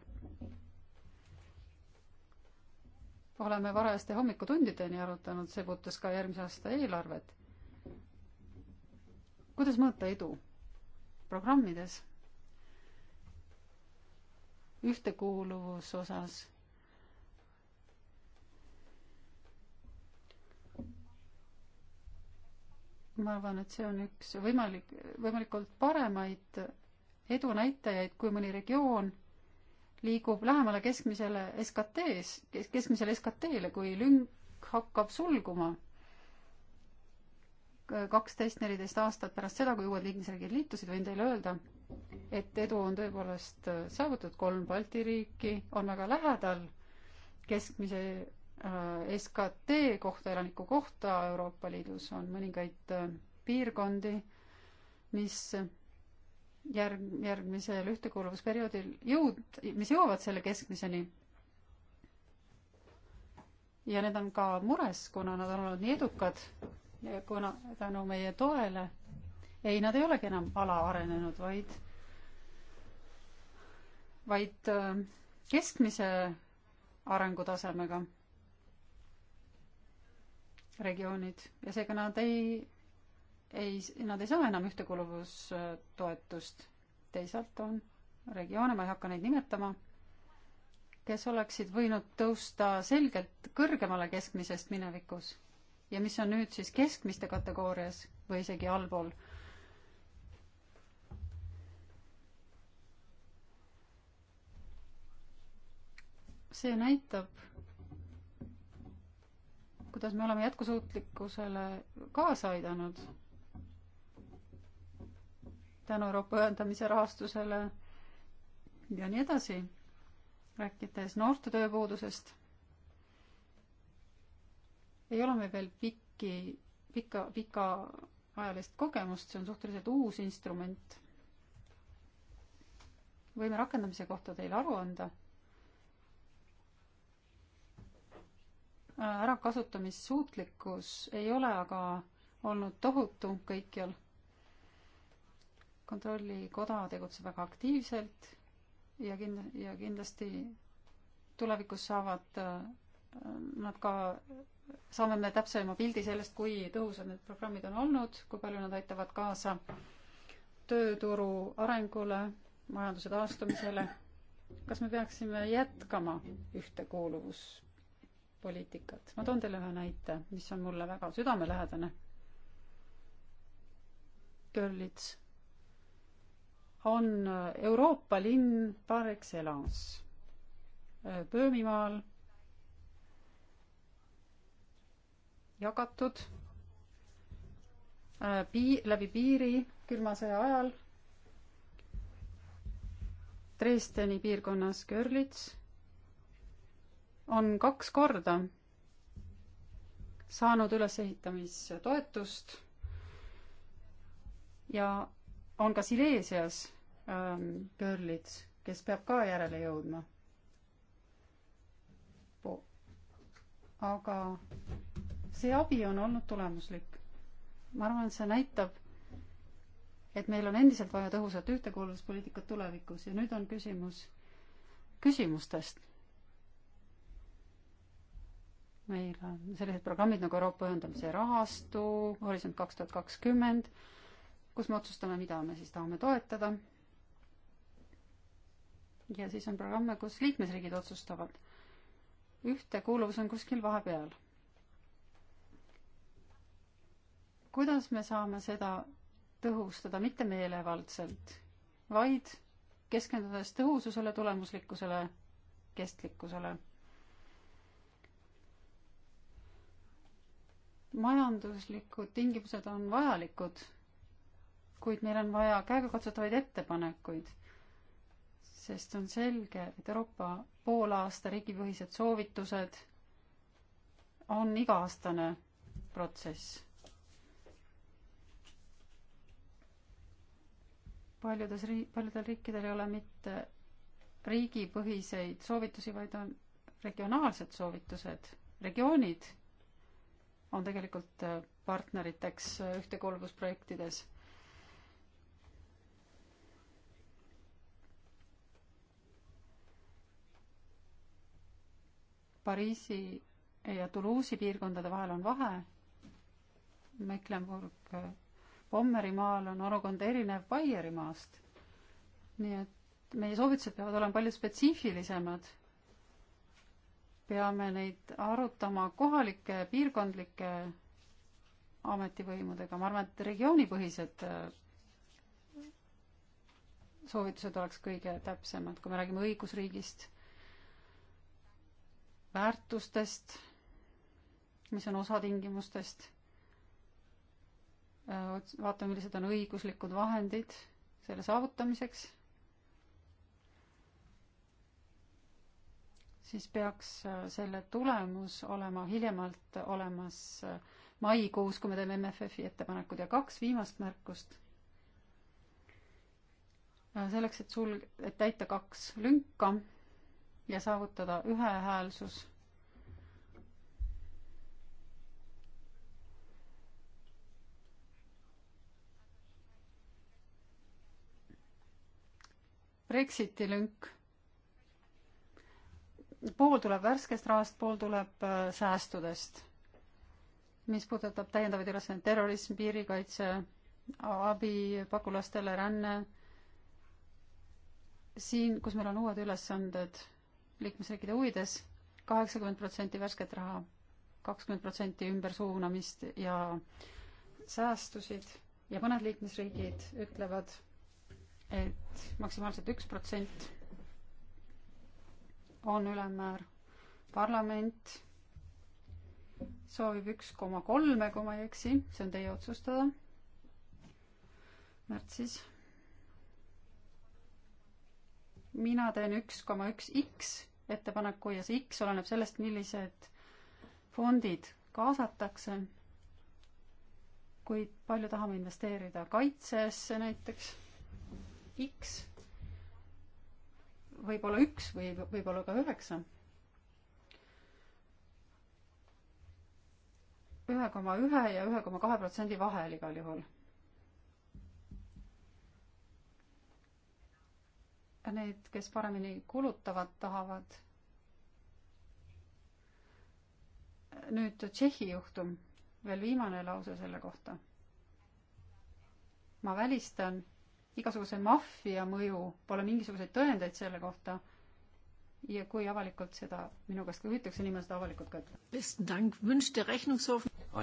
oleme varajaste hommikutundideni arutanud, see puudutas ka järgmise aasta eelarvet. kuidas mõõta edu programmides? ühtekuuluvuse osas ma arvan, et see on üks võimalik, võimalikult paremaid edunäitajaid, kui mõni regioon liigub lähemale keskmisele SKT-s, keskmisele SKT-le, kui lünk hakkab sulguma kaksteist, neliteist aastat pärast seda, kui uued liikmesriigid liitusid, võin teile öelda, et edu on tõepoolest saavutatud, kolm Balti riiki on väga lähedal keskmise Äh, SKT kohta, elaniku kohta Euroopa Liidus on mõningaid äh, piirkondi, mis järg, järgmisel ühtekuuluvusperioodil jõud, mis jõuavad selle keskmiseni. ja need on ka mures, kuna nad on olnud nii edukad ja kuna tänu meie toele, ei, nad ei olegi enam alaarenenud, vaid, vaid äh, keskmise arengutasemega regioonid ja seega nad ei, ei, nad ei saa enam ühtekuuluvustoetust. teisalt on regioone, ma ei hakka neid nimetama, kes oleksid võinud tõusta selgelt kõrgemale keskmisest minevikus ja mis on nüüd siis keskmiste kategoorias või isegi allpool. see näitab kuidas me oleme jätkusuutlikkusele kaasa aidanud tänu Euroopa ühendamise rahastusele ja nii edasi, rääkides noorte tööpuudusest, ei ole meil veel pikki, pika, pikaajalist kogemust, see on suhteliselt uus instrument. võime rakendamise kohta teile aru anda ärakasutamissuutlikkus ei ole aga olnud tohutu kõikjal. kontrollikoda tegutseb väga aktiivselt ja kind-, ja kindlasti tulevikus saavad äh, nad ka, saame me täpsema pildi sellest, kui tõhusad need programmid on olnud, kui palju nad aitavad kaasa tööturu arengule, majanduse taastumisele. kas me peaksime jätkama ühtekuuluvus poliitikat. ma toon teile ühe näite, mis on mulle väga südamelähedane. Görlitz on Euroopa linn par excellence. Böömimaal jagatud äh, pii-, läbi piiri külma sõja ajal Dresdeni piirkonnas Görlitz on kaks korda saanud ülesehitamistoetust ja on ka Sileesias ähm, Görlid, kes peab ka järele jõudma. aga see abi on olnud tulemuslik. ma arvan, et see näitab, et meil on endiselt vaja tõhusat ühtekuuluvuspoliitikat tulevikus ja nüüd on küsimus küsimustest meil on sellised programmid nagu Euroopa ühendamise rahastu, Horisont kaks tuhat kakskümmend, kus me otsustame, mida me siis tahame toetada. ja siis on programme, kus liikmesriigid otsustavad. ühtekuuluvus on kuskil vahepeal. kuidas me saame seda tõhustada mitte meelevaldselt, vaid keskendudes tõhususele, tulemuslikkusele, kestlikkusele majanduslikud tingimused on vajalikud, kuid meil on vaja käegakatsutavaid ettepanekuid, sest on selge, et Euroopa poolaasta riigipõhised soovitused on iga-aastane protsess. paljudes rii-, paljudel riikidel ei ole mitte riigipõhiseid soovitusi, vaid on regionaalsed soovitused, regioonid on tegelikult äh, partneriteks äh, ühtekuuluvusprojektides. Pariisi ja Toulouse'i piirkondade vahel on vahe. Mecklenburg äh, Pommerimaal on olukord erinev Baierimaast. nii et meie soovitused peavad olema palju spetsiifilisemad peame neid arutama kohalike, piirkondlike ametivõimudega, ma arvan, et regioonipõhised äh, soovitused oleks kõige täpsemad, kui me räägime õigusriigist, väärtustest, mis on osatingimustest, äh, vaatame, millised on õiguslikud vahendid selle saavutamiseks siis peaks äh, selle tulemus olema hiljemalt olemas äh, maikuus, kui me teeme MFF-i ettepanekud ja kaks viimast märkust. Äh, selleks, et sul, et täita kaks lünka ja saavutada ühehäälsus Brexiti lünk pool tuleb värskest rahast, pool tuleb äh, säästudest. mis puudutab täiendavaid ülesandeid, terrorism, piirikaitse, abi pagulastele, ränne, siin, kus meil on uued ülesanded liikmesriikide huvides, kaheksakümmend protsenti värsket raha, kakskümmend protsenti ümbersuunamist ja säästusid ja mõned liikmesriigid ütlevad, et maksimaalselt üks protsent on ülemmäär. parlament soovib üks koma kolme, kui ma ei eksi, see on teie otsustada. märtsis. mina teen üks koma üks X ettepaneku ja see X oleneb sellest, millised fondid kaasatakse. kui palju tahame investeerida kaitsesse näiteks. X võib-olla üks või võib-olla ka üheksa. ühe koma ühe ja ühe koma kahe protsendi vahel igal juhul. Need, kes paremini kulutavad, tahavad. nüüd Tšehhi juhtum, veel viimane lause selle kohta. ma välistan igasuguse maffia mõju, pole mingisuguseid tõendeid selle kohta. ja kui avalikult seda minu käest ka küsitakse, nii ma seda avalikult ka ütlen.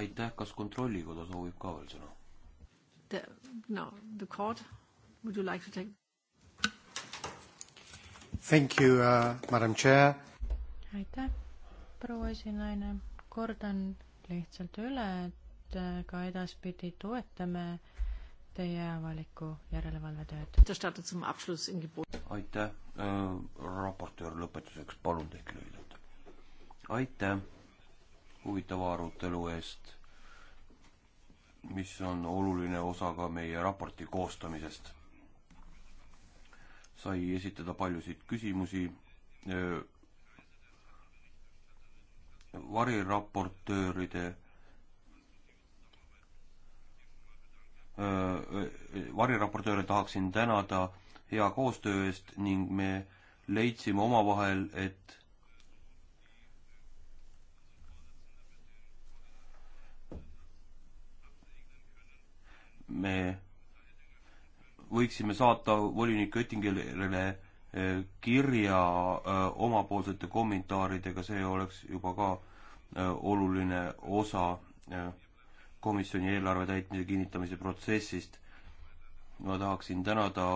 aitäh, kas Kontrollikoda soovib ka veel sõna? The, no, the court, would you like to take? Thank you uh,, madam chair. aitäh, proua esinaine. kordan lihtsalt üle, et äh, ka edaspidi toetame äh, teie avalikku järelevalvetööd. aitäh äh,, raportöör, lõpetuseks palun tehke lühidalt. aitäh huvitava arutelu eest, mis on oluline osa ka meie raporti koostamisest. sai esitada paljusid küsimusi äh,. variraportööride variraportööre tahaksin tänada hea koostöö eest ning me leidsime omavahel, et me võiksime saata volinik Oettingerile kirja omapoolsete kommentaaridega, see oleks juba ka oluline osa komisjoni eelarve täitmise kinnitamise protsessist. ma tahaksin tänada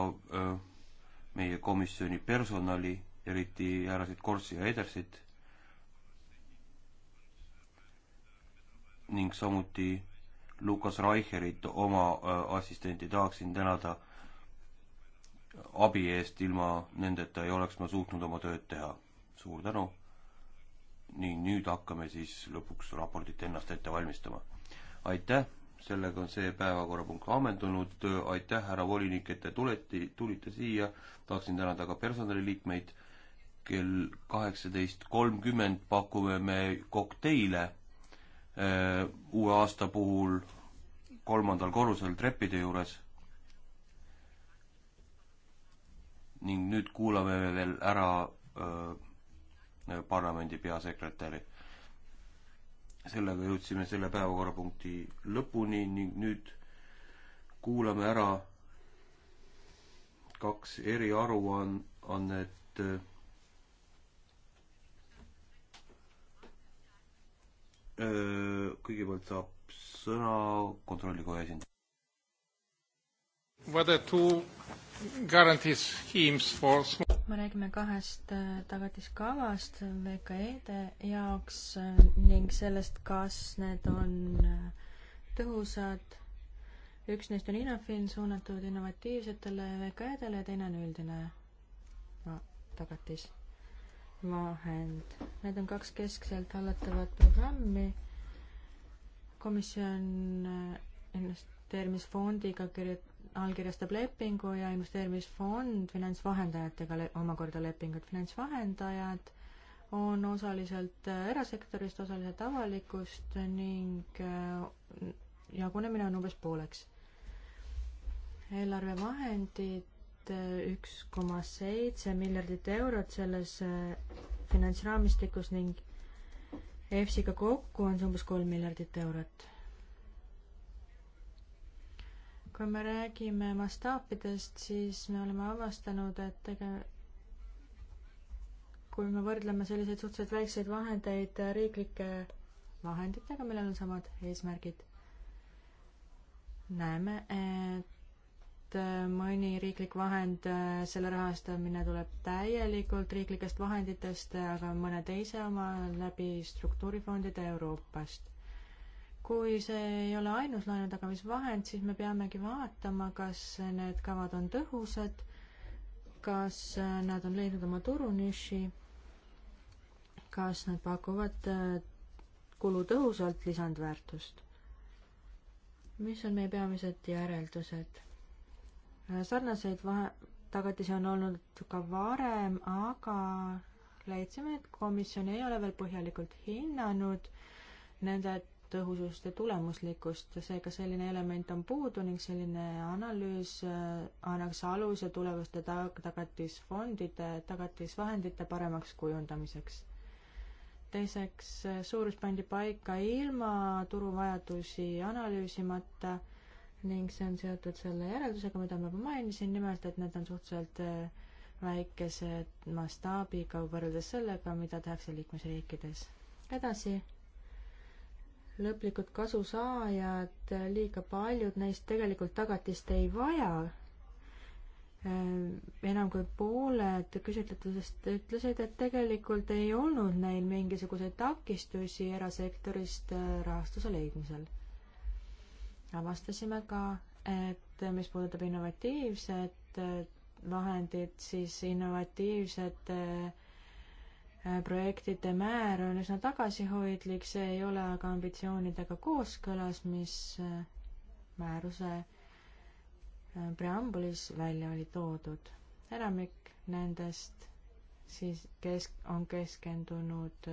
meie komisjoni personali, eriti härrasid Korssi ja Edersit ning samuti Lukas Reicherit, oma assistenti, tahaksin tänada abi eest, ilma nendeta ei oleks ma suutnud oma tööd teha. suur tänu. nii, nüüd hakkame siis lõpuks raportit ennast ette valmistama aitäh, sellega on see päevakorrapunkt ammendunud, aitäh, härra volinik, et te tulete, tulite siia, tahaksin tänada ka personaliliikmeid, kell kaheksateist kolmkümmend pakume me kokteile öö, äh, uue aasta puhul kolmandal korrusel trepide juures. ning nüüd kuulame veel ära öö, äh, parlamendi peasekretäri sellega jõudsime selle päevakorrapunkti lõpuni ning nüüd kuulame ära kaks eriaruannet äh, kõigepealt saab sõna kontrollikoja esindaja. Whether two guarantee schemes for small me räägime kahest äh, tagatiskavast VKE-de jaoks äh, ning sellest, kas need on äh, tõhusad. üks neist on Innofin suunatud innovatiivsetele VKE-dele ja teine on üldine no, tagatis, vahend. Need on kaks keskselt hallatavat programmi. komisjon investeerimisfondiga kirjut-, allkirjastab lepingu ja investeerimisfond finantsvahendajatega le omakorda lepingud. finantsvahendajad on osaliselt äh, erasektorist, osaliselt avalikust ning äh, jagunemine on umbes pooleks. eelarvevahendid äh, üks koma seitse miljardit eurot selles finantsraamistikus ning EFSiga kokku on see umbes kolm miljardit eurot kui me räägime mastaapidest, siis me oleme avastanud, et tege-, kui me võrdleme selliseid suhteliselt väikseid vahendeid riiklike vahenditega, millel on samad eesmärgid, näeme, et mõni riiklik vahend, selle rahastamine tuleb täielikult riiklikest vahenditest, aga mõne teise oma läbi struktuurifondide Euroopast kui see ei ole ainus laenutagamisvahend, siis me peamegi vaatama, kas need kavad on tõhusad, kas nad on leidnud oma turuniši, kas nad pakuvad äh, kulutõhusalt lisandväärtust. mis on meie peamised järeldused? Äh, sarnaseid vahe, tagatisi on olnud ka varem, aga leidsime, et komisjon ei ole veel põhjalikult hinnanud nende tõhusust ja tulemuslikkust, seega selline element on puudu ning selline analüüs äh, annaks aluse tulevaste tag-, tagatisfondide, tagatisvahendite paremaks kujundamiseks. teiseks, äh, suurus pandi paika ilma turuvajadusi analüüsimata ning see on seotud selle järeldusega, mida ma juba mainisin, nimelt et need on suhteliselt äh, väikese mastaabiga võrreldes sellega, mida tehakse liikmesriikides. edasi lõplikud kasusaajad, liiga paljud neist tegelikult tagatist ei vaja. Äh, enam kui pooled küsitletudest ütlesid, et tegelikult ei olnud neil mingisuguseid takistusi erasektorist äh, rahastuse leidmisel. avastasime ka, et mis puudutab innovatiivset äh, vahendit, siis innovatiivsete Äh, projektide määr on üsna tagasihoidlik, see ei ole aga ambitsioonidega kooskõlas, mis äh, määruse äh, preambulis välja oli toodud. enamik nendest siis kesk, on keskendunud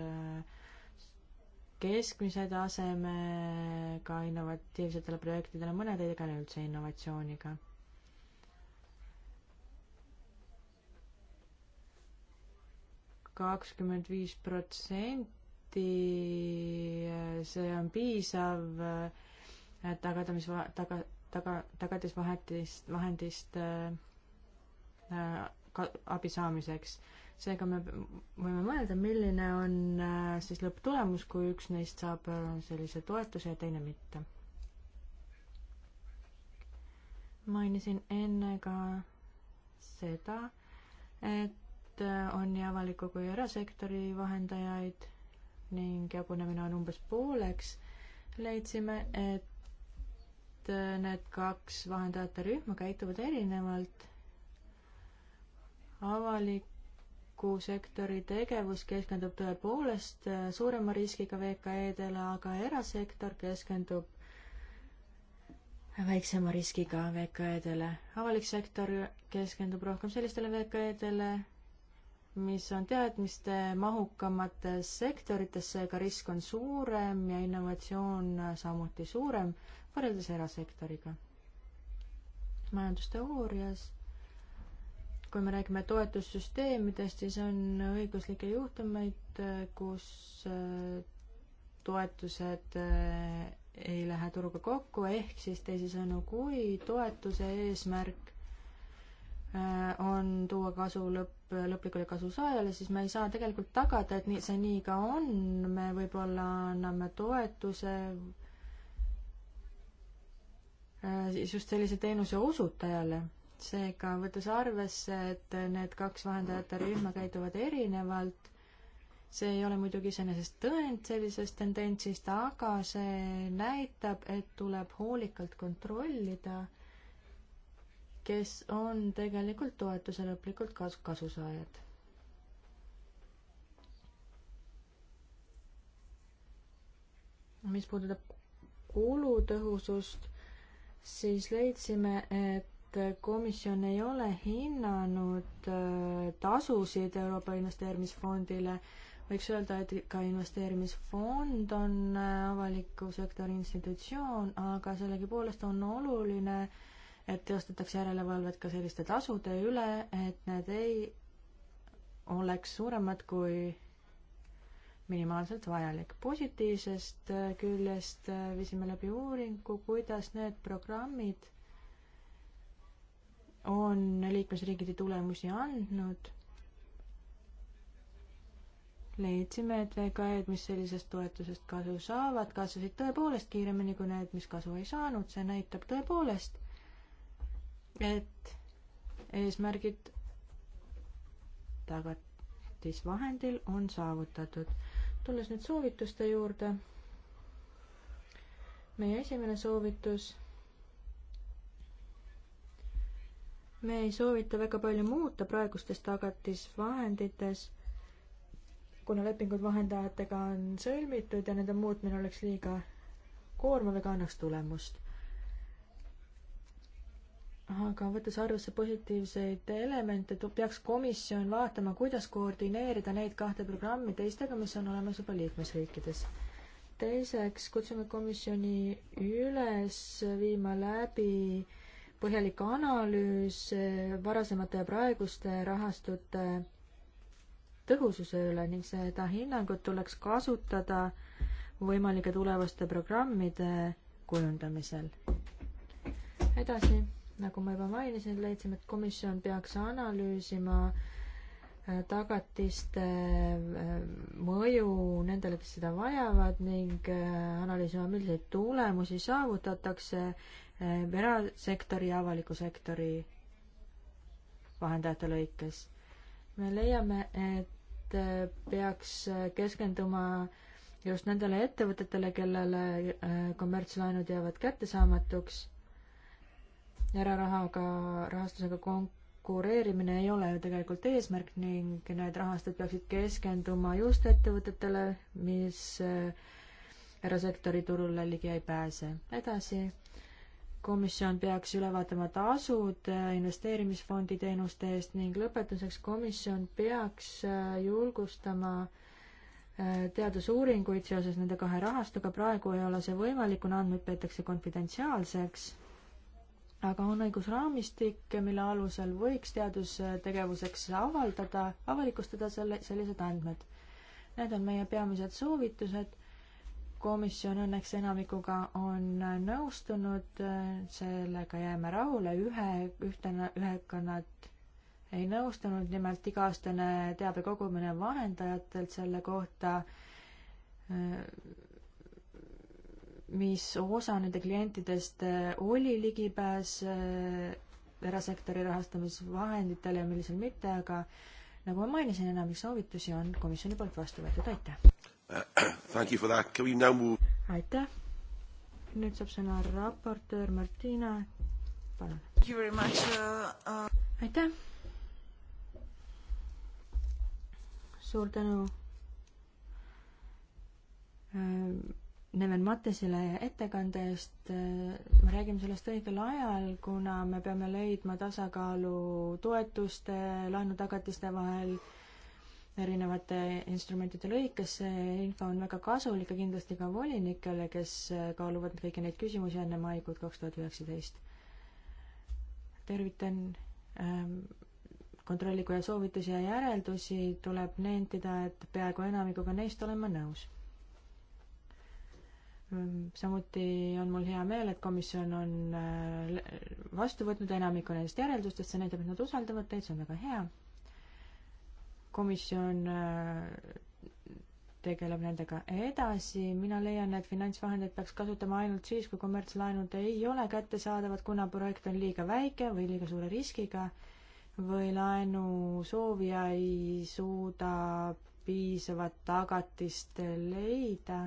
keskmise tasemega innovatiivsetele projektidele, mõned ei tegele üldse innovatsiooniga kakskümmend viis protsenti, see on piisav tagadamis-, taga, taga, tagatisvahetist, vahendist äh, ka, abi saamiseks. seega me võime mõelda, milline on äh, siis lõpptulemus, kui üks neist saab äh, sellise toetuse ja teine mitte. mainisin enne ka seda, et et äh, on nii avaliku kui erasektori vahendajaid ning jagunemine on umbes pooleks, leidsime, et äh, need kaks vahendajate rühma käituvad erinevalt. avaliku sektori tegevus keskendub tõepoolest äh, suurema riskiga VKE-dele, aga erasektor keskendub väiksema riskiga VKE-dele. avalik sektor keskendub rohkem sellistele VKE-dele, mis on teadmiste mahukamates sektorites, seega risk on suurem ja innovatsioon samuti suurem võrreldes erasektoriga. majandusteoorias, kui me räägime toetussüsteemidest, siis on õiguslikke juhtumeid, kus äh, toetused äh, ei lähe turuga kokku, ehk siis teisisõnu, kui toetuse eesmärk Äh, on tuua kasu lõpp, lõplikule kasusaajale, siis me ei saa tegelikult tagada, et nii, see nii ka on, me võib-olla anname toetuse äh, siis just sellise teenuse osutajale. seega võttes arvesse, et need kaks vahendajate rühma käituvad erinevalt, see ei ole muidugi iseenesest tõend sellisest tendentsist, aga see näitab, et tuleb hoolikalt kontrollida äh, kes on tegelikult toetuse lõplikult kas-, kasusaajad. mis puudutab kulutõhusust, siis leidsime, et komisjon ei ole hinnanud äh, tasusid Euroopa Investeerimisfondile. võiks öelda, et ka investeerimisfond on äh, avaliku sektori institutsioon, aga sellegipoolest on oluline äh, et teostatakse järelevalvet ka selliste tasude üle, et need ei oleks suuremad kui minimaalselt vajalik. positiivsest küljest viisime läbi uuringu, kuidas need programmid on liikmesriigide tulemusi andnud. leidsime, et VKE-d, mis sellisest toetusest kasu saavad, kasvasid tõepoolest kiiremini kui need, mis kasu ei saanud, see näitab tõepoolest, et eesmärgid tagatisvahendil on saavutatud. tulles nüüd soovituste juurde, meie esimene soovitus, me ei soovita väga palju muuta praegustes tagatisvahendites, kuna lepingud vahendajatega on sõlmitud ja nende muutmine oleks liiga koormav ega annaks tulemust aga võttes arvesse positiivseid elemente, peaks komisjon vaatama, kuidas koordineerida neid kahte programmi teistega, mis on olemas juba liikmesriikides. teiseks kutsume komisjoni üles viima läbi põhjalik analüüs varasemate ja praeguste rahastute tõhususe üle ning seda hinnangut tuleks kasutada võimalike tulevaste programmide kujundamisel. edasi nagu ma juba mainisin, leidsime, et komisjon peaks analüüsima äh, tagatiste äh, mõju nendele, kes seda vajavad ning äh, analüüsima, milliseid tulemusi saavutatakse erasektori ja avaliku sektori vahendajate lõikes. me leiame, et peaks keskenduma just nendele ettevõtetele, kellele kommertslaenud jäävad kättesaamatuks erarahaga, rahastusega konkureerimine ei ole ju tegelikult eesmärk ning need rahastajad peaksid keskenduma just ettevõtetele, mis erasektori äh, turule ligi ei pääse. edasi, komisjon peaks üle vaatama tasud äh, investeerimisfondi teenuste eest ning lõpetuseks komisjon peaks äh, julgustama teadusuuringuid seoses nende kahe rahastuga, praegu ei ole see võimalik, kuna andmeid peetakse konfidentsiaalseks aga on õigusraamistik, mille alusel võiks teadustegevuseks avaldada, avalikustada selle, sellised andmed. Need on meie peamised soovitused. komisjon õnneks enamikuga on nõustunud, sellega jääme rahule, ühe, ühtena, ühega nad ei nõustunud, nimelt iga-aastane teabe kogumine vahendajatelt selle kohta äh, mis osa nende klientidest eh, oli ligipääs eh, erasektori rahastamisvahenditele ja millisel mitte, aga nagu ma mainisin, enamik soovitusi on komisjoni poolt vastu võetud, aitäh! aitäh! nüüd saab sõna raportöör Martina, palun! Uh, uh- aitäh! suur tänu ähm Neven Mattesele ettekande eest. me räägime sellest õigel ajal, kuna me peame leidma tasakaalu toetuste, laenutagatiste vahel erinevate instrumentide lõikes, see info on väga kasulik ja kindlasti ka volinikele, kes kaaluvad kõiki neid küsimusi enne maikuud kaks tuhat üheksateist. tervitan ähm, kontrollikoja soovitusi ja järeldusi, tuleb nentida, et peaaegu enamikuga neist olen ma nõus Mm, samuti on mul hea meel, et komisjon on äh, vastu võtnud enamiku nendest järeldustest, see näitab, et nad usaldavad teid, see on väga hea. komisjon äh, tegeleb nendega edasi, mina leian, et finantsvahendeid peaks kasutama ainult siis, kui kommertslaenud ei ole kättesaadavad, kuna projekt on liiga väike või liiga suure riskiga või laenu soovija ei suuda piisavat tagatist leida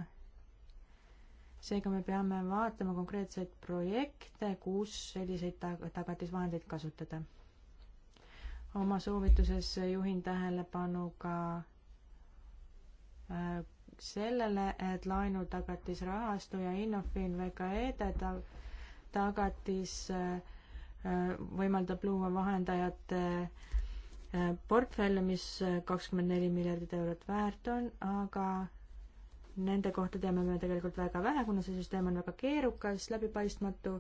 seega me peame vaatama konkreetseid projekte, kus selliseid tag-, tagatisvahendeid kasutada. oma soovituses juhin tähelepanu ka äh, sellele, et laenutagatisrahastu ja Innofin VKE-de tag-, tagatis äh, äh, võimaldab luua vahendajate portfelle, mis kakskümmend neli miljardit eurot väärt on, aga Nende kohta teame me tegelikult väga vähe, kuna see süsteem on väga keerukas, läbipaistmatu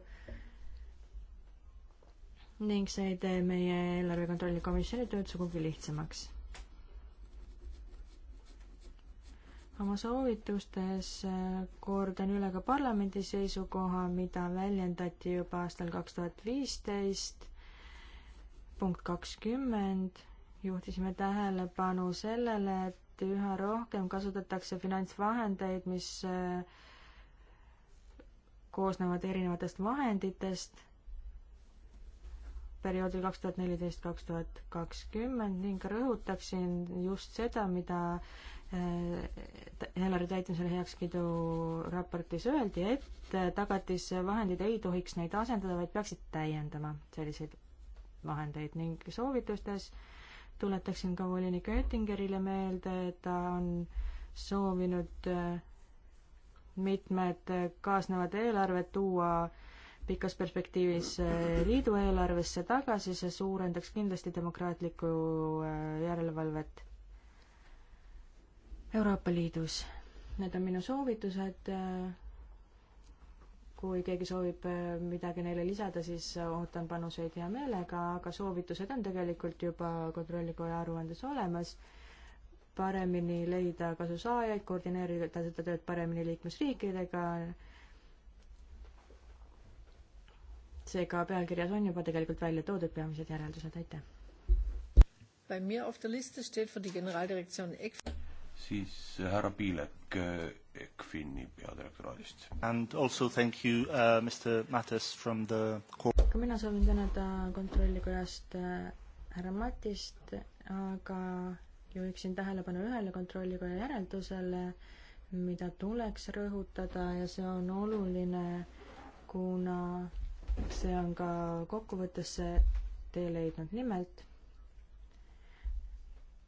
ning see ei tee meie eelarve kontrolli komisjoni tööd sugugi lihtsamaks. oma soovitustes äh, kordan üle ka parlamendi seisukoha, mida väljendati juba aastal kaks tuhat viisteist, punkt kakskümmend, juhtisime tähelepanu sellele, et samuti üha rohkem kasutatakse finantsvahendeid, mis äh, koosnevad erinevatest vahenditest perioodil kaks tuhat neliteist, kaks tuhat kakskümmend ning rõhutaksin just seda, mida eelarve äh, täitmisele heakskiidu raportis öeldi, et äh, tagatisvahendid ei tohiks neid asendada, vaid peaksid täiendama selliseid vahendeid ning soovitustes äh, tuletaksin ka volinik Oettingerile meelde, et ta on soovinud äh, mitmed kaasnevad eelarved tuua pikas perspektiivis äh, liidu eelarvesse tagasi, see suurendaks kindlasti demokraatlikku äh, järelevalvet Euroopa Liidus. Need on minu soovitused kui keegi soovib äh, midagi neile lisada, siis äh, ootan panuseid hea meelega, aga soovitused on tegelikult juba Kontrollikoja aruandes olemas. paremini leida kasusaajaid, koordineerida seda tööd paremini liikmesriikidega. seega pealkirjas on juba tegelikult välja toodud peamised järeldused, aitäh. Bei mir auf der Liste steht für die Generaldirektion ECFIN siis härra Piilek eh, ECFIN-i peadirektoraadist. And also thank you uh, Mr Mattis from the ka mina soovin tänada kontrollikojast eh, härra Matist, aga juhiksin tähelepanu ühele kontrollikoja järeldusele, mida tuleks rõhutada ja see on oluline, kuna see on ka kokkuvõttesse tee leidnud. nimelt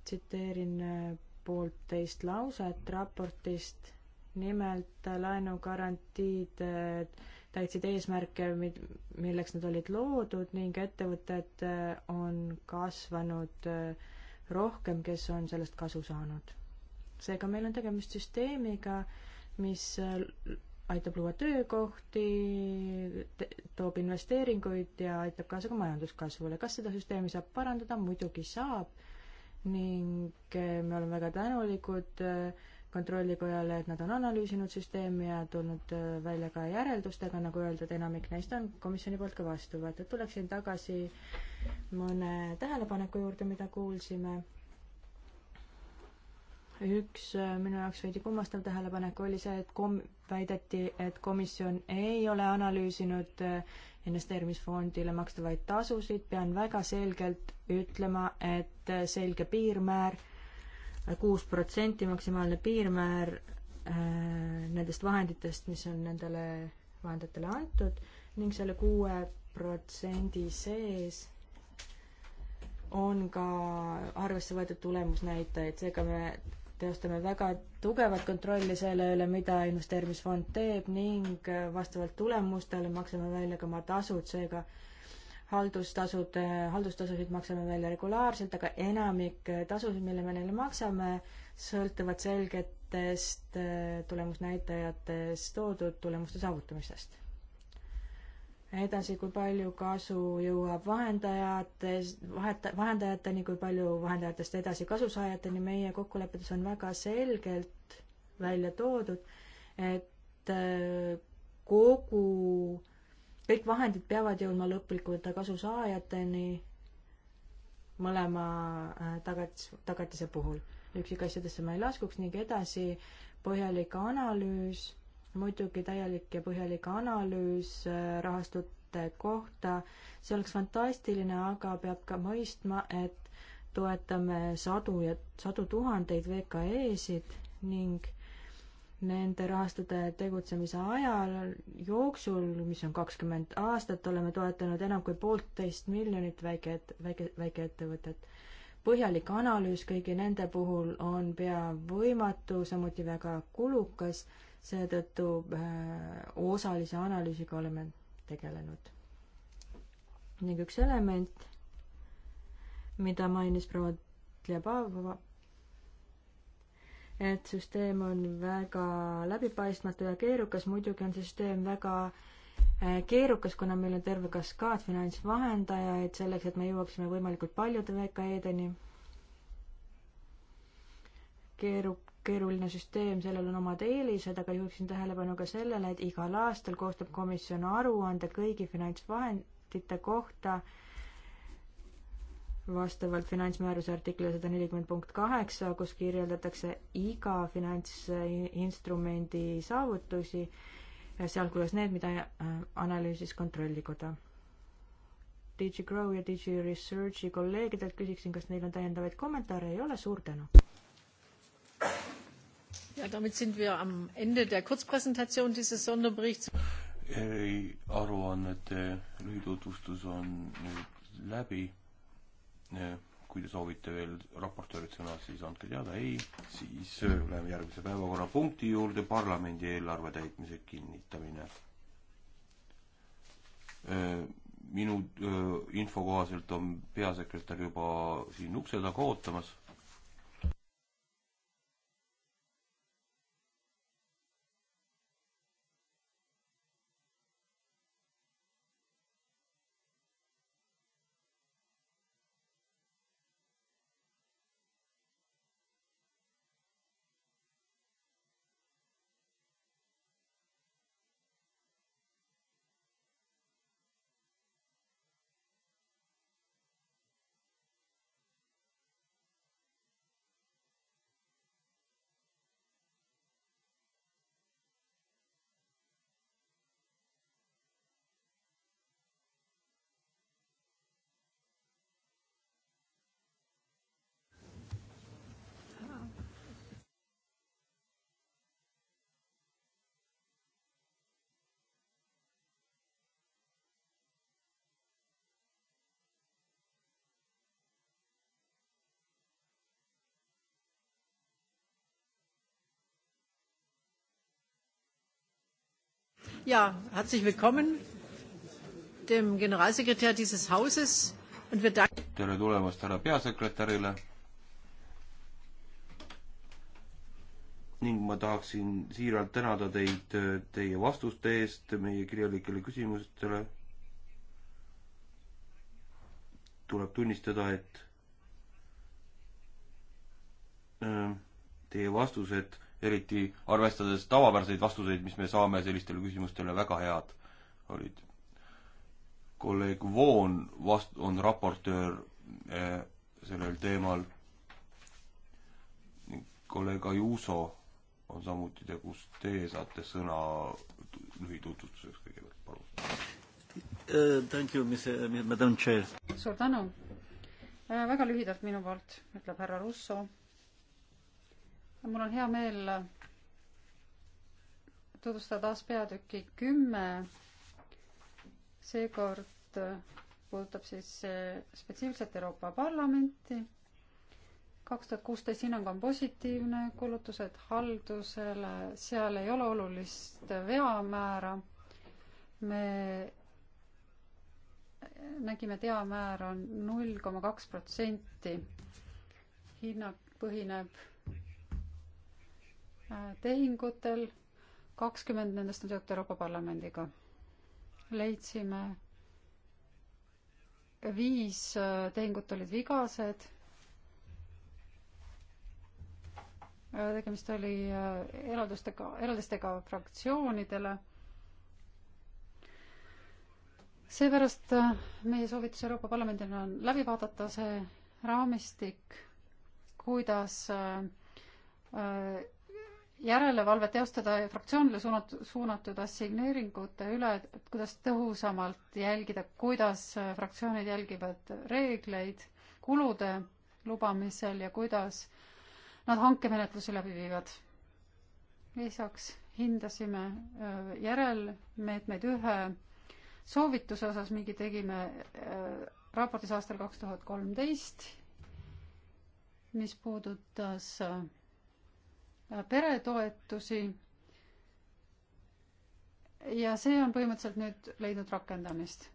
tsiteerin eh, poolteist lauset raportist, nimelt laenugarantiid täitsid eesmärke, milleks nad olid loodud ning ettevõtted äh, on kasvanud äh, rohkem, kes on sellest kasu saanud. seega meil on tegemist süsteemiga, mis äh, aitab luua töökohti, toob investeeringuid ja aitab kaasa ka majanduskasvule. kas seda süsteemi saab parandada? muidugi saab ning eh, me oleme väga tänulikud eh, kontrollikojale, et nad on analüüsinud süsteemi ja tulnud eh, välja ka järeldustega, nagu öeldud, enamik neist on komisjoni poolt ka vastu võetud. tuleksin tagasi mõne tähelepaneku juurde, mida kuulsime. üks minu jaoks veidi kummastav tähelepanek oli see, et kom-, väideti, et komisjon ei ole analüüsinud investeerimisfondile makstavaid tasusid, pean väga selgelt ütlema, et selge piirmäär, kuus protsenti maksimaalne piirmäär äh, nendest vahenditest, mis on nendele vahendajatele antud ning selle kuue protsendi sees on ka arvesse võetud tulemusnäitajaid, seega me teostame väga tugevat kontrolli selle üle, mida investeerimisfond teeb ning vastavalt tulemustele maksame välja ka oma tasud, seega haldustasud, haldustasusid maksame välja regulaarselt, aga enamik tasusid, mille me neile maksame, sõltuvad selgetest tulemusnäitajatest toodud tulemuste saavutamisest edasi, kui palju kasu jõuab vahendajates, vaheta-, vahendajateni, kui palju vahendajatest edasi kasusaajateni, meie kokkulepetes on väga selgelt välja toodud, et äh, kogu, kõik vahendid peavad jõudma lõplikult kasusaajateni mõlema äh, tagat-, tagatise puhul. üksikasjadesse ma ei laskuks ning edasi põhjalik analüüs muidugi täielik ja põhjalik analüüs äh, rahastute kohta, see oleks fantastiline, aga peab ka mõistma, et toetame sadu ja sadu tuhandeid VKE-sid ning nende rahastute tegutsemise ajal jooksul, mis on kakskümmend aastat, oleme toetanud enam kui poolteist miljonit väike, väike, väikeettevõtet. põhjalik analüüs kõigi nende puhul on pea võimatu, samuti väga kulukas seetõttu äh, osalise analüüsiga oleme tegelenud. ning üks element, mida mainis proua Tlebavova, et süsteem on väga läbipaistmatu ja keerukas, muidugi on see süsteem väga äh, keerukas, kuna meil on terve kaskaad finantsvahendajaid selleks, et me jõuaksime võimalikult paljude VKE-deni. keeru-, keeruline süsteem, sellel on omad eelised, aga juhiksin tähelepanu ka sellele, et igal aastal koostab komisjon aruande kõigi finantsvahendite kohta vastavalt finantsmääruse artikli sada nelikümmend punkt kaheksa, kus kirjeldatakse iga finantsinstrumendi saavutusi, sealhulgas need, mida äh, analüüsis Kontrollikoda. DigiGrow ja DigiResearchi kolleegidelt küsiksin, kas neil on täiendavaid kommentaare, ei ole, suur tänu! Ja, damit sind wir am Ende der Kurzpräsentation dieses Sonderberichts. eri aruannete lühitutvustus on nüüd läbi. kui te soovite veel raportöörid sõna, siis andke teada, ei, siis äh, läheme järgmise päevakorrapunkti juurde, parlamendi eelarve täitmise kinnitamine. Äh, minu äh, info kohaselt on peasekretär juba siin ukse taga ootamas Ja, herzlich willkommen dem Generalsekretär dieses Hauses und wir danken tere tulemast härra peasekretärile ning ma tahaksin siiralt tänada teid äh, teie vastuste eest meie kirjalikele küsimustele. tuleb tunnistada, et äh, teie vastused eriti arvestades tavapäraseid vastuseid, mis me saame sellistele küsimustele, väga head olid. kolleeg Voon vast-, on raportöör eh, sellel teemal. kolleeg Ajuso on samuti te, kus teie saate sõna lühitutvustuseks kõigepealt, palun. Eh, thank you, mis, madam chair. suur tänu. Eh, väga lühidalt minu poolt, ütleb härra Russo mul on hea meel tutvustada taas peatüki kümme. seekord puudutab siis spetsiifiliselt Euroopa Parlamenti. kaks tuhat kuusteist hinnang on positiivne, kulutused haldusele, seal ei ole olulist veamäära. me nägime, et veamäär on null koma kaks protsenti. hinnang põhineb tehingutel, kakskümmend nendest on seotud Euroopa Parlamendiga. leidsime viis äh, tehingut olid vigased. Äh, tegemist oli äh, eraldustega, eraldistega fraktsioonidele. seepärast meie soovitus Euroopa Parlamendil on läbi vaadata see raamistik, kuidas järelevalvet teostada fraktsioonile suunat-, suunatud assigneeringute üle, et kuidas tõhusamalt jälgida, kuidas fraktsioonid jälgivad reegleid kulude lubamisel ja kuidas nad hankemenetlusi läbi viivad. lisaks hindasime äh, järelmeetmeid ühe soovituse osas, mingi tegime äh, raportis aastal kaks tuhat kolmteist, mis puudutas äh, Äh, peretoetusi. ja see on põhimõtteliselt nüüd leidnud rakendamist.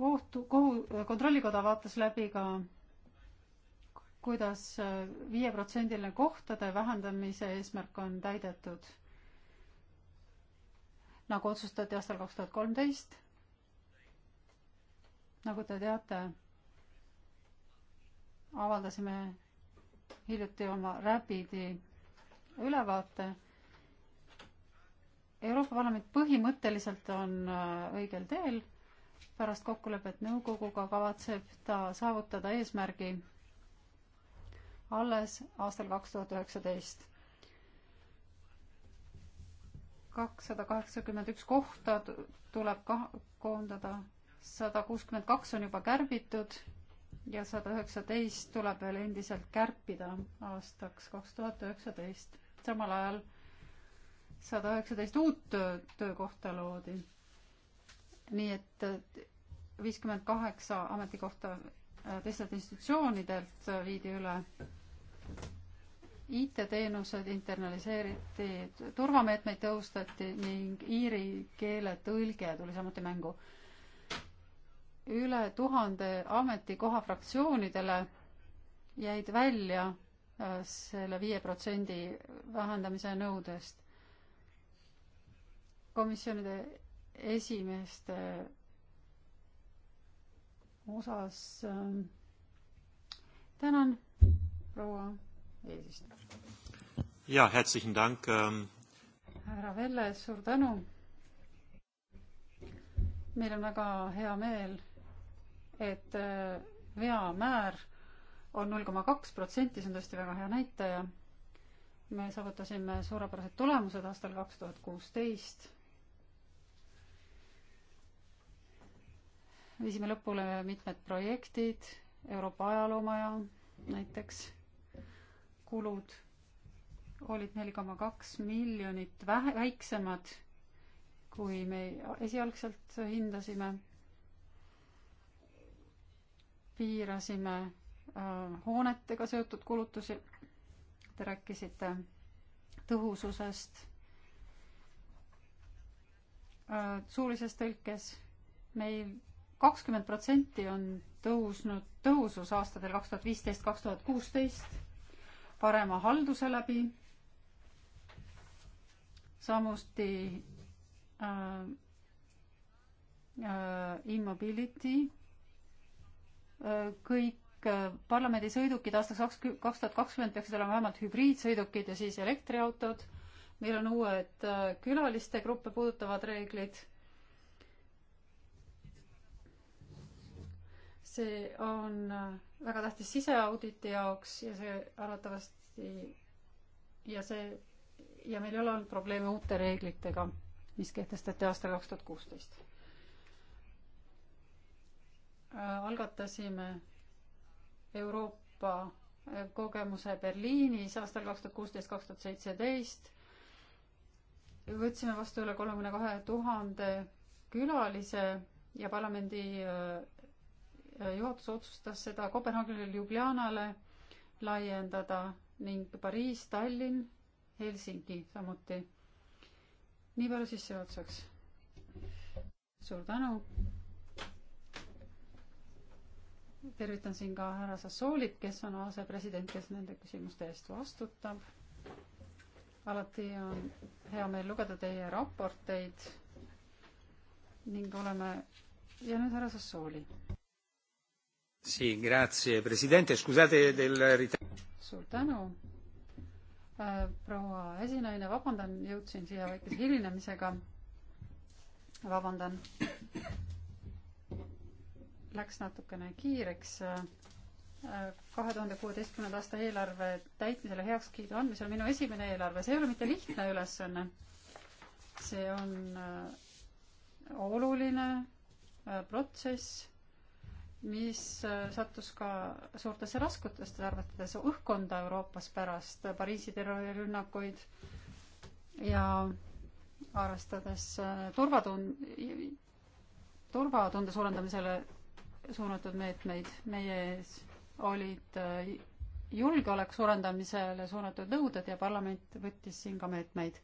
kohtu, kohu, äh, kontrollikoda vaatas läbi ka kuidas äh, viieprotsendiline kohtade vähendamise eesmärk on täidetud, nagu otsustati aastal kaks tuhat kolmteist. nagu te teate, avaldasime hiljuti oma Rapidi ülevaate. Euroopa Parlament põhimõtteliselt on äh, õigel teel. pärast kokkulepet nõukoguga kavatseb ta saavutada eesmärgi alles aastal kaks tuhat üheksateist. kakssada kaheksakümmend üks kohta tuleb ka koondada, sada kuuskümmend kaks on juba kärbitud ja sada üheksateist tuleb veel endiselt kärpida aastaks kaks tuhat üheksateist. samal ajal sada üheksateist uut töö, töökohta loodi. nii et viiskümmend kaheksa ametikohta äh, teistelt institutsioonidelt viidi üle. IT-teenused internaliseeriti, turvameetmeid tõustati ning iiri keele tõlge tuli samuti mängu üle tuhande ametikoha fraktsioonidele jäid välja äh, selle viie protsendi vähendamise nõudest. komisjonide esimeeste osas äh, tänan, proua eesistuja. ja, herzlichen Dank ähm.... härra Velle, suur tänu. meil on väga hea meel et äh, veamäär on null koma kaks protsenti, see on tõesti väga hea näitaja. me saavutasime suurepärased tulemused aastal kaks tuhat kuusteist. viisime lõpule mitmed projektid, Euroopa ajaloomaja näiteks, kulud olid neli koma kaks miljonit vähe, väiksemad, kui me esialgselt hindasime piirasime äh, hoonetega seotud kulutusi. Te rääkisite tõhususest, äh, suulises tõlkes meil kakskümmend protsenti on tõusnud tõhusus aastatel kaks tuhat viisteist, kaks tuhat kuusteist parema halduse läbi. samuti äh, äh, immobility kõik äh, parlamendisõidukid aastaks kaks tuhat kakskümmend peaksid olema vähemalt hübriidsõidukid ja siis elektriautod. meil on uued äh, külaliste gruppe puudutavad reeglid. see on äh, väga tähtis siseauditi jaoks ja see arvatavasti ja see ja meil ei ole olnud probleeme uute reeglitega, mis kehtestati aastal kaks tuhat kuusteist Äh, algatasime Euroopa äh, kogemuse Berliinis aastal kaks tuhat kuusteist, kaks tuhat seitseteist. võtsime vastu üle kolmekümne kahe tuhande külalise ja parlamendi äh, juhatus otsustas seda Kopenhaagenile, Ljubljanale laiendada ning Pariis, Tallinn, Helsingi samuti. nii palju sissejuhatuseks. suur tänu tervitan siin ka härra Sassoolit, kes on asepresident, kes nende küsimuste eest vastutab. alati on hea meel lugeda teie raporteid ning oleme ja nüüd härra Sassooli. Sì, grazie Presidente, scusate del ritardo. Suur tänu. Äh, proua esinaine, vabandan, jõudsin siia väikese hilinemisega. vabandan läks natukene kiireks kahe tuhande kuueteistkümnenda aasta eelarve täitmisele heakskiidu andmisel minu esimene eelarve, see ei ole mitte lihtne ülesanne. see on äh, oluline äh, protsess, mis äh, sattus ka suurtesse raskutesse, arvates õhkkonda Euroopas pärast Pariisi terrorirünnakuid ja arvestades turvatund-, turvatunde suurendamisele suunatud meetmeid, meie ees olid äh, julgeoleku suurendamisele suunatud nõuded ja parlament võttis siin ka meetmeid.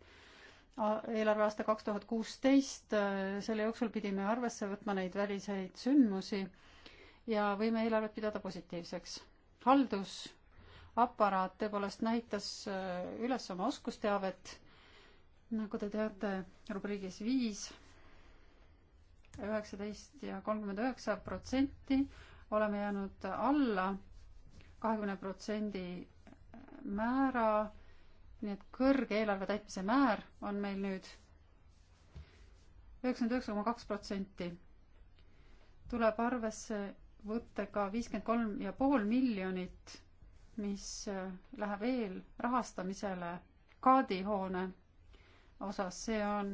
eelarveaasta kaks tuhat kuusteist, äh, selle jooksul pidime arvesse võtma neid väliseid sündmusi ja võime eelarvet pidada positiivseks. haldusaparaat tõepoolest näitas äh, üles oma oskusteavet, nagu te teate, rubriigis viis üheksateist ja kolmkümmend üheksa protsenti, oleme jäänud alla kahekümne protsendi määra, nii et kõrge eelarve täitmise määr on meil nüüd üheksakümmend üheksa koma kaks protsenti. tuleb arvesse võtta ka viiskümmend kolm ja pool miljonit, mis läheb eelrahastamisele Kaadi hoone osas, see on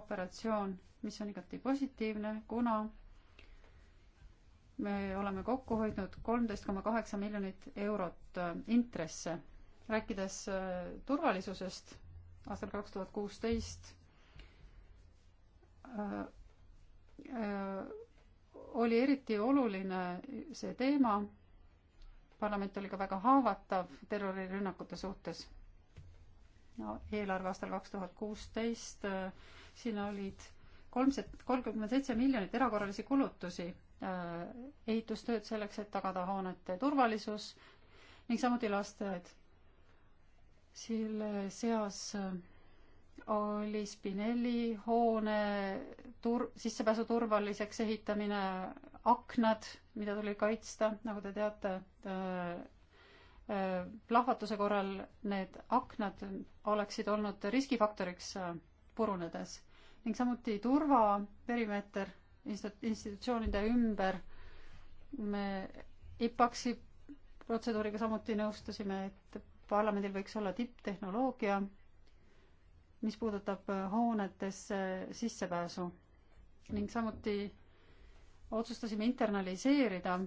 operatsioon mis on igati positiivne, kuna me oleme kokku hoidnud kolmteist koma kaheksa miljonit eurot äh, intresse. rääkides äh, turvalisusest aastal kaks tuhat kuusteist äh, oli eriti oluline see teema. parlament oli ka väga haavatav terrorirünnakute suhtes no,. eelarve aastal kaks tuhat kuusteist, siin olid kolmsada, kolmkümmend seitse miljonit erakorralisi kulutusi, äh, ehitustööd selleks, et tagada hoonete turvalisus ning samuti lasteaed. selle seas äh, oli Spinelli hoone tur-, sissepääsu turvaliseks ehitamine, aknad, mida tuli kaitsta, nagu te teate, äh, plahvatuse korral need aknad oleksid olnud riskifaktoriks purunedes ning samuti turvaperimeeter institutsioonide ümber. me IPAX-i protseduuriga samuti nõustusime, et parlamendil võiks olla tipptehnoloogia, mis puudutab äh, hoonetesse sissepääsu ning samuti otsustasime internaliseerida äh,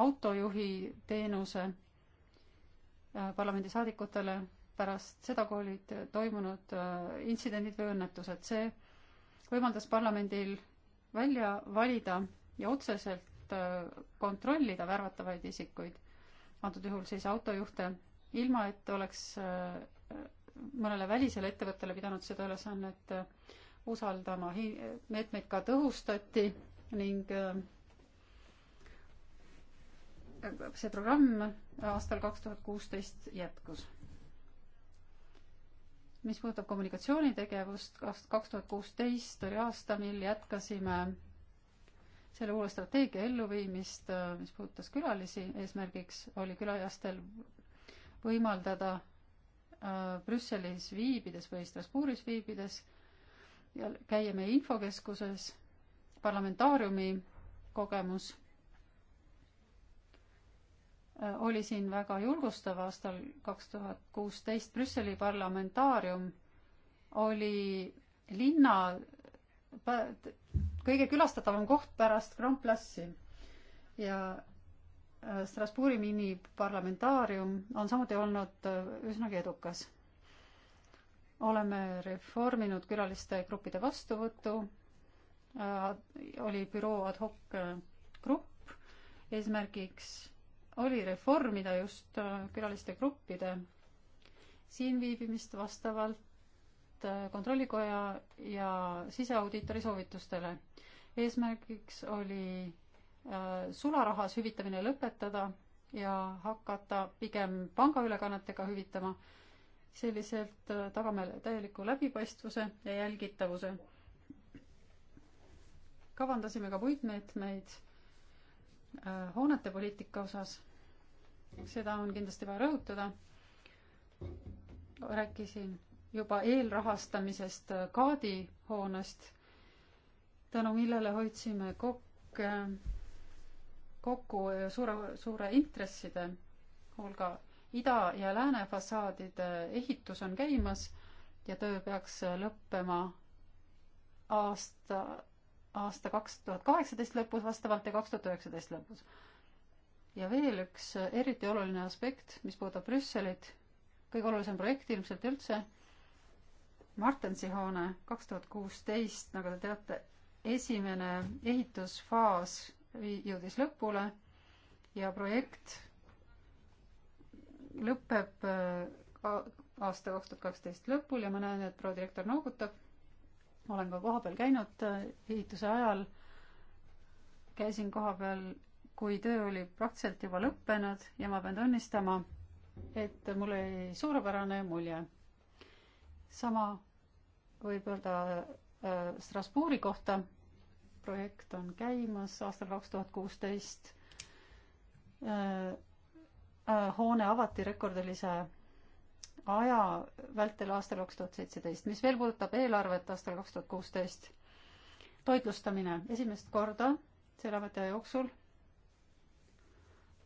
autojuhi teenuse äh, parlamendisaadikutele pärast seda, kui olid toimunud äh, intsidendid või õnnetused. see võimaldas parlamendil välja valida ja otseselt äh, kontrollida värvatavaid isikuid, antud juhul siis autojuhte, ilma et oleks äh, mõnele välisele ettevõttele pidanud seda ülesannet usaldama. meetmeid ka tõhustati ning see programm aastal kaks tuhat kuusteist jätkus mis puudutab kommunikatsioonitegevust, kaks tuhat kuusteist oli aasta, mil jätkasime selle uue strateegia elluviimist, mis puudutas külalisi, eesmärgiks oli külalistel võimaldada äh, Brüsselis viibides või Strasbourgis viibides ja käia meie infokeskuses, parlamentaariumi kogemus Äh, oli siin väga julgustav aastal kaks tuhat kuusteist Brüsseli parlamentaarium oli linna kõige külastatavam koht pärast Grand Place'i ja äh, Strasbourgi miniparlamentaarium on samuti olnud äh, üsnagi edukas. oleme reforminud külaliste gruppide vastuvõttu, oli büroo ad hoc grupp eesmärgiks oli reformida just äh, külaliste gruppide siinviibimist vastavalt äh, Kontrollikoja ja siseaudiitori soovitustele. eesmärgiks oli äh, sularahas hüvitamine lõpetada ja hakata pigem pangaülekannetega hüvitama. selliselt tagame täieliku läbipaistvuse ja jälgitavuse. kavandasime ka muid meetmeid Äh, hoonete poliitika osas. seda on kindlasti vaja rõhutada. rääkisin juba eelrahastamisest äh, Kaadi hoonest, tänu millele hoidsime kokku, kokku äh, suure, suure intresside hulga. ida ja lääne fassaadide ehitus on käimas ja töö peaks lõppema aasta aasta kaks tuhat kaheksateist lõpus vastavalt ja kaks tuhat üheksateist lõpus. ja veel üks äh, eriti oluline aspekt, mis puudutab Brüsselit, kõige olulisem projekt ilmselt üldse, Martensi hoone kaks tuhat kuusteist, nagu te teate, esimene ehitusfaas jõudis lõpule ja projekt lõpeb äh, aasta kaks tuhat kaksteist lõpul ja ma näen, et prodirektor noogutab olen ka kohapeal käinud äh, ehituse ajal, käisin kohapeal, kui töö oli praktiliselt juba lõppenud ja ma pean tunnistama, et mul oli suurepärane mulje. sama võib öelda äh, Strasbourgi kohta, projekt on käimas aastal kaks tuhat kuusteist äh, hoone avati rekordilise aja vältel aastal kaks tuhat seitseteist. mis veel puudutab eelarvet aastal kaks tuhat kuusteist, toitlustamine esimest korda selle ametiaja jooksul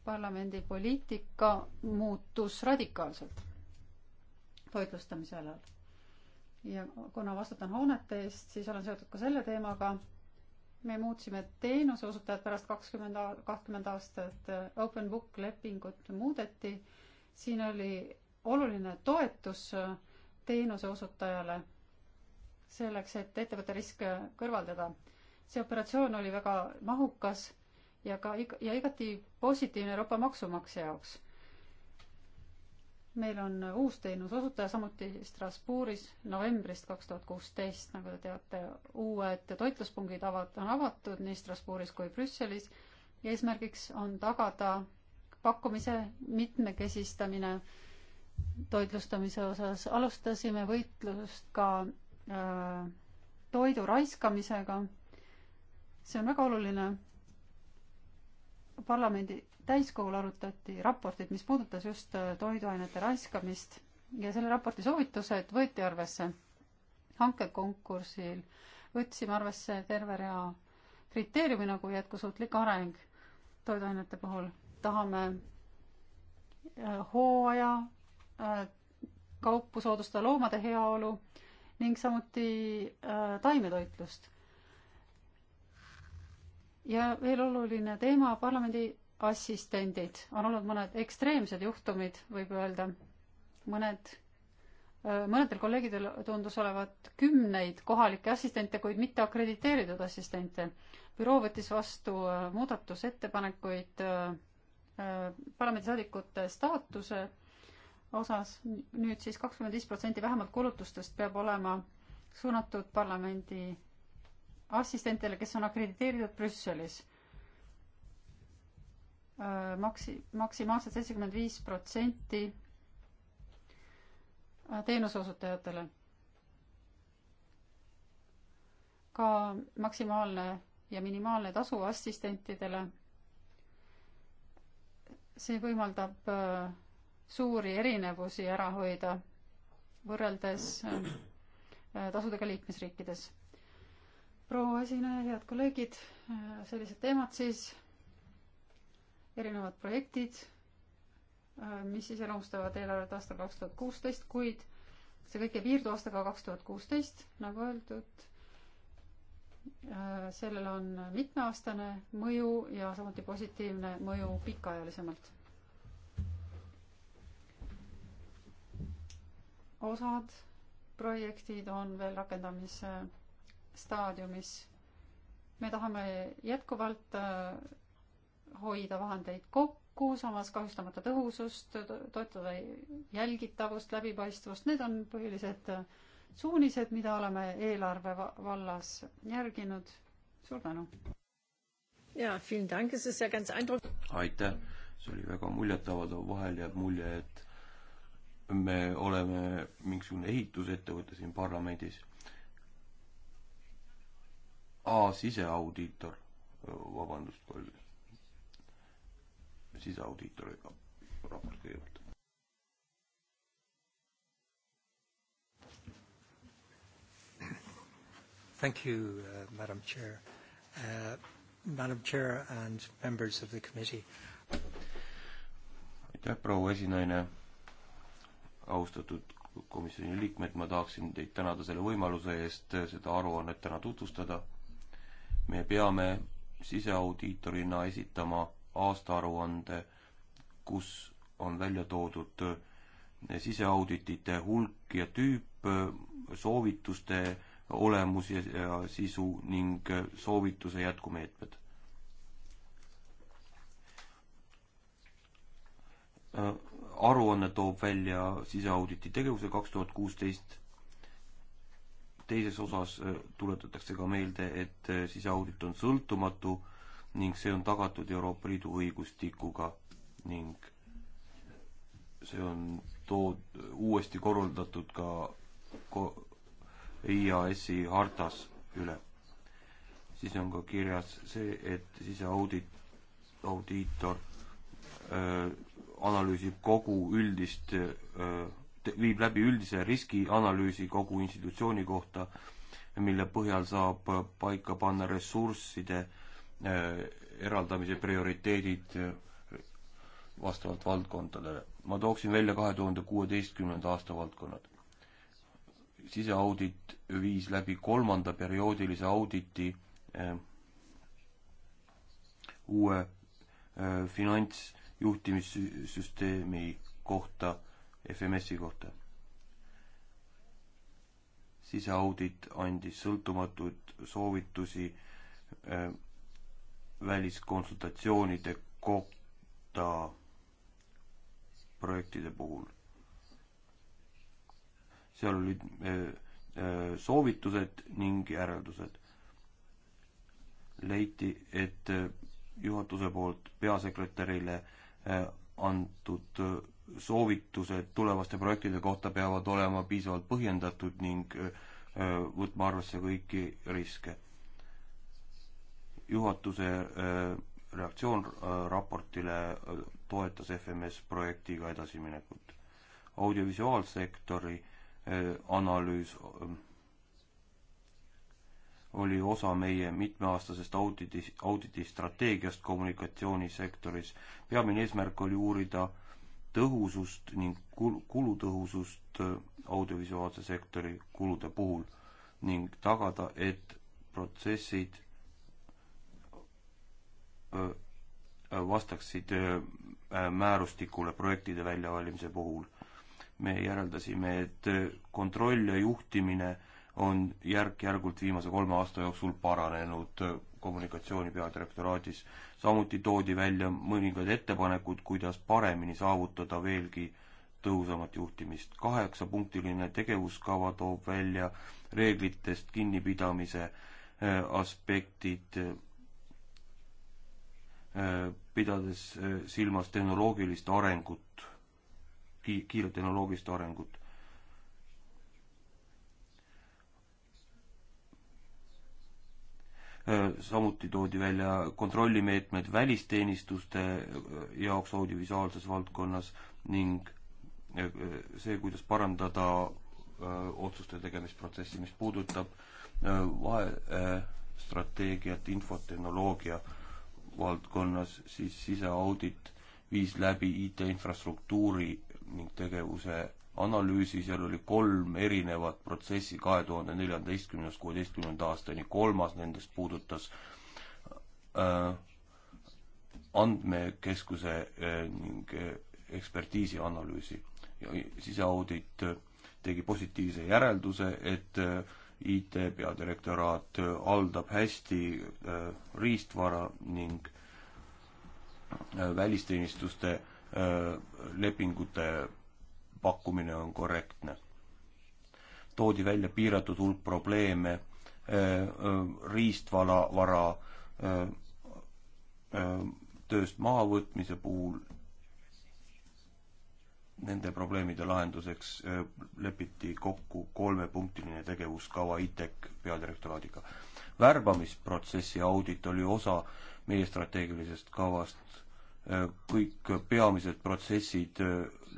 parlamendi poliitika muutus radikaalselt toitlustamise alal. ja kuna vastutan hoonete eest, siis olen seotud ka selle teemaga. me muutsime teenuseosutajad pärast kakskümmend, kahtkümmend aastat Open Book lepingut muudeti. siin oli oluline toetus äh, teenuse osutajale selleks, et ettevõtte risk äh, kõrvaldada. see operatsioon oli väga mahukas ja ka ig-, ja igati positiivne Euroopa maksumaksja jaoks. meil on äh, uus teenuse osutaja samuti Strasbourgis novembrist kaks tuhat kuusteist, nagu te teate, uued toitluspungid avat-, on avatud nii Strasbourgis kui Brüsselis ja eesmärgiks on tagada pakkumise mitmekesistamine äh, toitlustamise osas, alustasime võitlust ka äh, toidu raiskamisega. see on väga oluline. parlamendi täiskogul arutati raportit, mis puudutas just äh, toiduainete raiskamist ja selle raporti soovitused võeti arvesse. hankekonkursil võtsime arvesse terve rea kriteeriumi nagu jätkusuutlik areng toiduainete puhul. tahame äh, hooaja Äh, kaupu soodustada loomade heaolu ning samuti äh, taimetoitlust. ja veel oluline teema, parlamendi assistendid, on olnud mõned ekstreemsed juhtumid, võib öelda, mõned äh, mõnedel kolleegidel tundus olevat kümneid kohalikke assistente, kuid mitte akrediteeritud assistente. büroo võttis vastu muudatusettepanekuid parlamendisaadikute staatuse äh, osas nüüd siis kakskümmend viis protsenti vähemalt kulutustest peab olema suunatud parlamendi assistentidele, kes on akrediteeritud Brüsselis äh, maksi-, maksimaalselt seitsekümmend viis protsenti äh, teenuseosutajatele. ka maksimaalne ja minimaalne tasu assistentidele. see võimaldab äh, suuri erinevusi ära hoida võrreldes äh, tasudega liikmesriikides. proua esineja, head kolleegid, äh, sellised teemad siis, erinevad projektid, äh, mis iseloomustavad eelarvet aastal kaks tuhat kuusteist, kuid see kõik ei piirdu aastaga kaks tuhat kuusteist, nagu öeldud, sellel on mitmeaastane mõju ja samuti positiivne mõju pikaajalisemalt osad projektid on veel rakendamise staadiumis. me tahame jätkuvalt äh, hoida vahendeid kokku, samas kahjustamata tõhusust, toetada jälgitavust, läbipaistvust, need on põhilised äh, suunised, mida oleme eelarve vallas järginud. suur tänu! jaa, aitäh, see oli väga muljetavaldav, vahel jääb mulje, et me oleme mingisugune ehitusettevõte siin parlamendis. aa, siseaudiitor, vabandust, kolm. siseaudiitor raport kõigepealt. Thank you uh,, Madam Chair uh,. Madam Chair and members of the committee. aitäh, proua esinaine austatud komisjoni liikmed, ma tahaksin teid tänada selle võimaluse eest seda aruannet täna tutvustada. me peame siseaudiitorina esitama aastaaruande, kus on välja toodud siseauditite hulk ja tüüp, soovituste olemus ja, ja sisu ning soovituse jätkumeetmed. Äh, aruanne toob välja siseauditi tegevuse kaks tuhat kuusteist. teises osas äh, tuletatakse ka meelde, et äh, siseaudit on sõltumatu ning see on tagatud Euroopa Liidu õigustikuga ning see on tood-, uuesti korraldatud ka ko-, IAS-i hartas üle. siis on ka kirjas see, et siseaudit, audiitor öö, äh, analüüsib kogu üldist, viib läbi üldise riskianalüüsi kogu institutsiooni kohta, mille põhjal saab paika panna ressursside eh, eraldamise prioriteedid eh, vastavalt valdkondadele. ma tooksin välja kahe tuhande kuueteistkümnenda aasta valdkonnad. siseaudit viis läbi kolmanda perioodilise auditi eh, uue finants juhtimissüsteemi kohta, FMS-i kohta. siseaudit andis sõltumatuid soovitusi äh, väliskonsultatsioonide kohta projektide puhul. seal olid äh, äh, soovitused ning järeldused. leiti, et äh, juhatuse poolt peasekretärile äh, antud soovitused tulevaste projektide kohta peavad olema piisavalt põhjendatud ning äh, võtma arvesse kõiki riske. juhatuse äh, reaktsioon äh, raportile toetas FMS projektiga edasiminekut. audiovisuaalsektori analüüs oli osa meie mitmeaastasest auditi, auditistrateegiast kommunikatsioonisektoris. peamine eesmärk oli uurida tõhusust ning kul-, kulutõhusust äh, audiovisuaalse sektori kulude puhul ning tagada, et protsessid äh, vastaksid äh, määrustikule projektide väljavalimise puhul. me järeldasime, et kontroll ja juhtimine on järk-järgult viimase kolme aasta jooksul paranenud kommunikatsiooni peadirektoraadis. samuti toodi välja mõningad ettepanekud, kuidas paremini saavutada veelgi tõhusamat juhtimist. kaheksapunktiline tegevuskava toob välja reeglitest kinnipidamise äh, aspektid, äh, pidades äh, silmas tehnoloogilist arengut, kiiret tehnoloogilist arengut Äh, samuti toodi välja kontrollimeetmed välisteenistuste äh, jaoks audiovisuaalses valdkonnas ning äh, see, kuidas parandada otsuste tegemisprotsessi, mis puudutab vahestrateegiat infotehnoloogia valdkonnas, siis siseaudit viis läbi IT-infrastruktuuri ning tegevuse analüüsi, seal oli kolm erinevat protsessi kahe tuhande neljateistkümnest kuueteistkümnenda aastani, kolmas nendest puudutas äh, andmekeskuse äh, ning äh, ekspertiisi analüüsi. siseaudit äh, tegi positiivse järelduse, et äh, IT peadirektoraat äh, haldab hästi äh, riistvara ning äh, välisteenistuste äh, lepingute pakkumine on korrektne. toodi välja piiratud hulk probleeme riistvara, vara tööst mahavõtmise puhul nende probleemide lahenduseks lepiti kokku kolmepunktiline tegevuskava ITEC peadirektoraadiga. värbamisprotsessi audit oli osa meie strateegilisest kavast, kõik peamised protsessid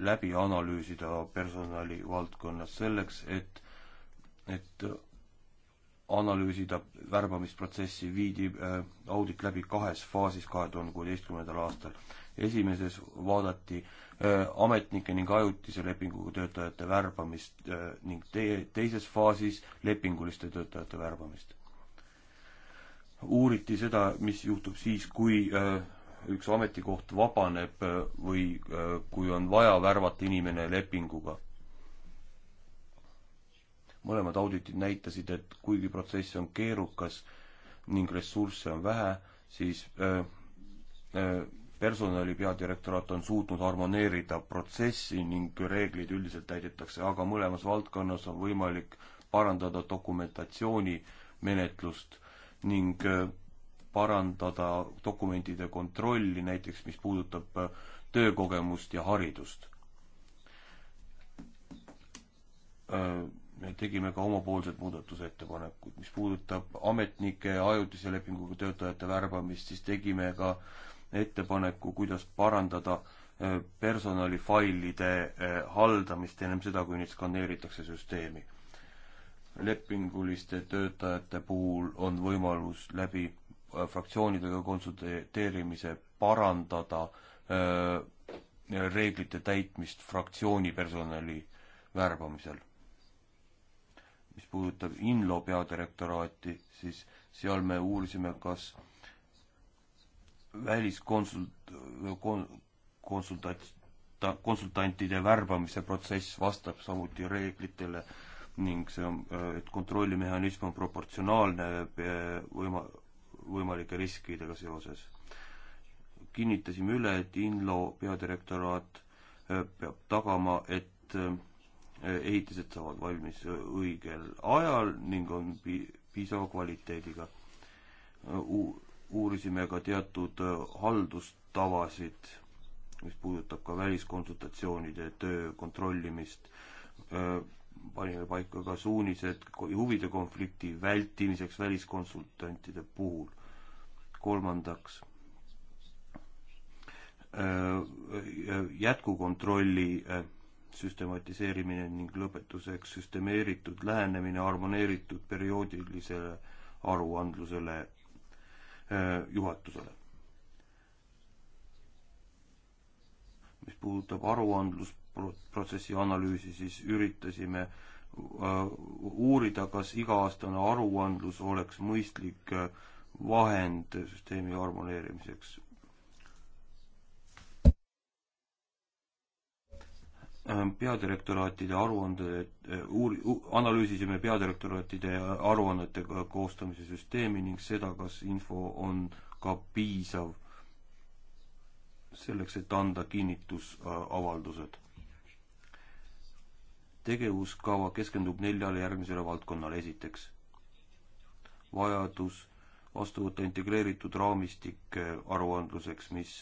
läbi analüüsida personali valdkonnas selleks, et, et analüüsida värbamisprotsessi, viidi äh, audit läbi kahes faasis kahe tuhande kuueteistkümnendal aastal. esimeses vaadati äh, ametnike ning ajutise lepinguga töötajate värbamist äh, ning te-, teises faasis lepinguliste töötajate värbamist. uuriti seda, mis juhtub siis, kui äh, üks ametikoht vabaneb äh, või äh, kui on vaja värvata inimene lepinguga. mõlemad auditid näitasid, et kuigi protsess on keerukas ning ressursse on vähe, siis äh, personali peadirektoraat on suutnud harmoneerida protsessi ning reeglid üldiselt täidetakse, aga mõlemas valdkonnas on võimalik parandada dokumentatsiooni menetlust ning parandada dokumentide kontrolli, näiteks mis puudutab äh, töökogemust ja haridust. Äh, me tegime ka omapoolsed muudatusettepanekud, mis puudutab ametnike ajutise lepinguga töötajate värbamist, siis tegime ka ettepaneku, kuidas parandada äh, personalifailide haldamist ennem seda, kui neid skaneeritakse süsteemi lepinguliste töötajate puhul on võimalus läbi Äh, fraktsioonidega konsulteerimise parandada öö, äh, reeglite täitmist fraktsiooni personali värbamisel. mis puudutab Inlo peadirektoraati, siis seal me uurisime, kas väliskonsult- kon,, konsultanta-, konsultantide värbamise protsess vastab samuti reeglitele ning see on, äh, et kontrollimehhanism on proportsionaalne võima-, võimalike riskidega seoses. kinnitasime üle, et Inlo peadirektoraat äh, peab tagama, et äh, ehitised saavad valmis äh, õigel ajal ning on pi-, piisava kvaliteediga. uurisime ka teatud haldustavasid, mis puudutab ka väliskonsultatsioonide töö kontrollimist, panime paika ka suunised huvide konflikti vältimiseks väliskonsultantide puhul kolmandaks, äh, äh, jätkukontrolli äh, süstematiseerimine ning lõpetuseks süstemeeritud lähenemine harmoneeritud perioodilisele aruandlusele juhatusele. mis puudutab aruandlusprotsessi analüüsi, siis üritasime uurida, kas iga-aastane aruandlus oleks mõistlik äh, vahend süsteemi harmoneerimiseks. peadirektoraatide aruande, uuri-, analüüsisime peadirektoraatide aruannete koostamise süsteemi ning seda, kas info on ka piisav selleks, et anda kinnitusavaldused tegevuskava keskendub neljale järgmisele valdkonnale. esiteks, vajadus vastu võtta integreeritud raamistik äh, aruandluseks, mis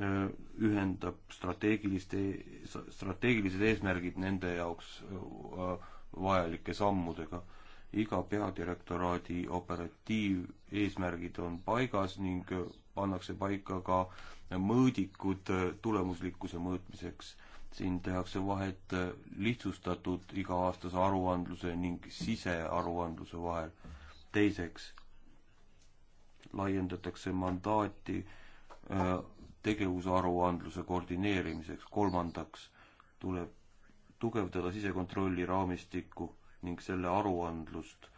äh, ühendab strateegiliste, e-, strateegilised eesmärgid nende jaoks äh, vajalike sammudega. iga peadirektoraadi operatiiveesmärgid on paigas ning pannakse paika ka mõõdikud tulemuslikkuse mõõtmiseks. siin tehakse vahet lihtsustatud iga-aastase aruandluse ning sisearuandluse vahel teiseks laiendatakse mandaati äh, tegevusaruandluse koordineerimiseks, kolmandaks tuleb tugevdada sisekontrolli raamistikku ning selle aruandlust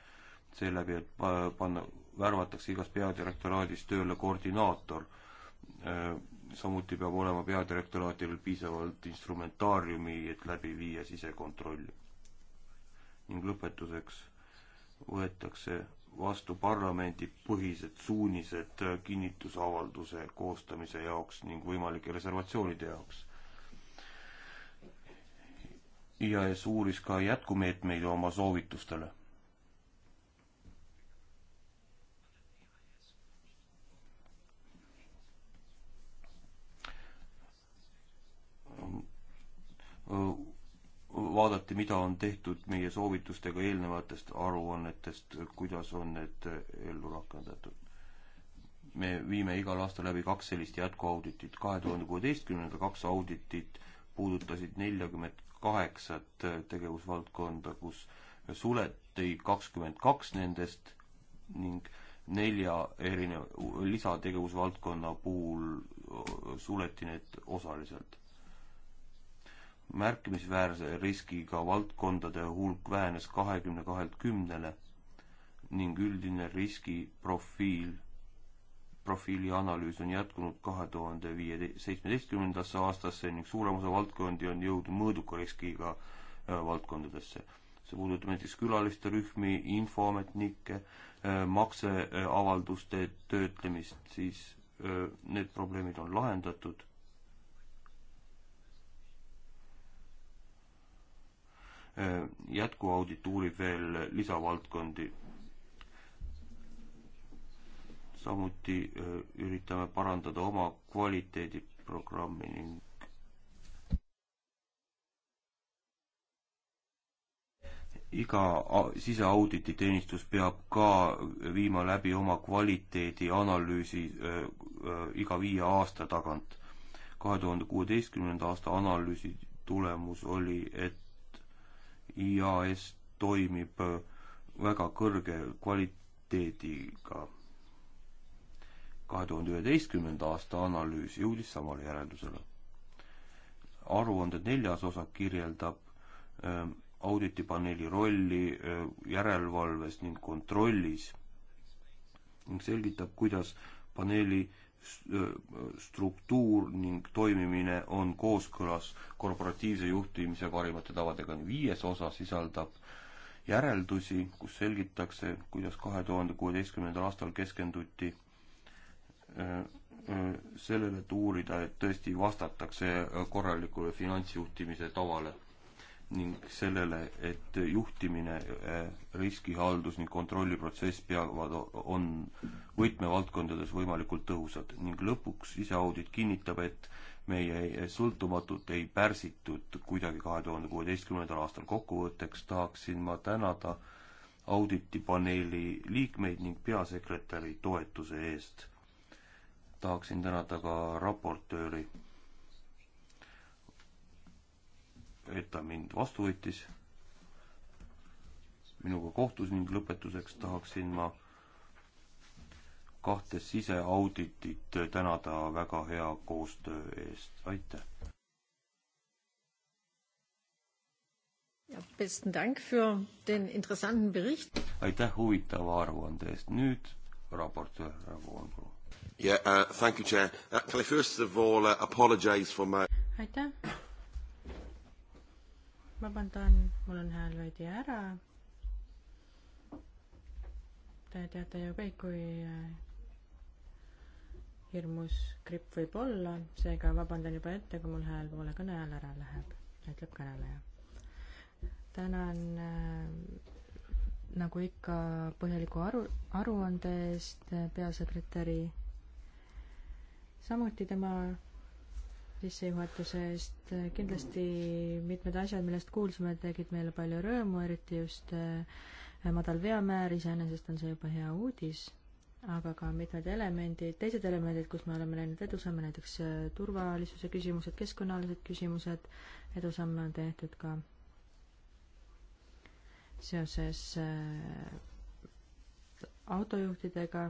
seeläbi, et äh, panna, värvatakse igas peadirektoraadis tööle koordinaator. Äh, samuti peab olema peadirektoraatil piisavalt instrumentaariumi, et läbi viia sisekontrolli. ning lõpetuseks võetakse vastu parlamendi põhised suunised kinnitusavalduse koostamise jaoks ning võimalike reservatsioonide jaoks. IAS uuris ka jätkumeetmeid oma soovitustele. Uh, vaadati, mida on tehtud meie soovitustega eelnevatest aruannetest, kuidas on need ellu rakendatud. me viime igal aastal läbi kaks sellist jätkuauditit, kahe tuhande kuueteistkümnenda kaks auditit puudutasid neljakümmet kaheksat tegevusvaldkonda, kus suleti kakskümmend kaks nendest ning nelja erineva lisategevusvaldkonna puhul suleti need osaliselt märkimisväärse riskiga valdkondade hulk vähenes kahekümne kahelt kümnele ning üldine riskiprofiil, profiili analüüs on jätkunud kahe tuhande viie, seitsmeteistkümnendasse aastasse ning suurem osa valdkondi on jõudnud mõõduka riskiga äh, valdkondadesse. see puudutab näiteks külaliste rühmi, infoametnikke, äh, makseavalduste töötlemist, siis äh, need probleemid on lahendatud jätkuaudit uurib veel lisavaldkondi. samuti äh, üritame parandada oma kvaliteediprogrammi ning iga siseauditi teenistus peab ka viima läbi oma kvaliteedianalüüsi äh, äh, iga viie aasta tagant. kahe tuhande kuueteistkümnenda aasta analüüsi tulemus oli, et IAS toimib äh, väga kõrge kvaliteediga. kahe tuhande üheteistkümnenda aasta analüüs jõudis samale järeldusele. aruande neljas osa kirjeldab ähm, auditipaneeli rolli äh, järelevalves ning kontrollis ning selgitab, kuidas paneeli äh, struktuur ning toimimine on kooskõlas korporatiivse juhtimise parimate tavadega. viies osa sisaldab järeldusi, kus selgitakse, kuidas kahe tuhande kuueteistkümnendal aastal keskenduti sellele, et uurida, et tõesti vastatakse korralikule finantsjuhtimise tavale ning sellele, et juhtimine, äh, riskihaldus ning kontrolliprotsess peavad, on võtmevaldkondades võimalikult tõhusad ning lõpuks siseaudit kinnitab, et meie äh, sõltumatut ei pärsitud kuidagi kahe tuhande kuueteistkümnendal aastal. kokkuvõtteks tahaksin ma tänada auditipaneeli liikmeid ning peasekretäri toetuse eest. tahaksin tänada ka raportööri et ta mind vastu võttis, minuga kohtus ning lõpetuseks tahaksin ma kahte siseauditit tänada väga hea koostöö eest, aitäh! aitäh huvitava aruande eest, nüüd raportöör Ravo Angu. Yeah, uh, thank you, Chair. Uh, can I first of all uh, apologise for my... Aitäh! vabandan, mul on hääl veidi ära. Te teate ju kõik, kui äh, hirmus gripp võib olla, seega vabandan juba ette, kui mul hääl poole kõne ajal ära läheb, ütleb kõneleja. tänan äh, nagu ikka põhjaliku aru, aruande eest äh, peasekretäri, samuti tema sissejuhatuse eest. kindlasti mitmed asjad, millest kuulsime, tegid meile palju rõõmu, eriti just eh, madal veamäär, iseenesest on see juba hea uudis, aga ka mitmed elemendid, teised elemendid, kus me oleme läinud edusamme, näiteks eh, turvalisuse küsimused, keskkonnaalased küsimused, edusamme on tehtud ka seoses eh, autojuhtidega.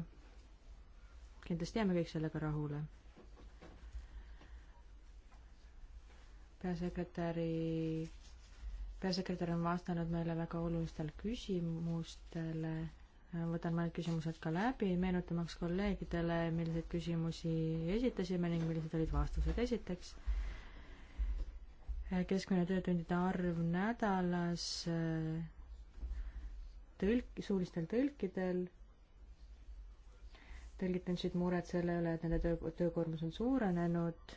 kindlasti jääme kõik sellega rahule peasekretäri, peasekretär on vastanud meile väga olulistele küsimustele, võtan mõned küsimused ka läbi, meenutamaks kolleegidele, milliseid küsimusi esitasime ning millised olid vastused. esiteks, keskmine töötundide arv nädalas tõlk, suulistel tõlkidel tõlgid tundsid muret selle üle, et nende töö, töökoormus on suurenenud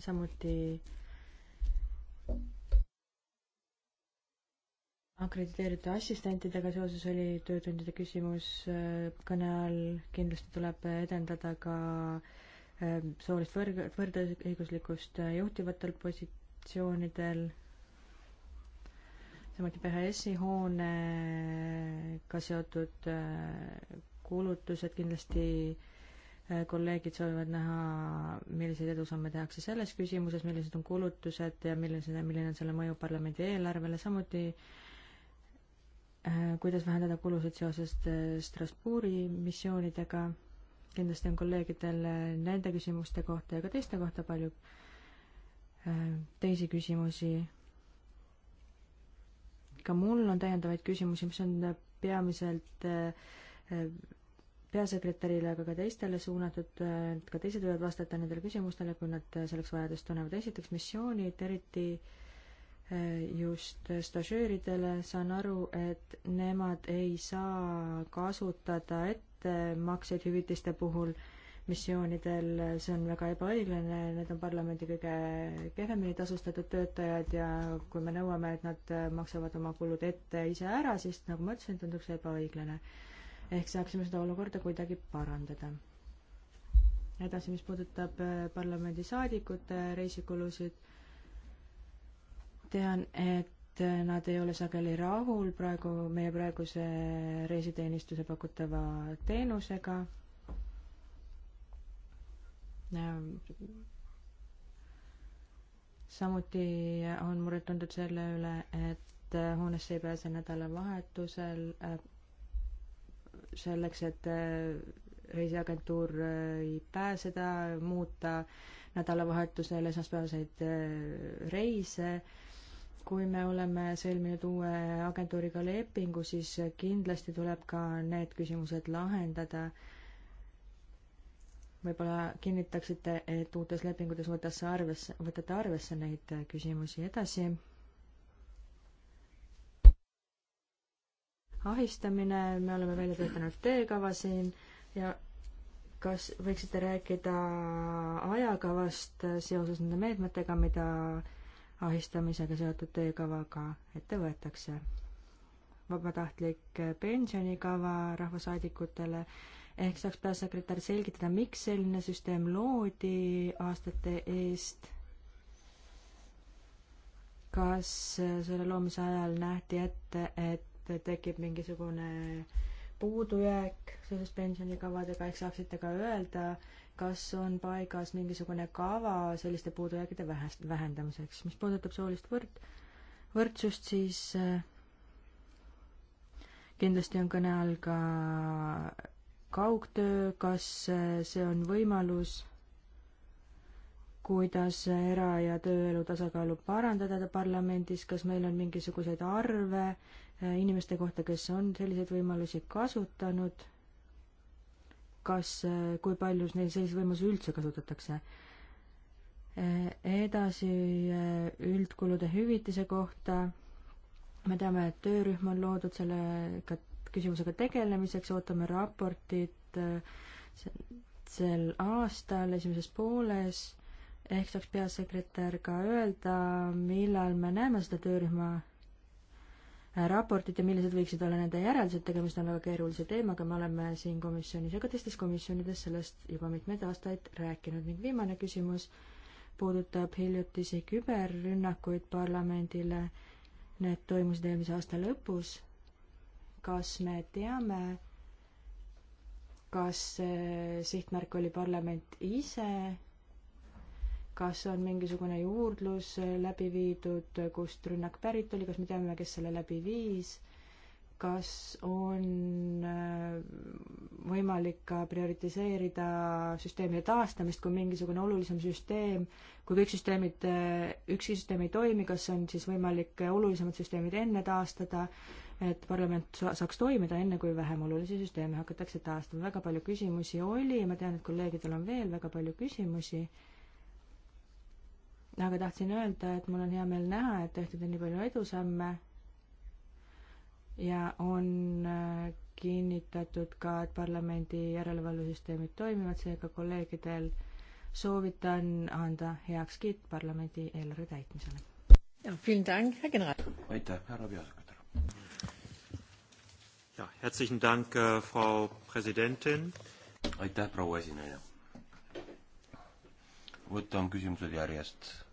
samuti akrediteeritud assistentidega seoses oli töötundide küsimus kõne all, kindlasti tuleb edendada ka ähm, soolist võrg-, võrdõiguslikkust juhtivatel positsioonidel, samuti PHS-i hoonega seotud äh, kulutused kindlasti äh, Äh, kolleegid soovivad näha, milliseid edusamme tehakse selles küsimuses, millised on kulutused ja millised, milline on selle mõju parlamendi eelarvele, samuti äh, kuidas vähendada kulusid seoses äh, Strasbourgi missioonidega. kindlasti on kolleegidel nende küsimuste kohta ja ka teiste kohta palju teisi küsimusi. ka mul on täiendavaid küsimusi, mis on peamiselt peasekretärile, aga ka teistele suunatud, ka teised võivad vastata nendele küsimustele, kui nad selleks vajadust tunnevad. esiteks missioonid, eriti eh, just stažööridele, saan aru, et nemad ei saa kasutada ettemakseid hüvitiste puhul missioonidel, see on väga ebaõiglane, need on parlamendi kõige kehvemini tasustatud töötajad ja kui me nõuame, et nad eh, maksavad oma kulud ette ise ära, siis nagu ma ütlesin, tunduks ebaõiglane ehk saaksime seda olukorda kuidagi parandada. edasi, mis puudutab äh, parlamendisaadikute reisikulusid, tean, et äh, nad ei ole sageli rahul praegu, meie praeguse reisiteenistuse pakutava teenusega samuti on muret tuntud selle üle, et äh, hoonesse ei pääse nädalavahetusel selleks, et äh, reisiagentuuri äh, pääseda, muuta nädalavahetusel esmaspäevaseid äh, reise. kui me oleme sõlminud uue agentuuriga lepingu, siis kindlasti tuleb ka need küsimused lahendada. võib-olla kinnitaksite, et uutes lepingutes võtasse arvesse, võtate arvesse neid küsimusi edasi ahistamine, me oleme välja töötanud teekava siin ja kas võiksite rääkida ajakavast seoses nende meetmetega, mida ahistamisega seotud teekavaga ette võetakse? vabatahtlik pensionikava rahvasaadikutele, ehk saaks peasekretär selgitada, miks selline süsteem loodi aastate eest kas selle loomise ajal nähti ette, et et tekib mingisugune puudujääk seoses pensionikavadega, ehk saaksite ka öelda, kas on paigas mingisugune kava selliste puudujääkide vähest, vähendamiseks. mis puudutab soolist võrd-, võrdsust, siis äh, kindlasti on kõne all ka kaugtöö, kas äh, see on võimalus, kuidas era- ja tööelu tasakaalu parandada parlamendis, kas meil on mingisuguseid arve, Äh, inimeste kohta, kes on selliseid võimalusi kasutanud, kas, äh, kui palju neil selliseid võimalusi üldse kasutatakse. Äh, edasi üldkulude hüvitise kohta. me teame, et töörühm on loodud sellega küsimusega tegelemiseks, ootame raportit sel aastal esimeses pooles ehk saaks peasekretär ka öelda, millal me näeme seda töörühma raportit ja millised võiksid olla nende järeldused, tegemist on väga keerulise teemaga, me oleme siin komisjonis ja ka teistes komisjonides sellest juba mitmeid aastaid rääkinud ning viimane küsimus puudutab hiljutisi küberrünnakuid parlamendile. Need toimusid eelmise aasta lõpus. kas me teame, kas sihtmärk oli parlament ise kas on mingisugune juurdlus äh, läbi viidud, äh, kust rünnak pärit oli, kas me teame, kes selle läbi viis, kas on äh, võimalik ka prioritiseerida süsteemi taastamist, kui mingisugune olulisem süsteem, kui kõik süsteemid, ükski süsteem ei toimi, kas on siis võimalik olulisemad süsteemid enne taastada, et parlament saaks toimida enne, kui vähem olulisi süsteeme hakatakse taastama. väga palju küsimusi oli ja ma tean, et kolleegidel on veel väga palju küsimusi aga tahtsin öelda, et mul on hea meel näha, et tehtud on nii palju edusamme ja on äh, kinnitatud ka, et parlamendi järelevalvesüsteemid toimivad, seega kolleegidel soovitan anda heakskiit parlamendi eelarve täitmisele. aitäh, härra peasekretär. ja, herzlichen Dank, äh, Frau Präsidentin. aitäh, proua esineja. võtan küsimused järjest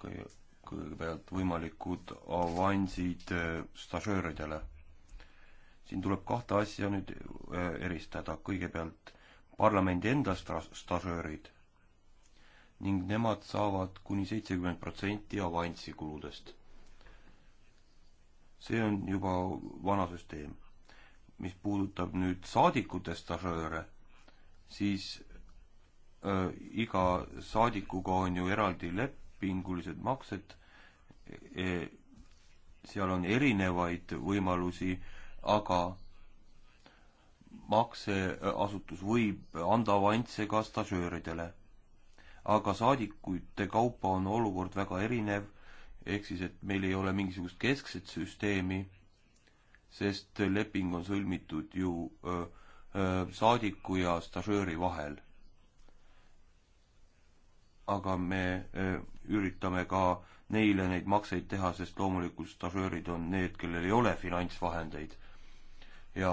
kõigepealt võimalikud avansid eh, stažööridele. siin tuleb kahte asja nüüd eh, eristada, kõigepealt parlamendi enda stažöörid ning nemad saavad kuni seitsekümmend protsenti avansi kuludest. see on juba vana süsteem. mis puudutab nüüd saadikute stažööre, siis äh, iga saadikuga on ju eraldi lepp, pingulised maksed, e, seal on erinevaid võimalusi, aga makseasutus võib anda avansse ka stažööridele. aga saadikute kaupa on olukord väga erinev, ehk siis, et meil ei ole mingisugust keskset süsteemi, sest leping on sõlmitud ju öö, öö, saadiku ja stažööri vahel aga me e, üritame ka neile neid makseid teha, sest loomulikult stažöörid on need, kellel ei ole finantsvahendeid. ja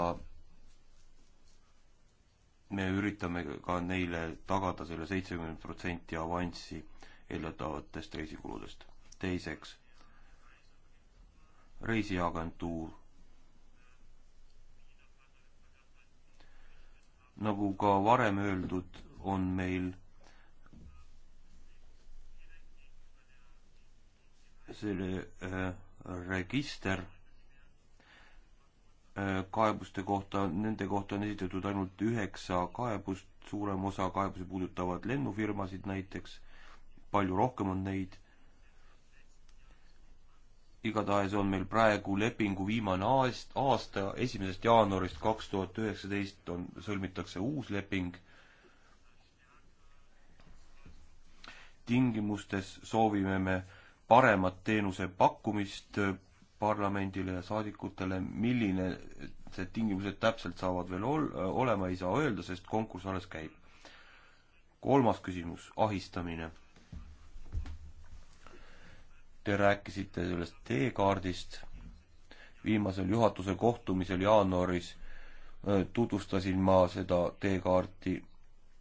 me üritame ka neile tagada selle seitsekümmend protsenti avanssi eeldatavatest reisikuludest. teiseks, reisiagentuur. nagu ka varem öeldud, on meil selle äh, register äh, kaebuste kohta, nende kohta on esitatud ainult üheksa kaebust, suurem osa kaebusi puudutavad lennufirmasid näiteks, palju rohkem on neid. igatahes on meil praegu lepingu viimane aast-, aasta, esimesest jaanuarist kaks tuhat üheksateist on, sõlmitakse uus leping tingimustes soovime me paremat teenuse pakkumist äh, parlamendile ja saadikutele, milline see tingimused täpselt saavad veel ol-, olema, ei saa öelda, sest konkurss alles käib. kolmas küsimus, ahistamine. Te rääkisite sellest teekaardist, viimasel juhatuse kohtumisel jaanuaris äh, tutvustasin ma seda teekaarti,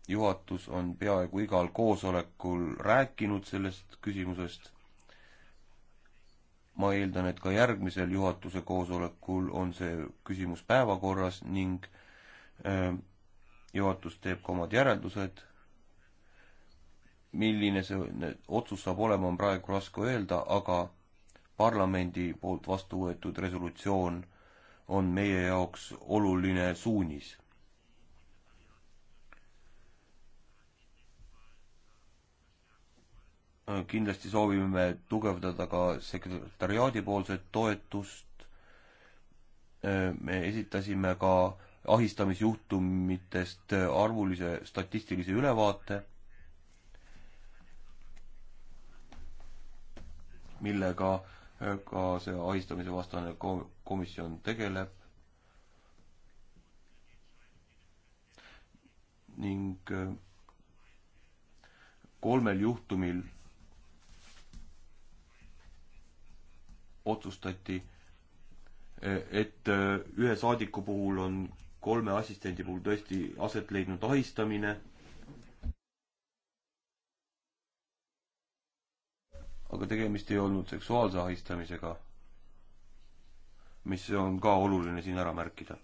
juhatus on peaaegu igal koosolekul rääkinud sellest küsimusest ma eeldan, et ka järgmisel juhatuse koosolekul on see küsimus päevakorras ning äh, juhatus teeb ka omad järeldused. milline see otsus saab olema, on praegu raske öelda, aga parlamendi poolt vastu võetud resolutsioon on meie jaoks oluline suunis Äh, kindlasti soovime tugevdada ka sekretariaadipoolset toetust. Äh, me esitasime ka ahistamisjuhtumitest arvulise statistilise ülevaate, millega äh, ka see ahistamise vastane komisjon tegeleb. ning kolmel juhtumil otsustati, et äh, ühe saadiku puhul on kolme assistendi puhul tõesti aset leidnud ahistamine. aga tegemist ei olnud seksuaalse ahistamisega, mis on ka oluline siin ära märkida.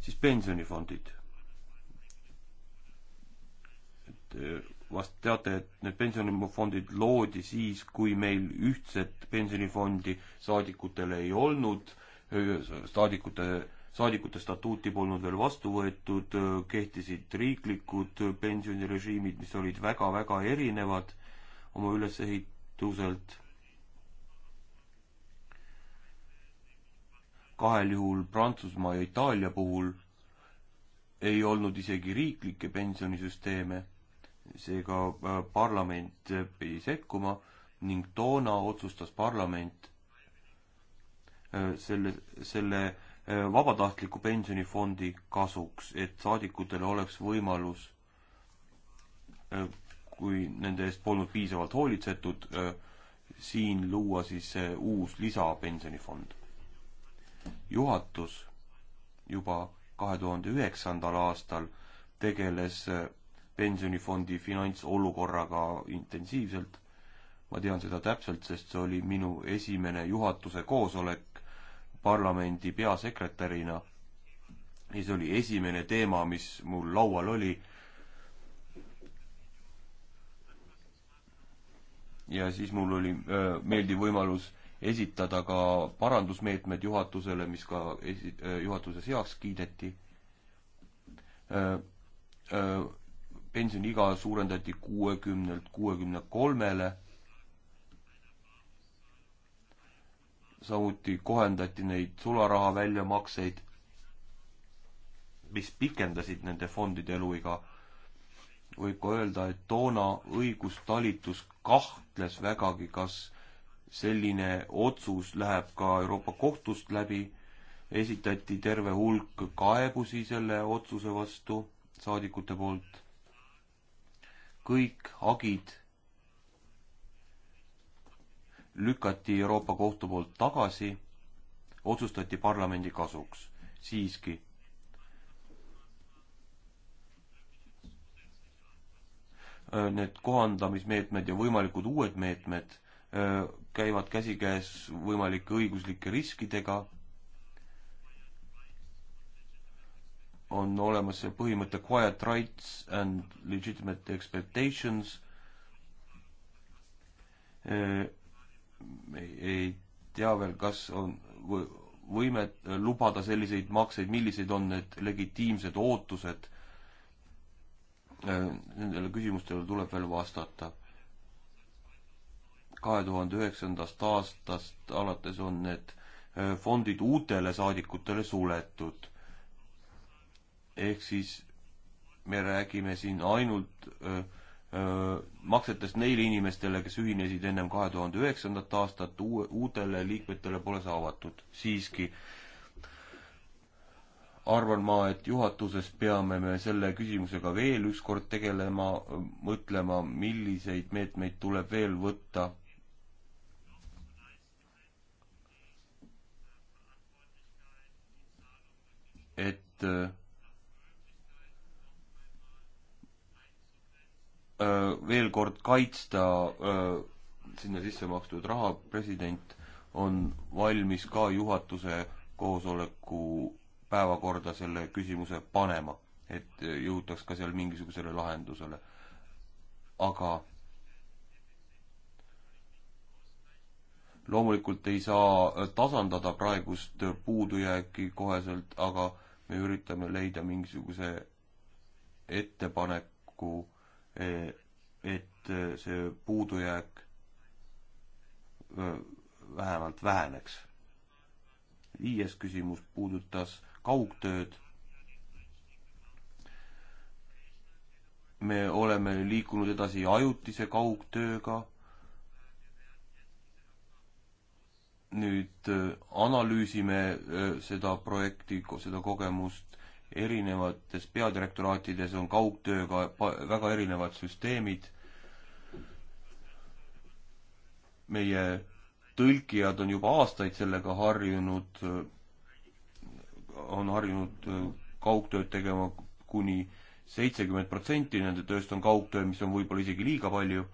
siis pensionifondid. et vast teate, et need pensionifondid loodi siis, kui meil ühtset pensionifondi saadikutel ei olnud, saadikute, saadikute statuuti polnud veel vastu võetud, kehtisid riiklikud pensionirežiimid, mis olid väga-väga erinevad oma ülesehituselt. kahel juhul Prantsusmaa ja Itaalia puhul ei olnud isegi riiklikke pensionisüsteeme seega äh, parlament pidi sekkuma ning toona otsustas parlament äh, selle, selle äh, vabatahtliku pensionifondi kasuks, et saadikutel oleks võimalus, kui nende eest polnud piisavalt hoolitsetud, siin luua siis see uus lisapensionifond. juhatus juba kahe tuhande üheksandal aastal tegeles pensionifondi finantsolukorraga intensiivselt. ma tean seda täpselt, sest see oli minu esimene juhatuse koosolek parlamendi peasekretärina. ja see oli esimene teema, mis mul laual oli. ja siis mul oli äh, meeldiv võimalus esitada ka parandusmeetmed juhatusele, mis ka esi-, äh, juhatuses heaks kiideti äh, pensioniiga suurendati kuuekümnelt kuuekümne kolmele. samuti kohendati neid sularaha väljamakseid, mis pikendasid nende fondide eluiga. võib ka öelda, et toona õigustalitus kahtles vägagi, kas selline otsus läheb ka Euroopa Kohtust läbi esitati terve hulk kaebusi selle otsuse vastu saadikute poolt kõik hagid lükati Euroopa Kohtu poolt tagasi, otsustati parlamendi kasuks. siiski äh, need kohandamismeetmed ja võimalikud uued meetmed äh, käivad käsikäes võimalike õiguslike riskidega on olemas see põhimõte quiet rights and legitimate expectations. me ei tea veel, kas on võimet lubada selliseid makseid, millised on need legitiimsed ootused. Nendele küsimustele tuleb veel vastata. kahe tuhande üheksandast aastast alates on need fondid uutele saadikutele suletud ehk siis me räägime siin ainult öö, öö, maksetest neile inimestele, kes ühinesid ennem kahe tuhande üheksandat aastat, uue, uutele liikmetele pole see avatud. siiski arvan ma, et juhatuses peame me selle küsimusega veel ükskord tegelema, mõtlema, milliseid meetmeid tuleb veel võtta. et öö, Äh, veel kord kaitsta äh, sinna sisse makstud raha, president on valmis ka juhatuse koosoleku päevakorda selle küsimuse panema, et jõutaks ka seal mingisugusele lahendusele. aga loomulikult ei saa tasandada praegust puudujääki koheselt, aga me üritame leida mingisuguse ettepaneku et eh, eh, see puudujääk eh, vähemalt väheneks. viies küsimus puudutas kaugtööd. me oleme liikunud edasi ajutise kaugtööga. nüüd analüüsime seda projekti, seda kogemust erinevates peadirektoraatides on kaugtööga väga erinevad süsteemid. meie tõlkijad on juba aastaid sellega harjunud, on harjunud kaugtööd tegema kuni seitsekümmend protsenti nende tööst on kaugtöö, mis on võib-olla isegi liiga palju.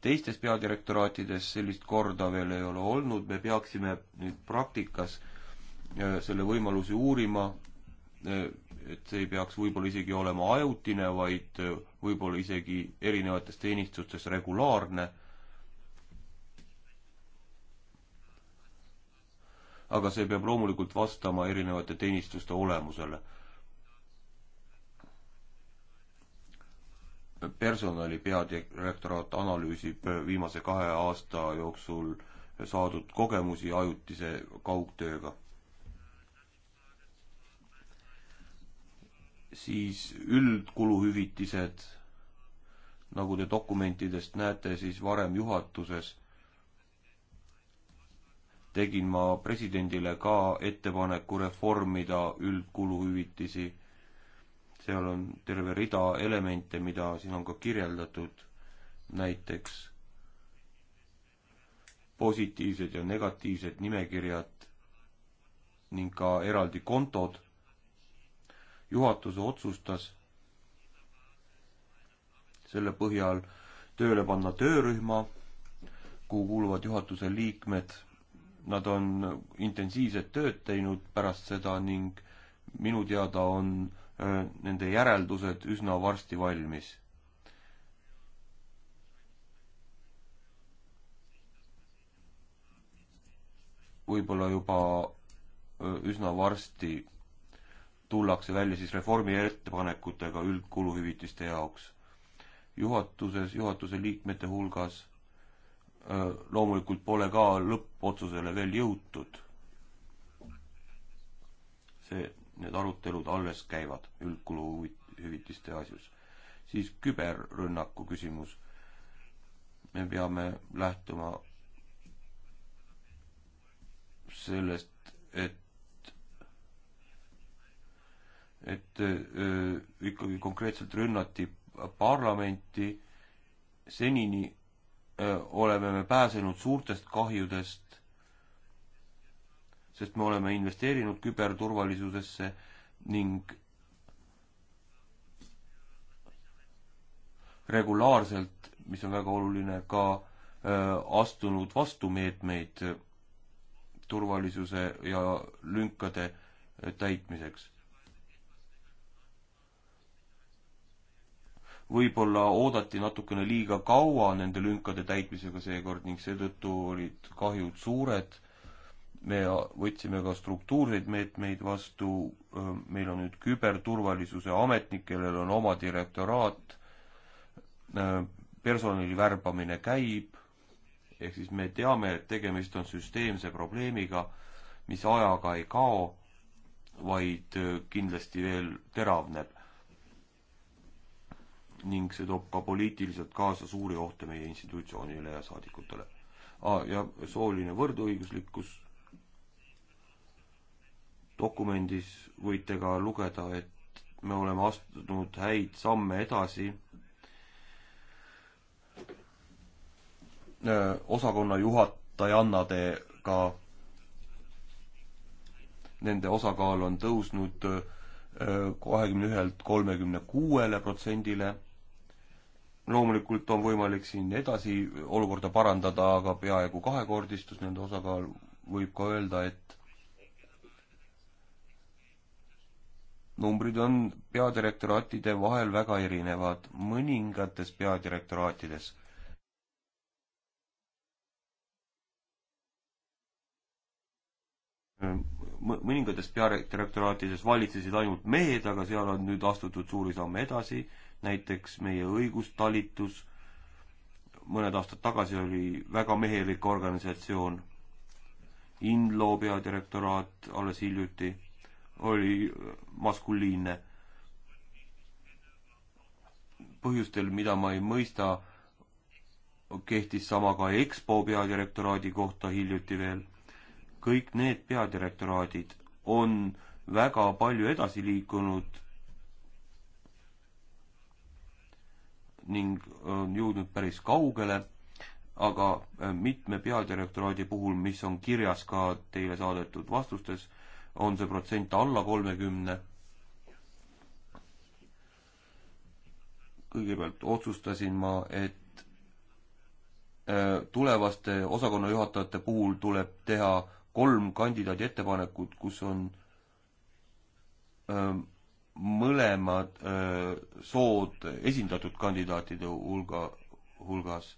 teistes peadirektoraatides sellist korda veel ei ole olnud, me peaksime nüüd praktikas äh, Äh, selle võimalusi uurima, äh, et see ei peaks võib-olla isegi olema ajutine, vaid äh, võib-olla isegi erinevates teenistustes regulaarne. aga see peab loomulikult vastama erinevate teenistuste olemusele. personali peadirektoraat analüüsib viimase kahe aasta jooksul saadud kogemusi ajutise kaugtööga siis üldkuluhüvitised, nagu te dokumentidest näete, siis varem juhatuses tegin ma presidendile ka ettepaneku reformida üldkuluhüvitisi. seal on terve rida elemente, mida siin on ka kirjeldatud, näiteks positiivsed ja negatiivsed nimekirjad ning ka eraldi kontod juhatus otsustas selle põhjal tööle panna töörühma, kuhu kuuluvad juhatuse liikmed. Nad on intensiivset tööd teinud pärast seda ning minu teada on öö, nende järeldused üsna varsti valmis. võib-olla juba öö, üsna varsti tullakse välja siis reformi ettepanekutega üldkuluhüvitiste jaoks. juhatuses, juhatuse liikmete hulgas loomulikult pole ka lõppotsusele veel jõutud. see, need arutelud alles käivad üldkuluhüvitiste asjus. siis küberrünnaku küsimus. me peame lähtuma sellest, et et öö, ikkagi konkreetselt rünnati parlamenti, senini öö, oleme me pääsenud suurtest kahjudest, sest me oleme investeerinud küberturvalisusesse ning regulaarselt, mis on väga oluline, ka öö, astunud vastumeetmeid turvalisuse ja lünkade täitmiseks võib-olla oodati natukene liiga kaua nende lünkade täitmisega seekord ning seetõttu olid kahjud suured. me võtsime ka struktuurseid meetmeid vastu, meil on nüüd küberturvalisuse ametnik, kellel on oma direktoraat, personali värbamine käib, ehk siis me teame, et tegemist on süsteemse probleemiga, mis ajaga ei kao, vaid kindlasti veel teravneb ning see toob ka poliitiliselt kaasa suuri ohte meie institutsioonile ja saadikutele ah,. ja sooline võrdõiguslikkus. dokumendis võite ka lugeda, et me oleme astunud häid samme edasi. Äh, osakonna juhatajannadega, nende osakaal on tõusnud äh, kahekümne ühelt kolmekümne kuuele protsendile loomulikult on võimalik siin edasi olukorda parandada, aga peaaegu kahekordistus nende osakaal, võib ka öelda, et numbrid on peadirektoraatide vahel väga erinevad, mõningates peadirektoraatides mõningates peadirektoraatides valitsesid ainult mehed, aga seal on nüüd astutud suuri samme edasi näiteks meie õigustalitus, mõned aastad tagasi oli väga mehelik organisatsioon, Inlo peadirektoraat alles hiljuti oli maskuliinne. põhjustel, mida ma ei mõista, kehtis sama ka EXPO peadirektoraadi kohta hiljuti veel. kõik need peadirektoraadid on väga palju edasi liikunud ning on jõudnud päris kaugele, aga äh, mitme peadirektoraadi puhul, mis on kirjas ka teile saadetud vastustes, on see protsent alla kolmekümne. kõigepealt otsustasin ma, et äh, tulevaste osakonnajuhatajate puhul tuleb teha kolm kandidaadi ettepanekut, kus on ähm, mõlemad öö, äh, sood esindatud kandidaatide hulga, hulgas.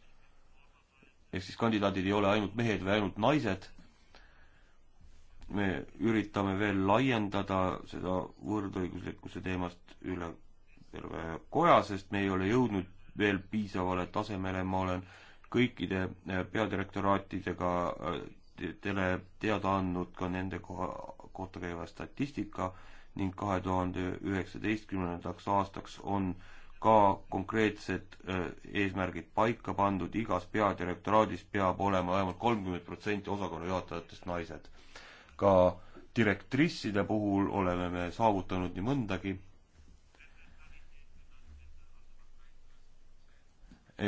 ehk siis kandidaadid ei ole ainult mehed või ainult naised. me üritame veel laiendada seda võrdõiguslikkuse teemast üle terve koja, sest me ei ole jõudnud veel piisavale tasemele, ma olen kõikide äh, peadirektoraatidega äh, teile teada andnud ka nende koha, kohta käiva statistika äh, ning kahe tuhande üheksateistkümnendaks aastaks on ka konkreetsed äh, eesmärgid paika pandud, igas peadirektoraadis peab olema vähemalt kolmkümmend protsenti osakonna juhatajatest naised. ka direktrisside puhul oleme me saavutanud nii mõndagi,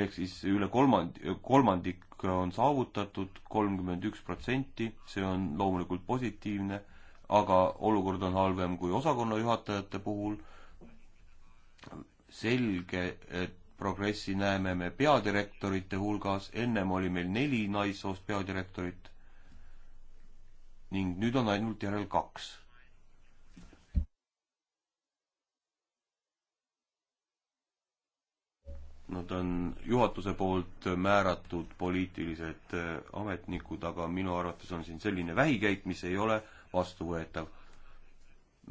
ehk siis üle kolmand-, kolmandik on saavutatud, kolmkümmend üks protsenti, see on loomulikult positiivne aga olukord on halvem kui osakonnajuhatajate puhul. selge, et progressi näeme me peadirektorite hulgas, ennem oli meil neli naissoost peadirektorit ning nüüd on ainult järel kaks. Nad on juhatuse poolt määratud poliitilised äh, ametnikud, aga minu arvates on siin selline vähikäik, mis ei ole äh, vastuvõetav.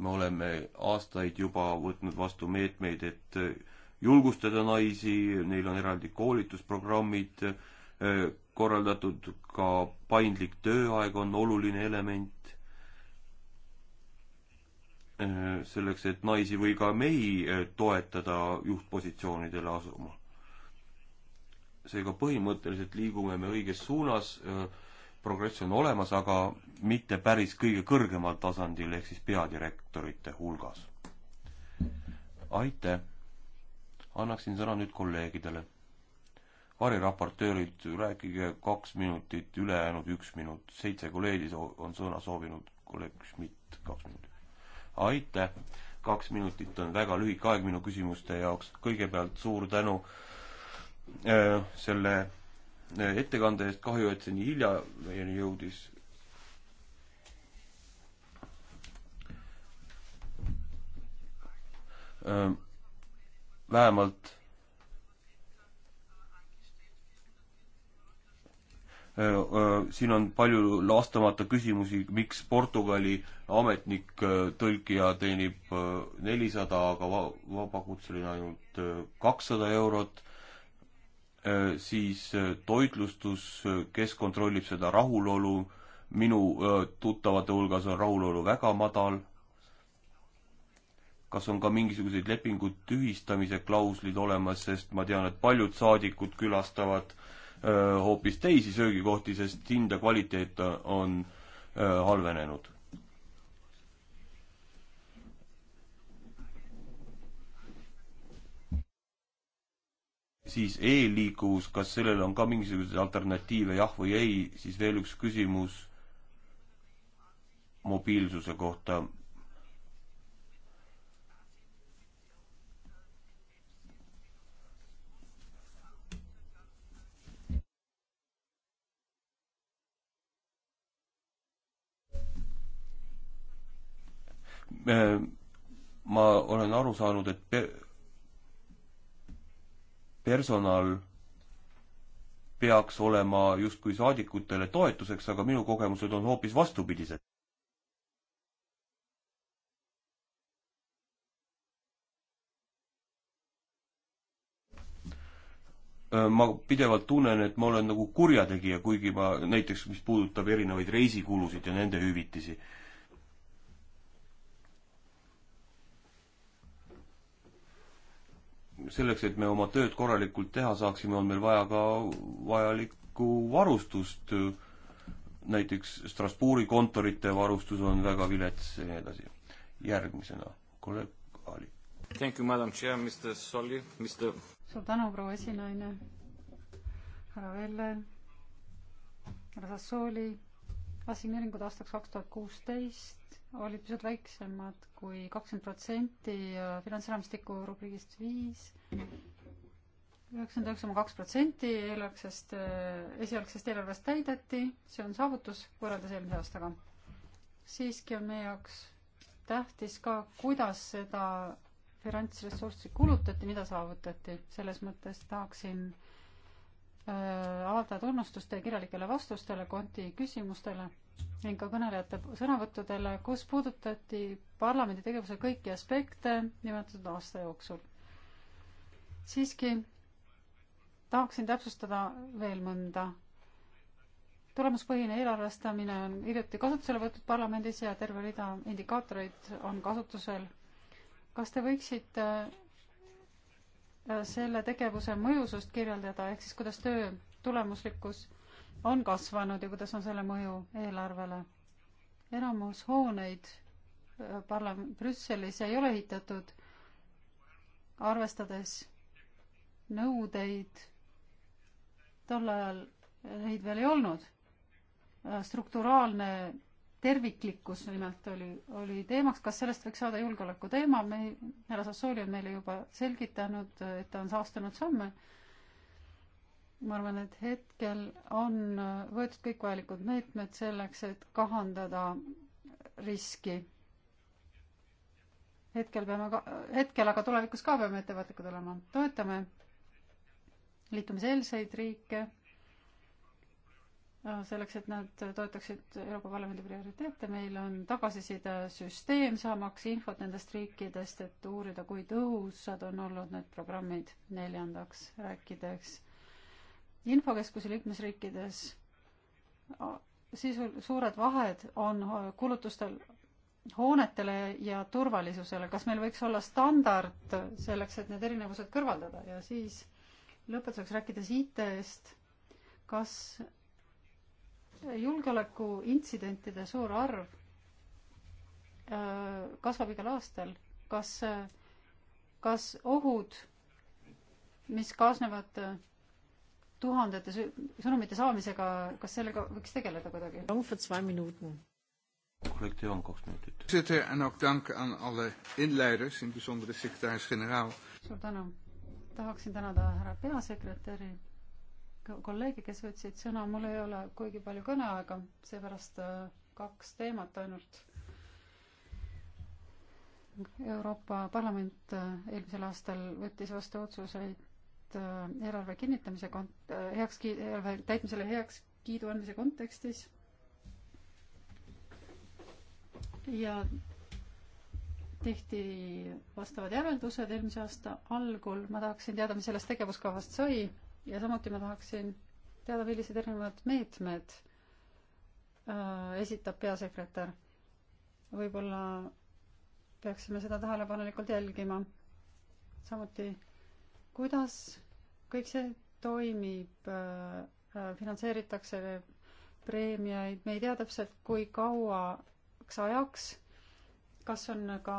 me oleme aastaid juba võtnud vastu meetmeid, et julgustada naisi, neil on eraldi koolitusprogrammid korraldatud, ka paindlik tööaeg on oluline element selleks, et naisi või ka mehi toetada juhtpositsioonidele asuma. seega põhimõtteliselt liigume me õiges suunas progress on olemas, aga mitte päris kõige kõrgemal tasandil, ehk siis peadirektorite hulgas. aitäh! annaksin sõna nüüd kolleegidele. variraportöörid, rääkige kaks minutit, ülejäänud üks minut, seitse kolleegi on sõna soovinud, kolleeg Schmidt kaks minutit. aitäh! kaks minutit on väga lühike aeg minu küsimuste jaoks, kõigepealt suur tänu öö, äh, selle ettekande eest, kahju, et see nii hilja meieni jõudis. vähemalt siin on palju lastamata küsimusi, miks Portugali ametnik tõlkija teenib nelisada, aga vabakutseline ainult kakssada eurot Äh, siis äh, toitlustus, äh, kes kontrollib seda rahulolu, minu tuttavate hulgas on rahulolu väga madal. kas on ka mingisuguseid lepingud tühistamise klauslid olemas, sest ma tean, et paljud saadikud külastavad öö, hoopis teisi söögikohti, sest hinda kvaliteet on öö, halvenenud siis e-liikuvus, kas sellele on ka mingisuguseid alternatiive, jah või ei, siis veel üks küsimus mobiilsuse kohta. Äh, ma olen aru saanud, et personal peaks olema justkui saadikutele toetuseks, aga minu kogemused on hoopis vastupidised. ma pidevalt tunnen, et ma olen nagu kurjategija, kuigi ma näiteks, mis puudutab erinevaid reisikulusid ja nende hüvitisi selleks, et me oma tööd korralikult teha saaksime, on meil vaja ka vajalikku varustust, näiteks Strasbourgi kontorite varustus on väga vilets ja nii edasi. järgmisena kolleeg Ali. Thank you, madam chair, Mr Solli, Mr suur tänu, proua esinaine, härra Velle, härra Sassooli, assigneeringud aastaks kaks tuhat kuusteist, olid pisut väiksemad kui kakskümmend protsenti finantsraamistiku rubriigist viis, üheksakümmend üheksa koma kaks protsenti eelarvesest, esialgsest eelarvest täideti, see on saavutus võrreldes eelmise aastaga. siiski on meie jaoks tähtis ka, kuidas seda finantsressurssi kulutati, mida saavutati, selles mõttes tahaksin äh, avaldada tunnustust teie kirjalikele vastustele konti küsimustele ning ka kõnelejate sõnavõttudele, kus puudutati parlamendi tegevuse kõiki aspekte nimetatud aasta jooksul. siiski tahaksin täpsustada veel mõnda. tulemuspõhine eelarvestamine on hiljuti kasutusele võetud parlamendis ja terve rida indikaatoreid on kasutusel. kas te võiksite äh, selle tegevuse mõjusust kirjeldada, ehk siis kuidas töö tulemuslikkus on kasvanud ja kuidas on selle mõju eelarvele. enamus hooneid äh, parla-, Brüsselis ei ole ehitatud, arvestades nõudeid, tol ajal neid veel ei olnud. Äh, strukturaalne terviklikkus nimelt oli, oli teemaks, kas sellest võiks saada julgeoleku teema, me, härra Sassooli on meile juba selgitanud, et ta on saastunud samme ma arvan, et hetkel on võetud kõik vajalikud meetmed selleks, et kahandada riski. hetkel peame ka, hetkel, aga tulevikus ka peame ettevaatlikud olema. toetame liitumiseelseid riike äh, selleks, et nad toetaksid Euroopa Parlamendi prioriteete, meil on tagasisidesüsteem, saamaks infot nendest riikidest, et uurida, kui tõhusad on olnud need programmid. neljandaks, rääkides infokeskuse liikmesriikides sisul suured vahed on kulutustel hoonetele ja turvalisusele, kas meil võiks olla standard selleks, et need erinevused kõrvaldada ja siis lõpetuseks rääkides IT-st, kas julgeolekuintsidentide suur arv äh, kasvab igal aastal, kas, äh, kas ohud, mis kaasnevad äh, tuhandete sõnumite saamisega, kas sellega võiks tegeleda kuidagi? kolleeg Teon, kaks minutit. suur tänu. tahaksin tänada härra peasekretäri, kolleege, kes võtsid sõna, mul ei ole kuigi palju kõneaega, seepärast äh, kaks teemat ainult Euroopa Parlament äh, eelmisel aastal võttis vastu otsuseid Äh, eelarve kinnitamise kont-, äh, heakskiid-, eelarve täitmisele heakskiidu andmise kontekstis ja tehti vastavad järeldused eelmise aasta algul, ma tahaksin teada, mis sellest tegevuskavast sai ja samuti ma tahaksin teada, millised erinevad meetmed äh, esitab peasekretär. võib-olla peaksime seda tähelepanelikult jälgima. samuti kuidas kõik see toimib, äh, äh, finantseeritakse preemiaid, me ei tea täpselt, kui kauaks ajaks, kas on ka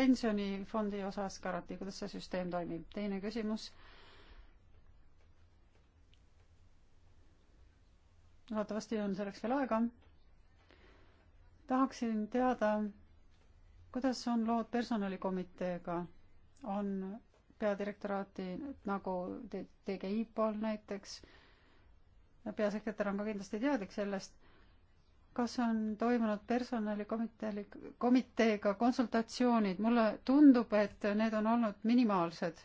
pensionifondi osas garantii, kuidas see süsteem toimib, teine küsimus. loodetavasti on selleks veel aega. tahaksin teada, kuidas on lood personalikomiteega, on peadirektoraati nagu TGI-pool näiteks. peasekretär on ka kindlasti teadlik sellest. kas on toimunud personalikomitee, komiteega konsultatsioonid? mulle tundub, et need on olnud minimaalsed.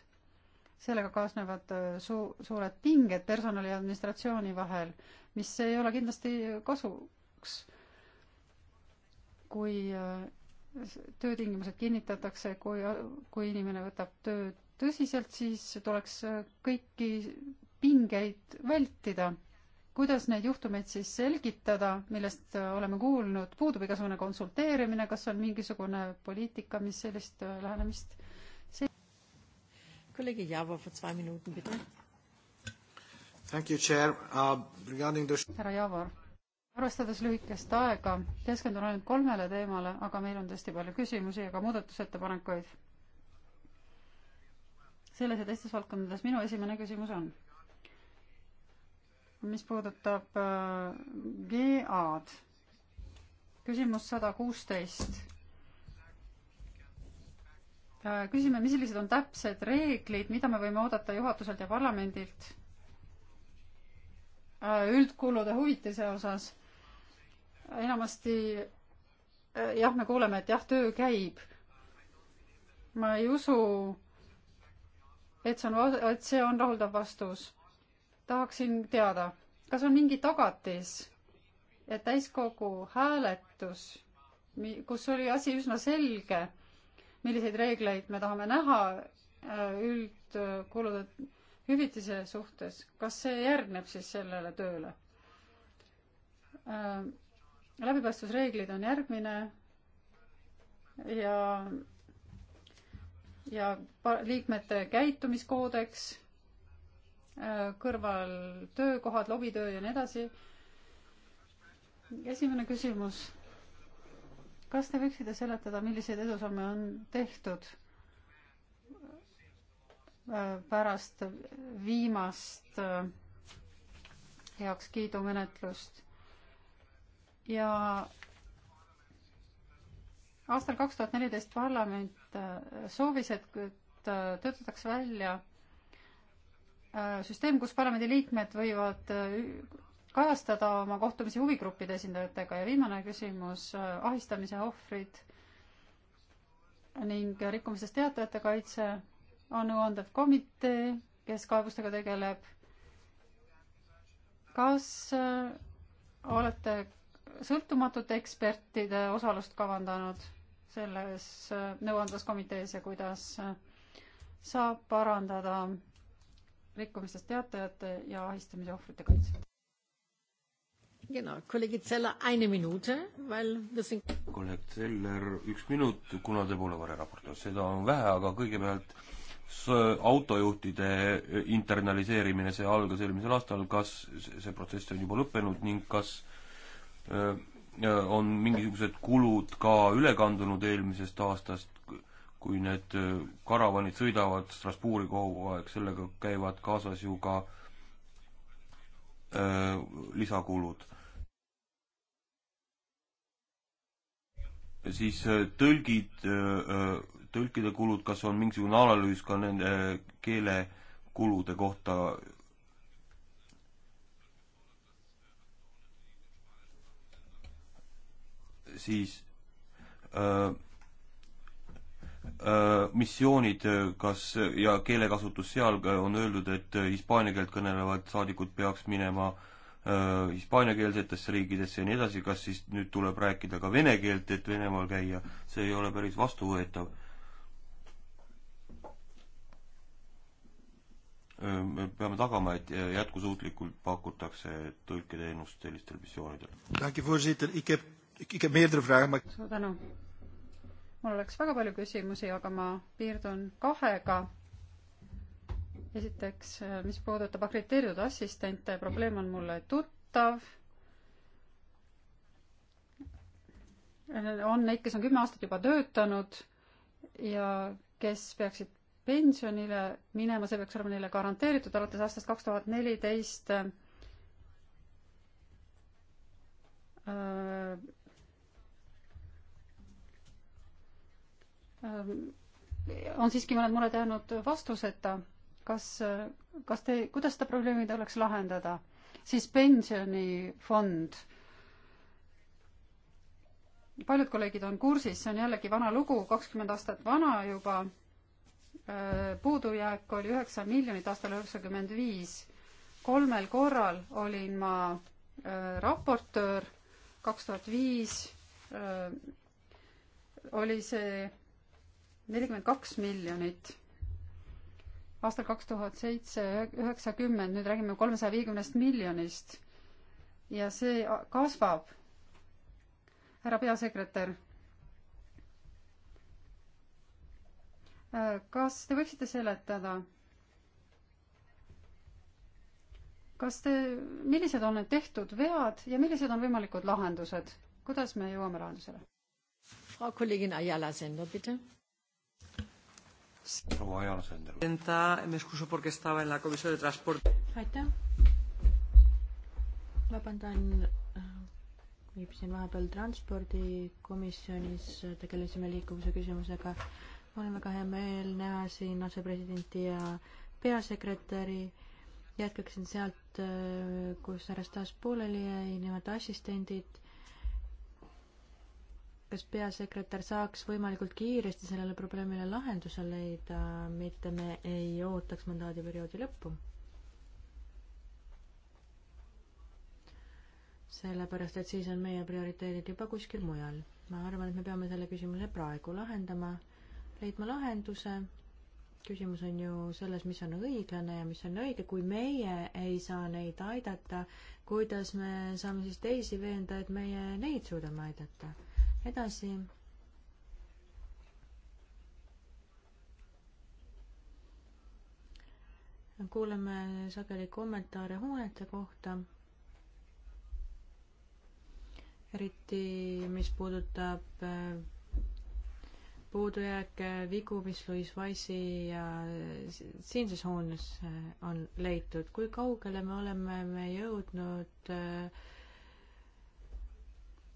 sellega kaasnevad äh, su-, suured pinged personali ja administratsiooni vahel, mis ei ole kindlasti kasuks, kui äh, töötingimused kinnitatakse, kui, kui inimene võtab tööd tõsiselt, siis tuleks äh, kõiki pingeid vältida. kuidas neid juhtumeid siis selgitada, millest äh, oleme kuulnud, puudub igasugune konsulteerimine, kas on mingisugune poliitika, mis sellist äh, lähenemist see... kolleeg Javo, kaks minutit, mida? Thank you, Chair. Uh, regarding the... härra Javor, arvestades lühikest aega, keskendun ainult kolmele teemale, aga meil on tõesti palju küsimusi ja ka muudatusettepanekuid selles ja teistes valdkondades. minu esimene küsimus on, mis puudutab äh, GA-d. küsimus sada kuusteist. Äh, küsime, millised on täpsed reeglid, mida me võime oodata juhatuselt ja parlamendilt äh, üldkulude huvitise osas. enamasti jah, me kuuleme, et jah, töö käib. ma ei usu et see on, et see on rahuldav vastus. tahaksin teada, kas on mingi tagatis, et täiskogu hääletus, kus oli asi üsna selge, milliseid reegleid me tahame näha äh, üldkulude hüvitise suhtes, kas see järgneb siis sellele tööle? Äh, läbipaistvusreeglid on järgmine ja ja liikmete käitumiskoodeks, äh, kõrval töökohad, lobitöö ja nii edasi. esimene küsimus. kas te võiksite seletada, milliseid edusamme on tehtud äh, pärast viimast äh, heakskiidumenetlust ja aastal kaks tuhat neliteist parlament Äh, soovis, et äh, töötataks välja äh, süsteem, kus parlamendiliikmed võivad kajastada oma kohtumisi huvigruppide esindajatega ja viimane küsimus, ahistamise ohvrid ning rikkumisest teatajate kaitse on nõuandev komitee, kes kaebustega tegeleb. kas olete sõltumatute ekspertide osalust kavandanud? selles nõuandvas komitees ja kuidas saab parandada rikkumistest teatajate ja ahistamise ohvrite kaitset. Genau, kolleeg Zeller, eine Minute, weil wir sind kolleeg Zeller, üks minut, kuna te pole vareraportöör, seda on vähe, aga kõigepealt autojuhtide internaliseerimine, see algas eelmisel aastal, kas see protsess on juba lõppenud ning kas öö, äh, Äh, on mingisugused kulud ka üle kandunud eelmisest aastast, kui need äh, karavanid sõidavad Strasbourgi kogu aeg, sellega käivad kaasas ju ka öö, äh, lisakulud. siis tõlgid, tõlkide kulud, kas on mingisugune analüüs ka nende keelekulude kohta siis öö, öö, missioonid, kas ja keelekasutus seal on öeldud, et hispaania keelt kõnelevad saadikud peaks minema hispaaniakeelsetesse riikidesse ja nii edasi, kas siis nüüd tuleb rääkida ka vene keelt, et Venemaal käia, see ei ole päris vastuvõetav me peame tagama, et jätkusuutlikult pakutakse tõlketeenust sellistel missioonidel ik, ik heb meerdere vragen, maar... suur tänu. mul oleks väga palju küsimusi, aga ma piirdun kahega. esiteks, mis puudutab akrediteeritud assistente, probleem on mulle tuttav. on neid, kes on kümme aastat juba töötanud ja kes peaksid pensionile minema, see peaks olema neile garanteeritud alates aastast kaks tuhat neliteist äh, Äh, on siiski mõned mured jäänud vastuseta. kas, äh, kas te, kuidas seda probleemi tuleks lahendada? siis pensionifond. paljud kolleegid on kursis, see on jällegi vana lugu, kakskümmend aastat vana juba. Äh, puudujääk oli üheksa miljonit aastal üheksakümmend viis. kolmel korral olin ma raportöör, kaks tuhat viis oli see nelikümmend kaks miljonit. aastal kaks tuhat seitse, üheksakümmend, nüüd räägime kolmesaja viiekümnest miljonist. ja see kasvab. härra peasekretär. Äh, kas te võiksite seletada? kas te, millised on need tehtud vead ja millised on võimalikud lahendused? kuidas me jõuame lahendusele? Frau Kollegin Ayala Sender, bitte proua Jaan Sender. aitäh. vabandan, viibisin äh, vahepeal transpordikomisjonis, äh, tegelesime liikuvuse küsimusega. mul on väga hea meel näha siin asepresidenti ja peasekretäri. jätkaksin sealt, äh, kus härra Stas pooleli jäi, nimelt assistendid kas peasekretär saaks võimalikult kiiresti sellele probleemile lahenduse leida, mitte me ei ootaks mandaadiperioodi lõppu? sellepärast, et siis on meie prioriteedid juba kuskil mujal. ma arvan, et me peame selle küsimuse praegu lahendama, leidma lahenduse. küsimus on ju selles, mis on õiglane ja mis on õige, kui meie ei saa neid aidata, kuidas me saame siis teisi veenda, et meie neid suudame aidata? edasi. kuuleme sageli kommentaare hoonete kohta. eriti, mis puudutab äh, puudujääke, vigu, mis Louis Wise'i ja äh, siinses hoones äh, on leitud. kui kaugele me oleme me jõudnud äh,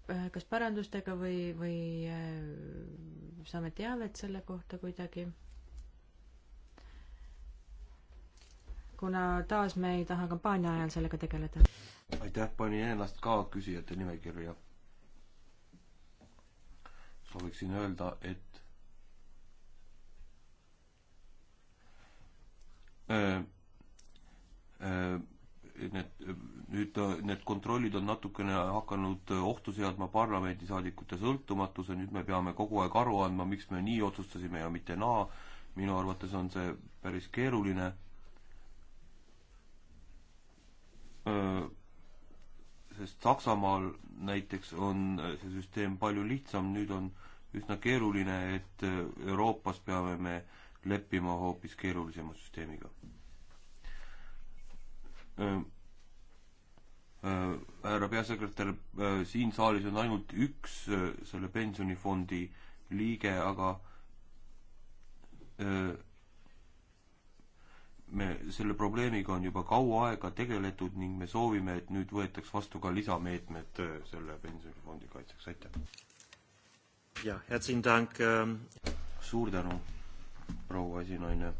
Äh, kas parandustega või, või äh, saame teavet selle kohta kuidagi? kuna taas me ei taha kampaania ajal sellega tegeleda. aitäh, panin ennast ka küsijate nimekirja. sooviksin öelda, et öö, äh, öö, need, nüüd need kontrollid on natukene hakanud ohtu seadma parlamendisaadikute sõltumatuse, nüüd me peame kogu aeg aru andma, miks me nii otsustasime ja mitte naa. minu arvates on see päris keeruline. sest Saksamaal näiteks on see süsteem palju lihtsam, nüüd on üsna keeruline, et Euroopas peame me leppima hoopis keerulisema süsteemiga Äh, äh, härra peasekretär, äh, siin saalis on ainult üks selle pensionifondi liige, aga me selle probleemiga on juba kaua aega tegeletud ning me soovime, et nüüd võetaks vastu ka lisameetmed selle pensionifondi kaitseks, aitäh. jah, herzlichen Dank ähm.. suur tänu, proua esinaine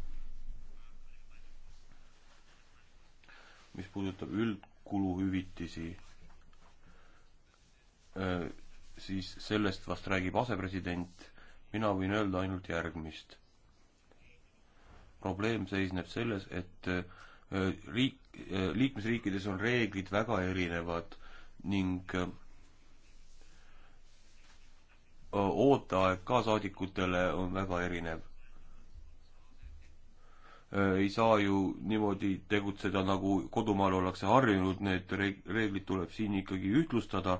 mis puudutab üldkuluhüvitisi, äh, siis sellest vast räägib asepresident, mina võin öelda ainult järgmist. probleem seisneb selles, et äh, riik, äh, liikmesriikides on reeglid väga erinevad ning ooteaeg ka saadikutele on väga erinev Äh, ei saa ju niimoodi tegutseda, nagu kodumaal ollakse harjunud, need reeglid tuleb siin ikkagi ühtlustada.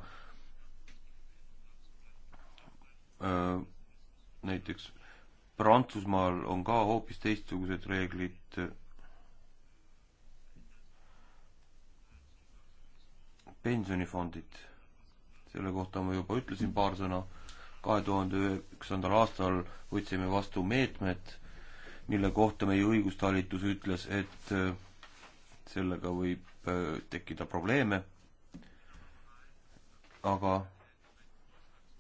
Äh, näiteks Prantsusmaal on ka hoopis teistsugused reeglid. pensionifondid, selle kohta ma juba ütlesin paar sõna. kahe tuhande üheksandal aastal võtsime vastu meetmed mille kohta meie õigustalitus ütles, et äh, sellega võib äh, tekkida probleeme, aga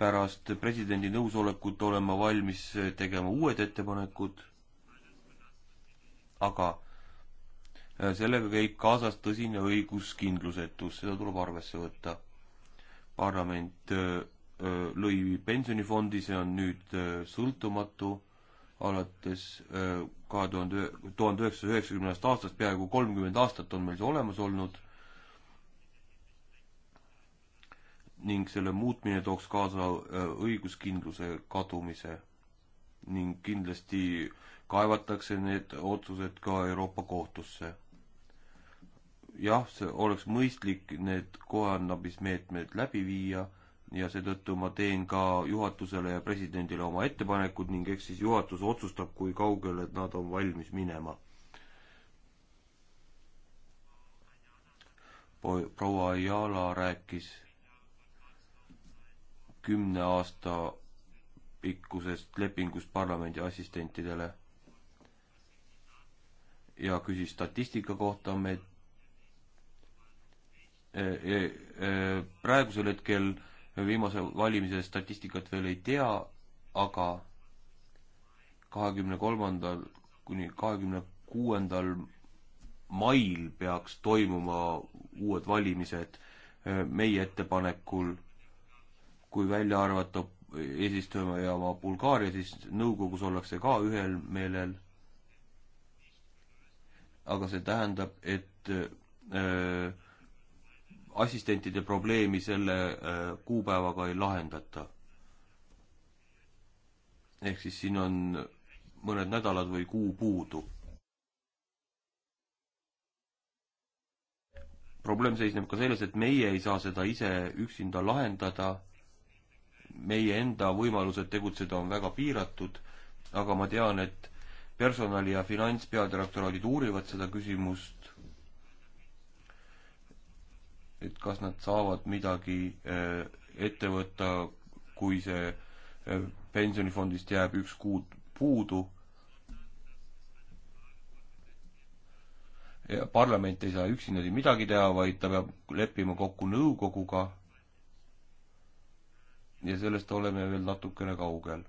pärast presidendi nõusolekut olen ma valmis äh, tegema uued ettepanekud, aga sellega käib kaasas tõsine õiguskindlusetus, seda tuleb arvesse võtta. parlament lõi pensionifondi, see on nüüd sõltumatu alates kahe tuhande, tuhande üheksasaja üheksakümnendast aastast, peaaegu kolmkümmend aastat on meil see olemas olnud ning selle muutmine tooks kaasa õiguskindluse kadumise ning kindlasti kaevatakse need otsused ka Euroopa kohtusse. jah, see oleks mõistlik need kohanabismeetmed läbi viia ja seetõttu ma teen ka juhatusele ja presidendile oma ettepanekud ning eks siis juhatus otsustab, kui kaugele nad on valmis minema. proua Ayala rääkis kümne aasta pikkusest lepingust parlamendi assistentidele ja küsis statistika kohta, me e-, e-, praegusel hetkel viimase valimise statistikat veel ei tea, aga kahekümne kolmandal kuni kahekümne kuuendal mail peaks toimuma uued valimised e, meie ettepanekul, kui välja arvata eesistujamaa Bulgaaria, siis nõukogus ollakse ka ühel meelel. aga see tähendab, et öö, e, assistentide probleemi selle äh, kuupäevaga ei lahendata. ehk siis siin on mõned nädalad või kuu puudu. probleem seisneb ka selles, et meie ei saa seda ise üksinda lahendada. meie enda võimalused tegutseda on väga piiratud, aga ma tean, et personali ja finantspeadirektoraadid uurivad seda küsimust et kas nad saavad midagi äh, ette võtta, kui see äh, pensionifondist jääb üks kuud puudu. ja parlament ei saa üksi niimoodi midagi teha, vaid ta peab leppima kokku nõukoguga. ja sellest oleme veel natukene kaugel.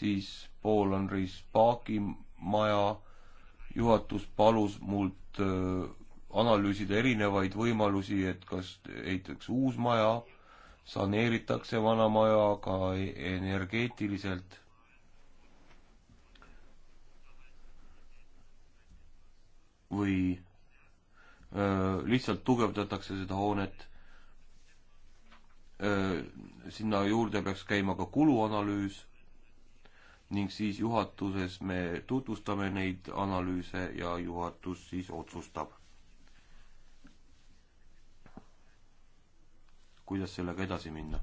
siis Paul-Henri Spaaki maja juhatus palus mult äh, analüüsida erinevaid võimalusi, et kas ehitatakse uus maja, saneeritakse vana maja ka e-, energeetiliselt. või öö, äh, lihtsalt tugevdatakse seda hoonet. Äh, sinna juurde peaks käima ka kuluanalüüs ning siis juhatuses me tutvustame neid analüüse ja juhatus siis otsustab. kuidas sellega edasi minna?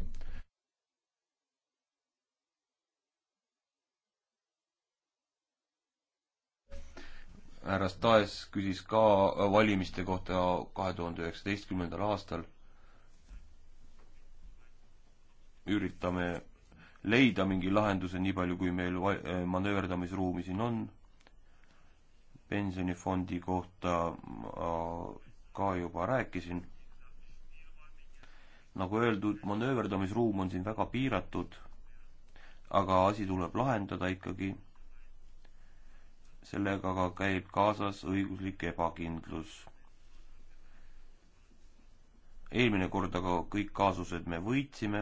härra Staes küsis ka valimiste kohta kahe tuhande üheksateistkümnendal aastal. üritame leida mingi lahenduse, nii palju kui meil eh, manööverdamisruumi siin on. pensionifondi kohta ma ka juba rääkisin. nagu öeldud, manööverdamisruum on siin väga piiratud, aga asi tuleb lahendada ikkagi. sellega aga käib kaasas õiguslik ebakindlus eelmine kord aga kõik kaasused me võitsime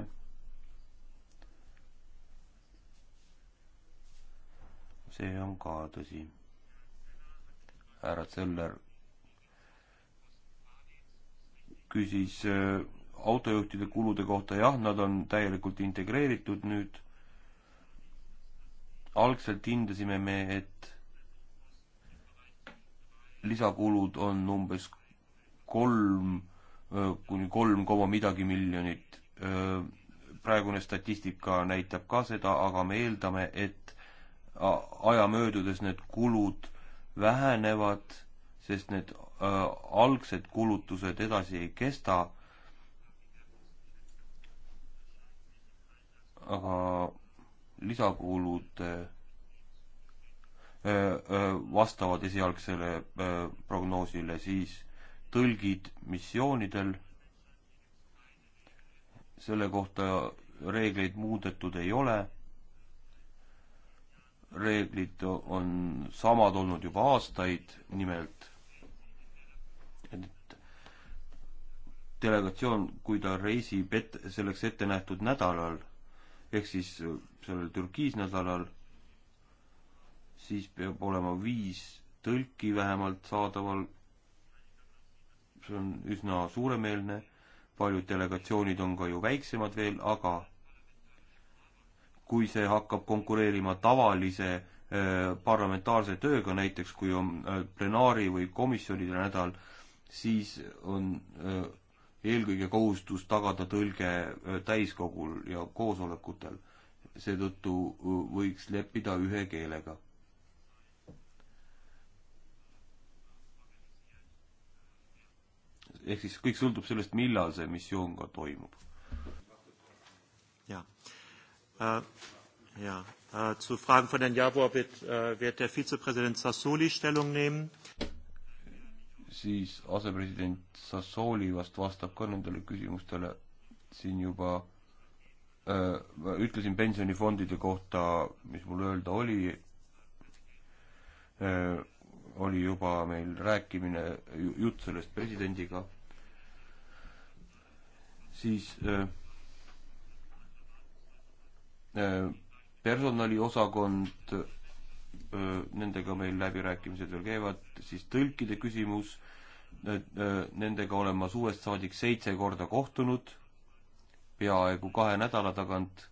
see on ka tõsi. härra Zeller küsis äh, autojuhtide kulude kohta, jah, nad on täielikult integreeritud nüüd. algselt hindasime me, et lisakulud on umbes kolm äh, kuni kolm koma midagi miljonit. Äh, praegune statistika näitab ka seda, aga me eeldame, et aja möödudes need kulud vähenevad, sest need algsed kulutused edasi ei kesta. aga lisakulud e, e, vastavad esialgsele e, prognoosile, siis tõlgid missioonidel, selle kohta reegleid muudetud ei ole reeglid on samad olnud juba aastaid, nimelt et delegatsioon, kui ta reisib et-, selleks ette nähtud nädalal, ehk siis sellel Türgis nädalal, siis peab olema viis tõlki vähemalt saadaval, see on üsna suuremeelne, paljud delegatsioonid on ka ju väiksemad veel, aga kui see hakkab konkureerima tavalise äh, parlamentaarse tööga, näiteks kui on äh, plenaari- või komisjonide nädal, siis on äh, eelkõige kohustus tagada tõlge täiskogul ja koosolekutel. seetõttu võiks leppida ühe keelega. ehk siis kõik sõltub sellest, millal see missioon ka toimub. jah Äh, ja. Äh, zu Fragen von Herrn Javor wird, äh, wird der Vizepräsident Sassoli Stellung nehmen. siis asepresident Sassoli vast vastab ka nendele küsimustele siin juba öö, äh, ma ütlesin pensionifondide kohta, mis mul öelda oli, äh, oli juba meil rääkimine, jutt sellest presidendiga, siis öö, äh, personaliosakond, nendega meil läbirääkimised veel käivad, siis tõlkide küsimus, nendega olen ma suvest saadik seitse korda kohtunud, peaaegu kahe nädala tagant,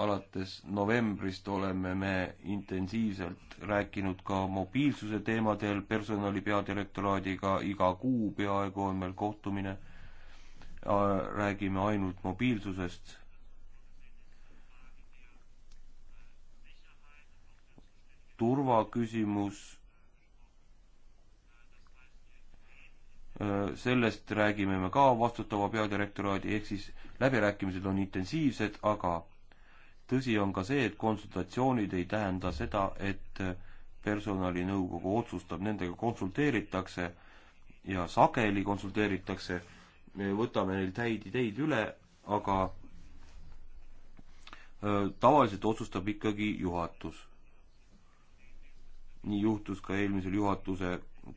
alates novembrist oleme me intensiivselt rääkinud ka mobiilsuse teemadel personali peadirektoraadiga, iga kuu peaaegu on meil kohtumine, räägime ainult mobiilsusest turvaküsimus, äh, sellest räägime me ka vastutava peadirektoraadi, ehk siis läbirääkimised on intensiivsed, aga tõsi on ka see, et konsultatsioonid ei tähenda seda, et personalinõukogu otsustab, nendega konsulteeritakse ja sageli konsulteeritakse, me võtame neilt häid ideid üle, aga äh, tavaliselt otsustab ikkagi juhatus nii juhtus ka eelmisel juhatuse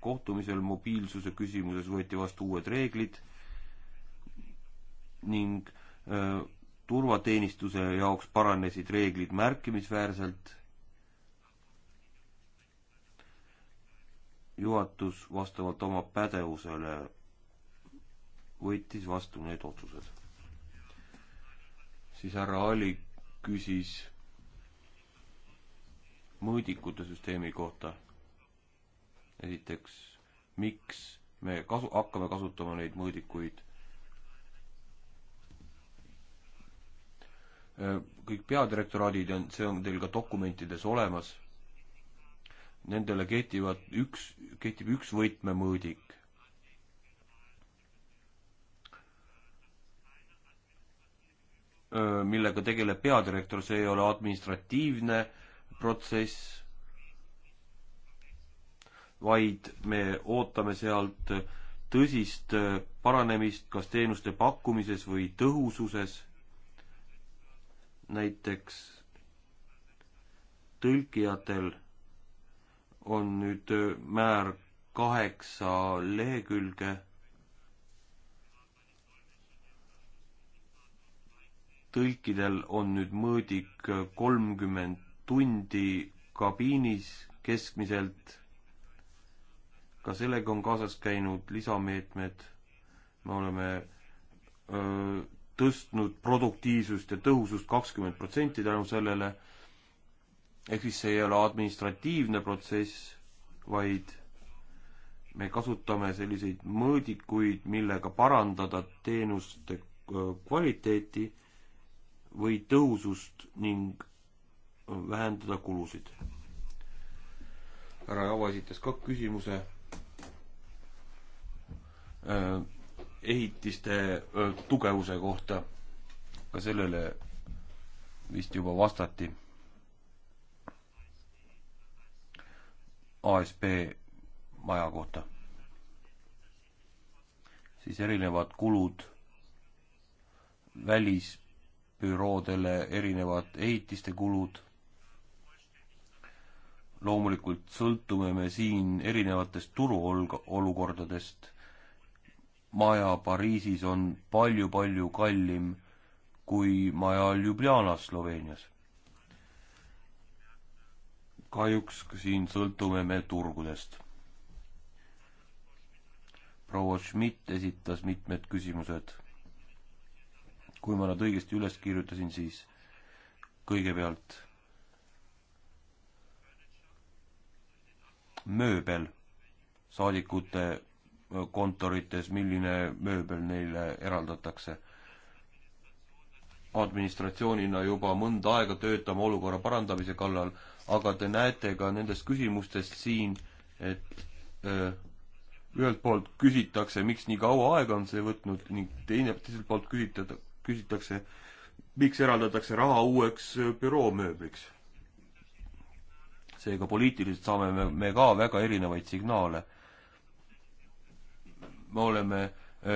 kohtumisel mobiilsuse küsimuses võeti vastu uued reeglid ning öö, turvateenistuse jaoks paranesid reeglid märkimisväärselt. juhatus vastavalt oma pädevusele võttis vastu need otsused. siis härra Ali küsis mõõdikute süsteemi kohta. esiteks, miks me kasu, hakkame kasutama neid mõõdikuid? Äh, kõik peadirektoraadid on, see on teil ka dokumentides olemas. Nendele kehtivad üks, kehtib üks võtmemõõdik. Äh, millega tegeleb peadirektor, see ei ole administratiivne äh, protsess, vaid me ootame sealt tõsist paranemist kas teenuste pakkumises või tõhususes, näiteks tõlkijatel on nüüd määr kaheksa lehekülge tõlkidel on nüüd mõõdik kolmkümmend tundi kabiinis keskmiselt. ka sellega on kaasas käinud lisameetmed. me oleme öö, tõstnud produktiivsust ja tõhusust kakskümmend protsenti tänu sellele. ehk siis see ei ole administratiivne protsess, vaid me kasutame selliseid mõõdikuid, millega parandada teenuste kvaliteeti või tõhusust ning vähendada kulusid. härra Java esitas ka küsimuse äh, ehitiste äh, tugevuse kohta. ka sellele vist juba vastati. ASB maja kohta. siis erinevad kulud välisbüroodele, erinevad ehitiste kulud loomulikult sõltume me siin erinevatest turuolukordadest. maja Pariisis on palju-palju kallim kui maja Ljubljanas Sloveenias. kahjuks siin sõltume me turgudest. proua Schmidt esitas mitmed küsimused. kui ma nad õigesti üles kirjutasin, siis kõigepealt mööbel saadikute kontorites, milline mööbel neile eraldatakse. administratsioonina juba mõnda aega töötame olukorra parandamise kallal, aga te näete ka nendest küsimustest siin, et öö, ühelt poolt küsitakse, miks nii kaua aega on see võtnud ning teine, teiselt poolt küsitada, küsitakse, miks eraldatakse raha uueks büroomööbliks seega poliitiliselt saame me, me ka väga erinevaid signaale. me oleme öö,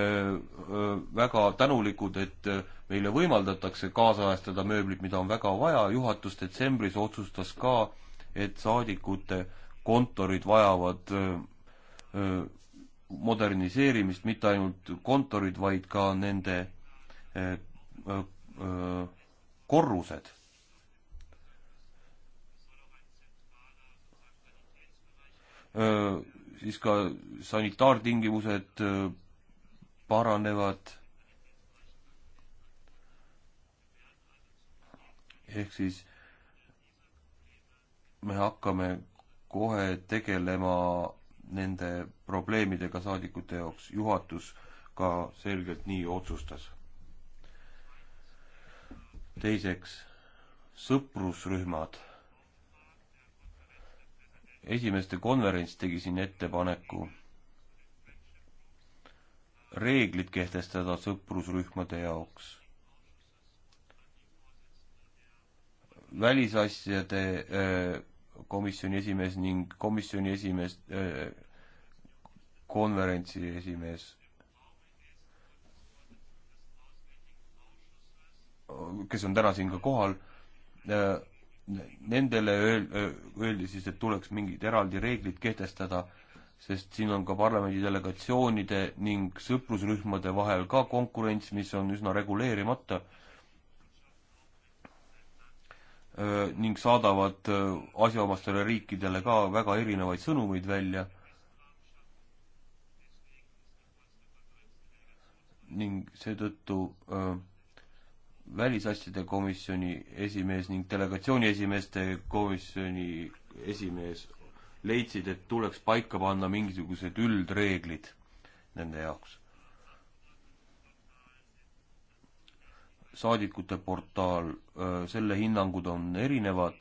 öö, väga tänulikud, et meile võimaldatakse kaasajastada mööblit, mida on väga vaja, juhatus detsembris otsustas ka, et saadikute kontorid vajavad öö, öö, moderniseerimist, mitte ainult kontorid, vaid ka nende öö, öö, korrused Äh, siis ka sanitaartingimused äh, paranevad. ehk siis me hakkame kohe tegelema nende probleemidega saadikute jaoks, juhatus ka selgelt nii otsustas. teiseks, sõprusrühmad esimeste konverents tegi siin ettepaneku reeglid kehtestada sõprusrühmade jaoks. välisasjade äh, komisjoni esimees ning komisjoni esimees, äh, konverentsi esimees kes on täna siin ka kohal äh,, nendele öel-, öeldi siis, et tuleks mingid eraldi reeglid kehtestada, sest siin on ka parlamendi delegatsioonide ning sõprusrühmade vahel ka konkurents, mis on üsna reguleerimata ning saadavad asjaomastele riikidele ka väga erinevaid sõnumeid välja ning seetõttu öö, välisasjade komisjoni esimees ning delegatsiooni esimeeste komisjoni esimees leidsid, et tuleks paika panna mingisugused üldreeglid nende jaoks. saadikute portaal, selle hinnangud on erinevad,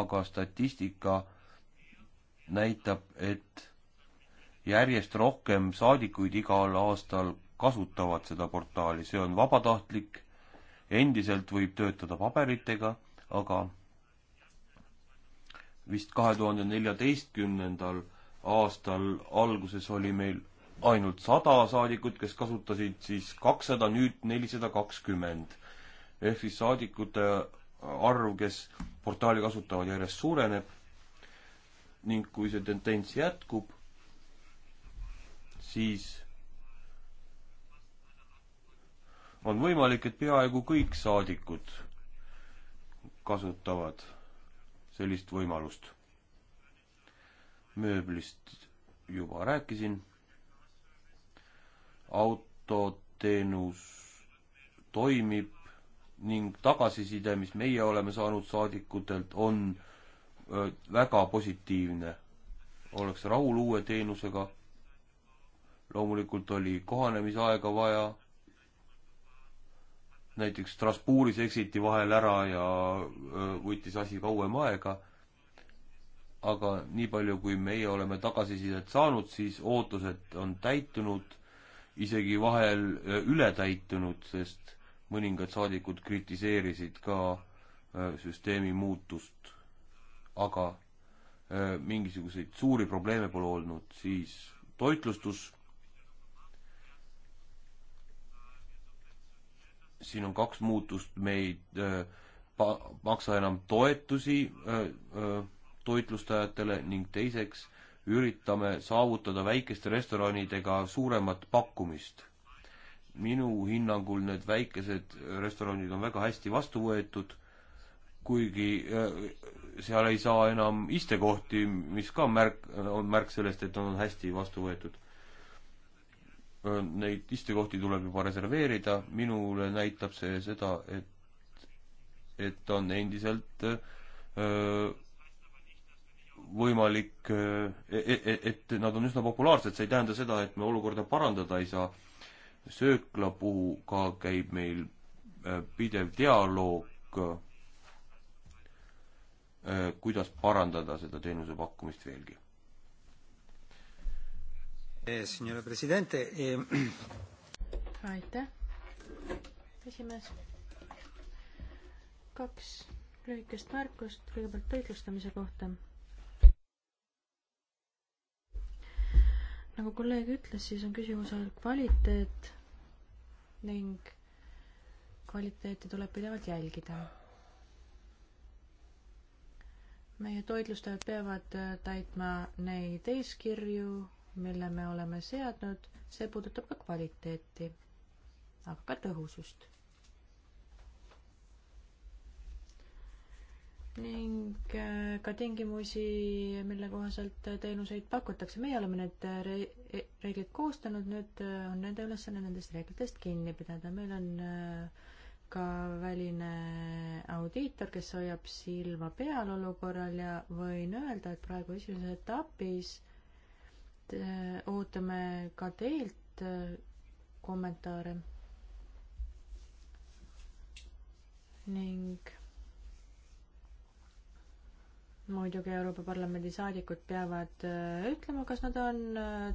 aga statistika näitab, et järjest rohkem saadikuid igal aastal kasutavad seda portaali, see on vabatahtlik, endiselt võib töötada paberitega, aga vist kahe tuhande neljateistkümnendal aastal alguses oli meil ainult sada saadikut, kes kasutasid siis kakssada, nüüd nelisada kakskümmend. ehk siis saadikute arv, kes portaali kasutavad, järjest suureneb ning kui see tendents jätkub, siis on võimalik, et peaaegu kõik saadikud kasutavad sellist võimalust. mööblist juba rääkisin. autoteenus toimib ning tagasiside, mis meie oleme saanud saadikutelt, on väga positiivne. ollakse rahul uue teenusega. loomulikult oli kohanemisaega vaja näiteks Strasbourgis eksiti vahel ära ja võttis asi kauem aega, aga nii palju, kui meie oleme tagasisidet saanud, siis ootused on täitunud, isegi vahel ületäitunud, sest mõningad saadikud kritiseerisid ka süsteemi muutust, aga mingisuguseid suuri probleeme pole olnud, siis toitlustus siin on kaks muutust, me ei äh, pa-, maksa enam toetusi äh, äh, toitlustajatele ning teiseks üritame saavutada väikeste restoranidega suuremat pakkumist. minu hinnangul need väikesed restoranid on väga hästi vastu võetud, kuigi seal ei saa enam istekohti, mis ka märk, on märk sellest, et nad on hästi vastu võetud neid istekohti tuleb juba reserveerida, minule näitab see seda, et, et on endiselt öö, võimalik, e, e, e, et nad on üsna populaarsed, see ei tähenda seda, et me olukorda parandada ei saa. sööklapuuga käib meil pidev dialoog, kuidas parandada seda teenuse pakkumist veelgi. Eh, eh, aitäh, esimees. kaks lühikest märkust, kõigepealt õiglustamise kohta. nagu kolleeg ütles, siis on küsimuse all kvaliteet ning kvaliteeti tuleb pidevalt jälgida. meie toitlustajad peavad äh, täitma neid eeskirju mille me oleme seadnud, see puudutab ka kvaliteeti, aga ka tõhusust. ning äh, ka tingimusi, mille kohaselt teenuseid pakutakse. meie oleme need e-, reeglid koostanud, nüüd äh, on nende ülesanne nendest reeglitest kinni pidada. meil on äh, ka väline audiitor, kes hoiab silma peal olukorral ja võin öelda, et praegu esimeses etapis äh, Äh, ootame ka teilt äh, kommentaare ning muidugi Euroopa Parlamendi saadikud peavad äh, ütlema, kas nad on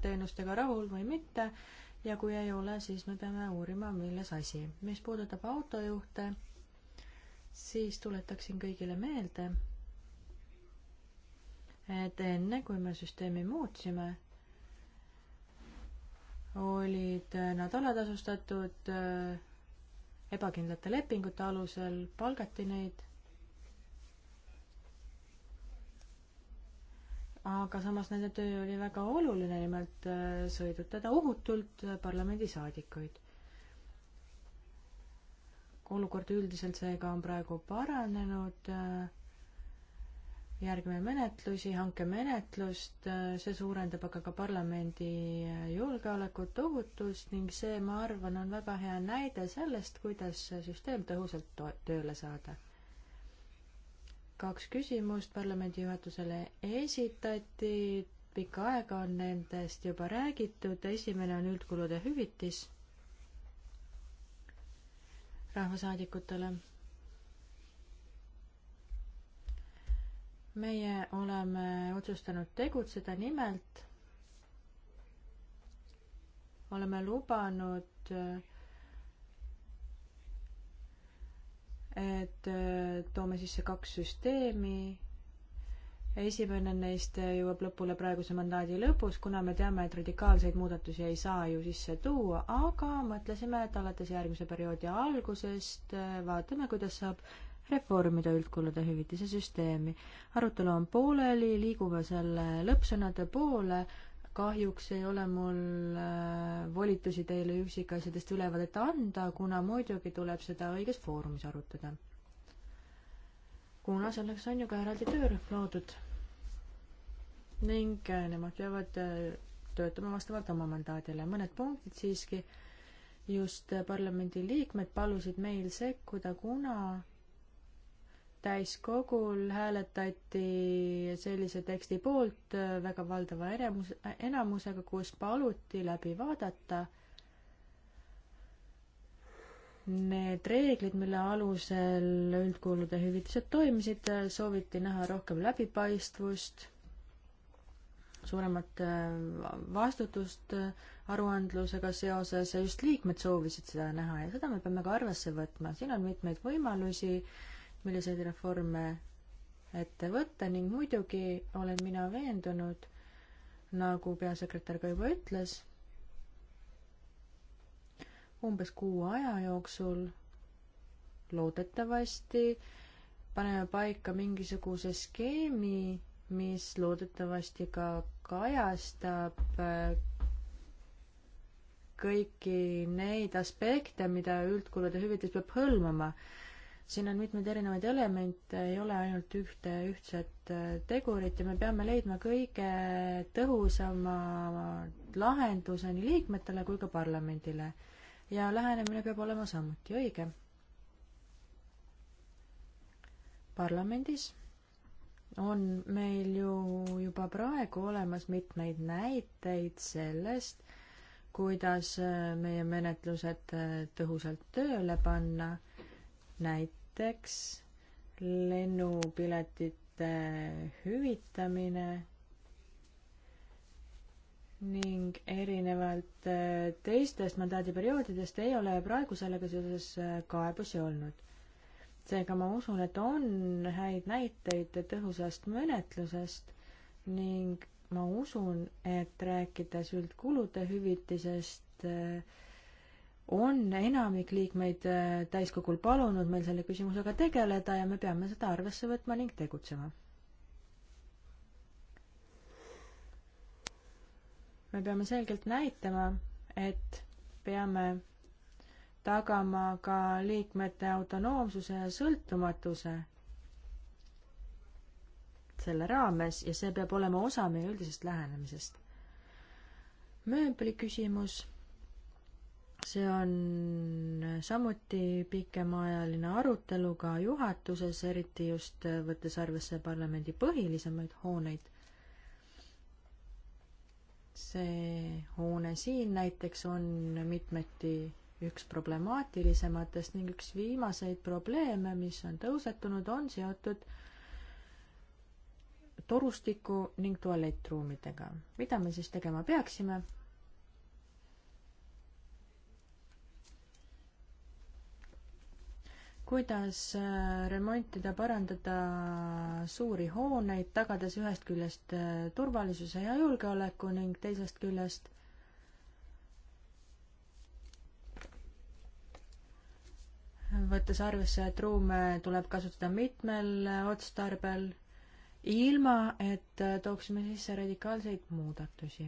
teenustega rahul või mitte ja kui ei ole, siis me peame uurima, milles asi. mis puudutab autojuhte, siis tuletaksin kõigile meelde, et enne, kui me süsteemi muutsime, olid äh, nad alatasustatud äh, ebakindlate lepingute alusel, palgati neid, aga samas nende töö oli väga oluline, nimelt äh, sõidutada ohutult parlamendisaadikuid. olukord üldiselt seega on praegu paranenud järgime menetlusi, hankemenetlust, see suurendab aga ka parlamendi julgeolekut, ohutust ning see, ma arvan, on väga hea näide sellest, kuidas süsteem tõhusalt tööle saada. kaks küsimust parlamendi juhatusele esitati, pikka aega on nendest juba räägitud, esimene on üldkulude hüvitis rahvasaadikutele meie oleme otsustanud tegutseda, nimelt oleme lubanud, et äh, toome sisse kaks süsteemi. esimene neist jõuab lõpule praeguse mandaadi lõpus, kuna me teame, et radikaalseid muudatusi ei saa ju sisse tuua, aga mõtlesime, et alates järgmise perioodi algusest äh, vaatame, kuidas saab reformida üldkulude hüvitise süsteemi. arutelu on pooleli, liigume selle lõppsõnade poole, kahjuks ei ole mul äh, volitusi teile üksikasjadest ülevaadet anda, kuna muidugi tuleb seda õiges foorumis arutada. kuna selleks on ju ka eraldi töörühm loodud ning äh, nemad peavad äh, töötama vastavalt oma mandaadile. mõned punktid siiski, just parlamendi liikmed palusid meil sekkuda, kuna täiskogul hääletati sellise teksti poolt äh, väga valdava enamus, enamusega, kus paluti läbi vaadata need reeglid, mille alusel üldkulude hüvitised toimisid, sooviti näha rohkem läbipaistvust, suuremat äh, vastutust äh, aruandlusega seoses ja just liikmed soovisid seda näha ja seda me peame ka arvesse võtma, siin on mitmeid võimalusi äh, milliseid reforme ette võtta ning muidugi olen mina veendunud, nagu peasekretär ka juba ütles, umbes kuu aja jooksul loodetavasti paneme paika mingisuguse skeemi, mis loodetavasti ka kajastab kõiki neid aspekte, mida üldkulude hüvitis peab hõlmama siin on mitmeid erinevaid elemente, ei ole ainult ühte ühtset äh, tegurit ja me peame leidma kõige tõhusama lahenduse nii liikmetele kui ka parlamendile. ja lähenemine peab olema samuti õige. parlamendis on meil ju juba praegu olemas mitmeid näiteid sellest, kuidas äh, meie menetlused äh, tõhusalt tööle panna näiteks lennupiletite hüvitamine ning erinevalt äh, teistest mandaadiperioodidest ei ole praegu sellega seoses äh, kaebusi olnud. seega ma usun, et on häid näiteid tõhusast menetlusest ning ma usun, et rääkides üldkulude hüvitisest äh, on enamik liikmeid äh, täiskogul palunud meil selle küsimusega tegeleda ja me peame seda arvesse võtma ning tegutsema. me peame selgelt näitama, et peame tagama ka liikmete autonoomsuse ja sõltumatuse selle raames ja see peab olema osa meie üldisest lähenemisest. mööbli küsimus see on samuti pikemaajaline arutelu ka juhatuses, eriti just võttes arvesse parlamendi põhilisemaid hooneid. see hoone siin näiteks on mitmeti üks problemaatilisematest ning üks viimaseid probleeme, mis on tõusetunud, on seotud torustiku ning tualettruumidega. mida me siis tegema peaksime? kuidas äh, remontida, parandada suuri hooneid, tagades ühest küljest äh, turvalisuse ja julgeoleku ning teisest küljest võttes arvesse, et ruume tuleb kasutada mitmel äh, otstarbel, ilma et tooksime sisse radikaalseid muudatusi.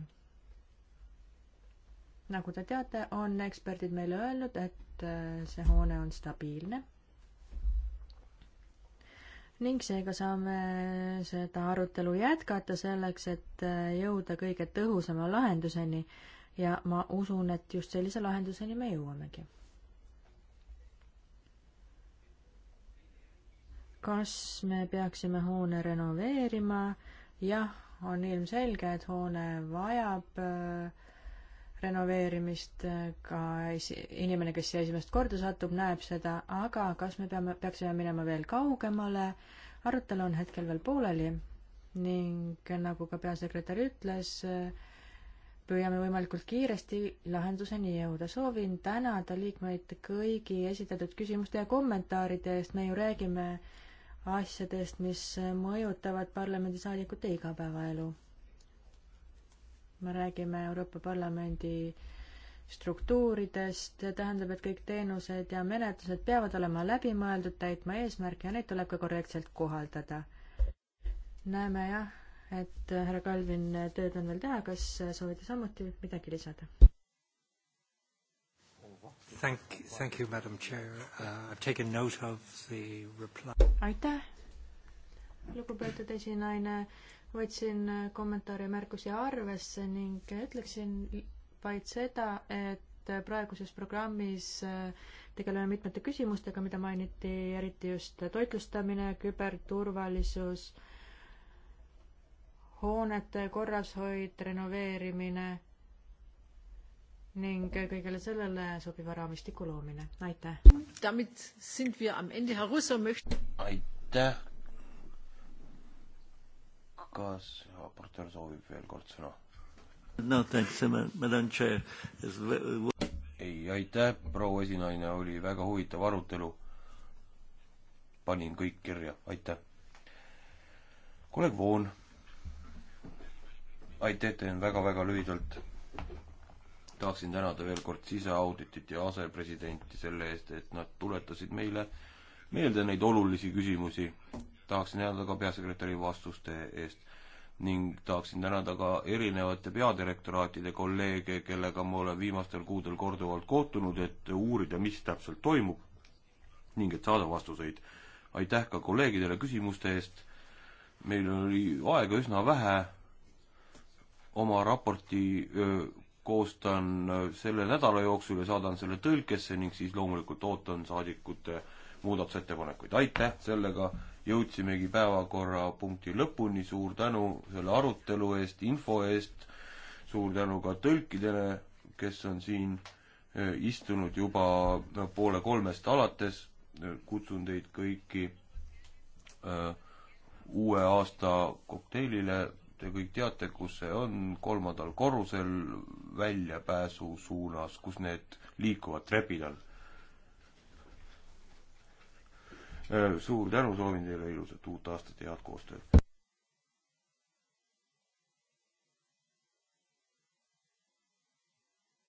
nagu te teate, on eksperdid meile öelnud, et see hoone on stabiilne ning seega saame seda arutelu jätkata selleks, et jõuda kõige tõhusama lahenduseni ja ma usun, et just sellise lahenduseni me jõuamegi. kas me peaksime hoone renoveerima? jah, on ilmselge, et hoone vajab äh, renoveerimist, ka esi-, inimene, kes siia esimest korda satub, näeb seda, aga kas me peame, peaksime minema veel kaugemale, arutelu on hetkel veel pooleli ning nagu ka peasekretär ütles, püüame võimalikult kiiresti lahenduseni jõuda. soovin tänada liikmeid kõigi esitatud küsimuste ja kommentaaride eest, me ju räägime asjadest, mis mõjutavad parlamendisaadikute igapäevaelu me räägime Euroopa Parlamendi struktuuridest, see tähendab, et kõik teenused ja menetlused peavad olema läbimõeldud, täitma eesmärke ja neid tuleb ka korrektselt kohaldada. näeme jah, et härra Kalvin, tööd on veel teha, kas soovite samuti midagi lisada? Thank, thank you, madam chair uh,. I have taken note of the reply. aitäh, lugupeetud esinaine võtsin äh, kommentaare ja märkusi arvesse ning ütleksin vaid seda, et äh, praeguses programmis äh, tegeleme mitmete küsimustega, mida mainiti, eriti just toitlustamine, küberturvalisus, hoonete korrashoid, renoveerimine ning kõigele sellele sobiva raamistiku loomine. aitäh! aitäh! kas raportöör soovib veel kord sõna? no thanks, madam chair. ei, aitäh, proua esinaine, oli väga huvitav arutelu. panin kõik kirja, aitäh. kolleeg Voon. aitäh, teen väga-väga lühidalt. tahaksin tänada veel kord siseauditit ja asepresidenti selle eest, et nad tuletasid meile meelde neid olulisi küsimusi tahaksin tänada ka peasekretäri vastuste eest ning tahaksin tänada ka erinevate peadirektoraatide kolleege, kellega ma olen viimastel kuudel korduvalt kohtunud, et uurida, mis täpselt toimub ning et saada vastuseid. aitäh ka kolleegidele küsimuste eest. meil oli aega üsna vähe. oma raporti öö, koostan selle nädala jooksul ja saadan selle tõlkesse ning siis loomulikult ootan saadikute muudatusettepanekuid. aitäh, sellega jõudsimegi päevakorrapunkti lõpuni, suur tänu selle arutelu eest, info eest, suur tänu ka tõlkidele, kes on siin e, istunud juba poole kolmest alates, e, kutsun teid kõiki öö, e, uue aasta kokteilile, te kõik teate, kus see on, kolmandal korrusel väljapääsu suunas, kus need liikuvad trepid on Äh, suur tänu, soovin teile ilusat uut aastat ja head koostööd!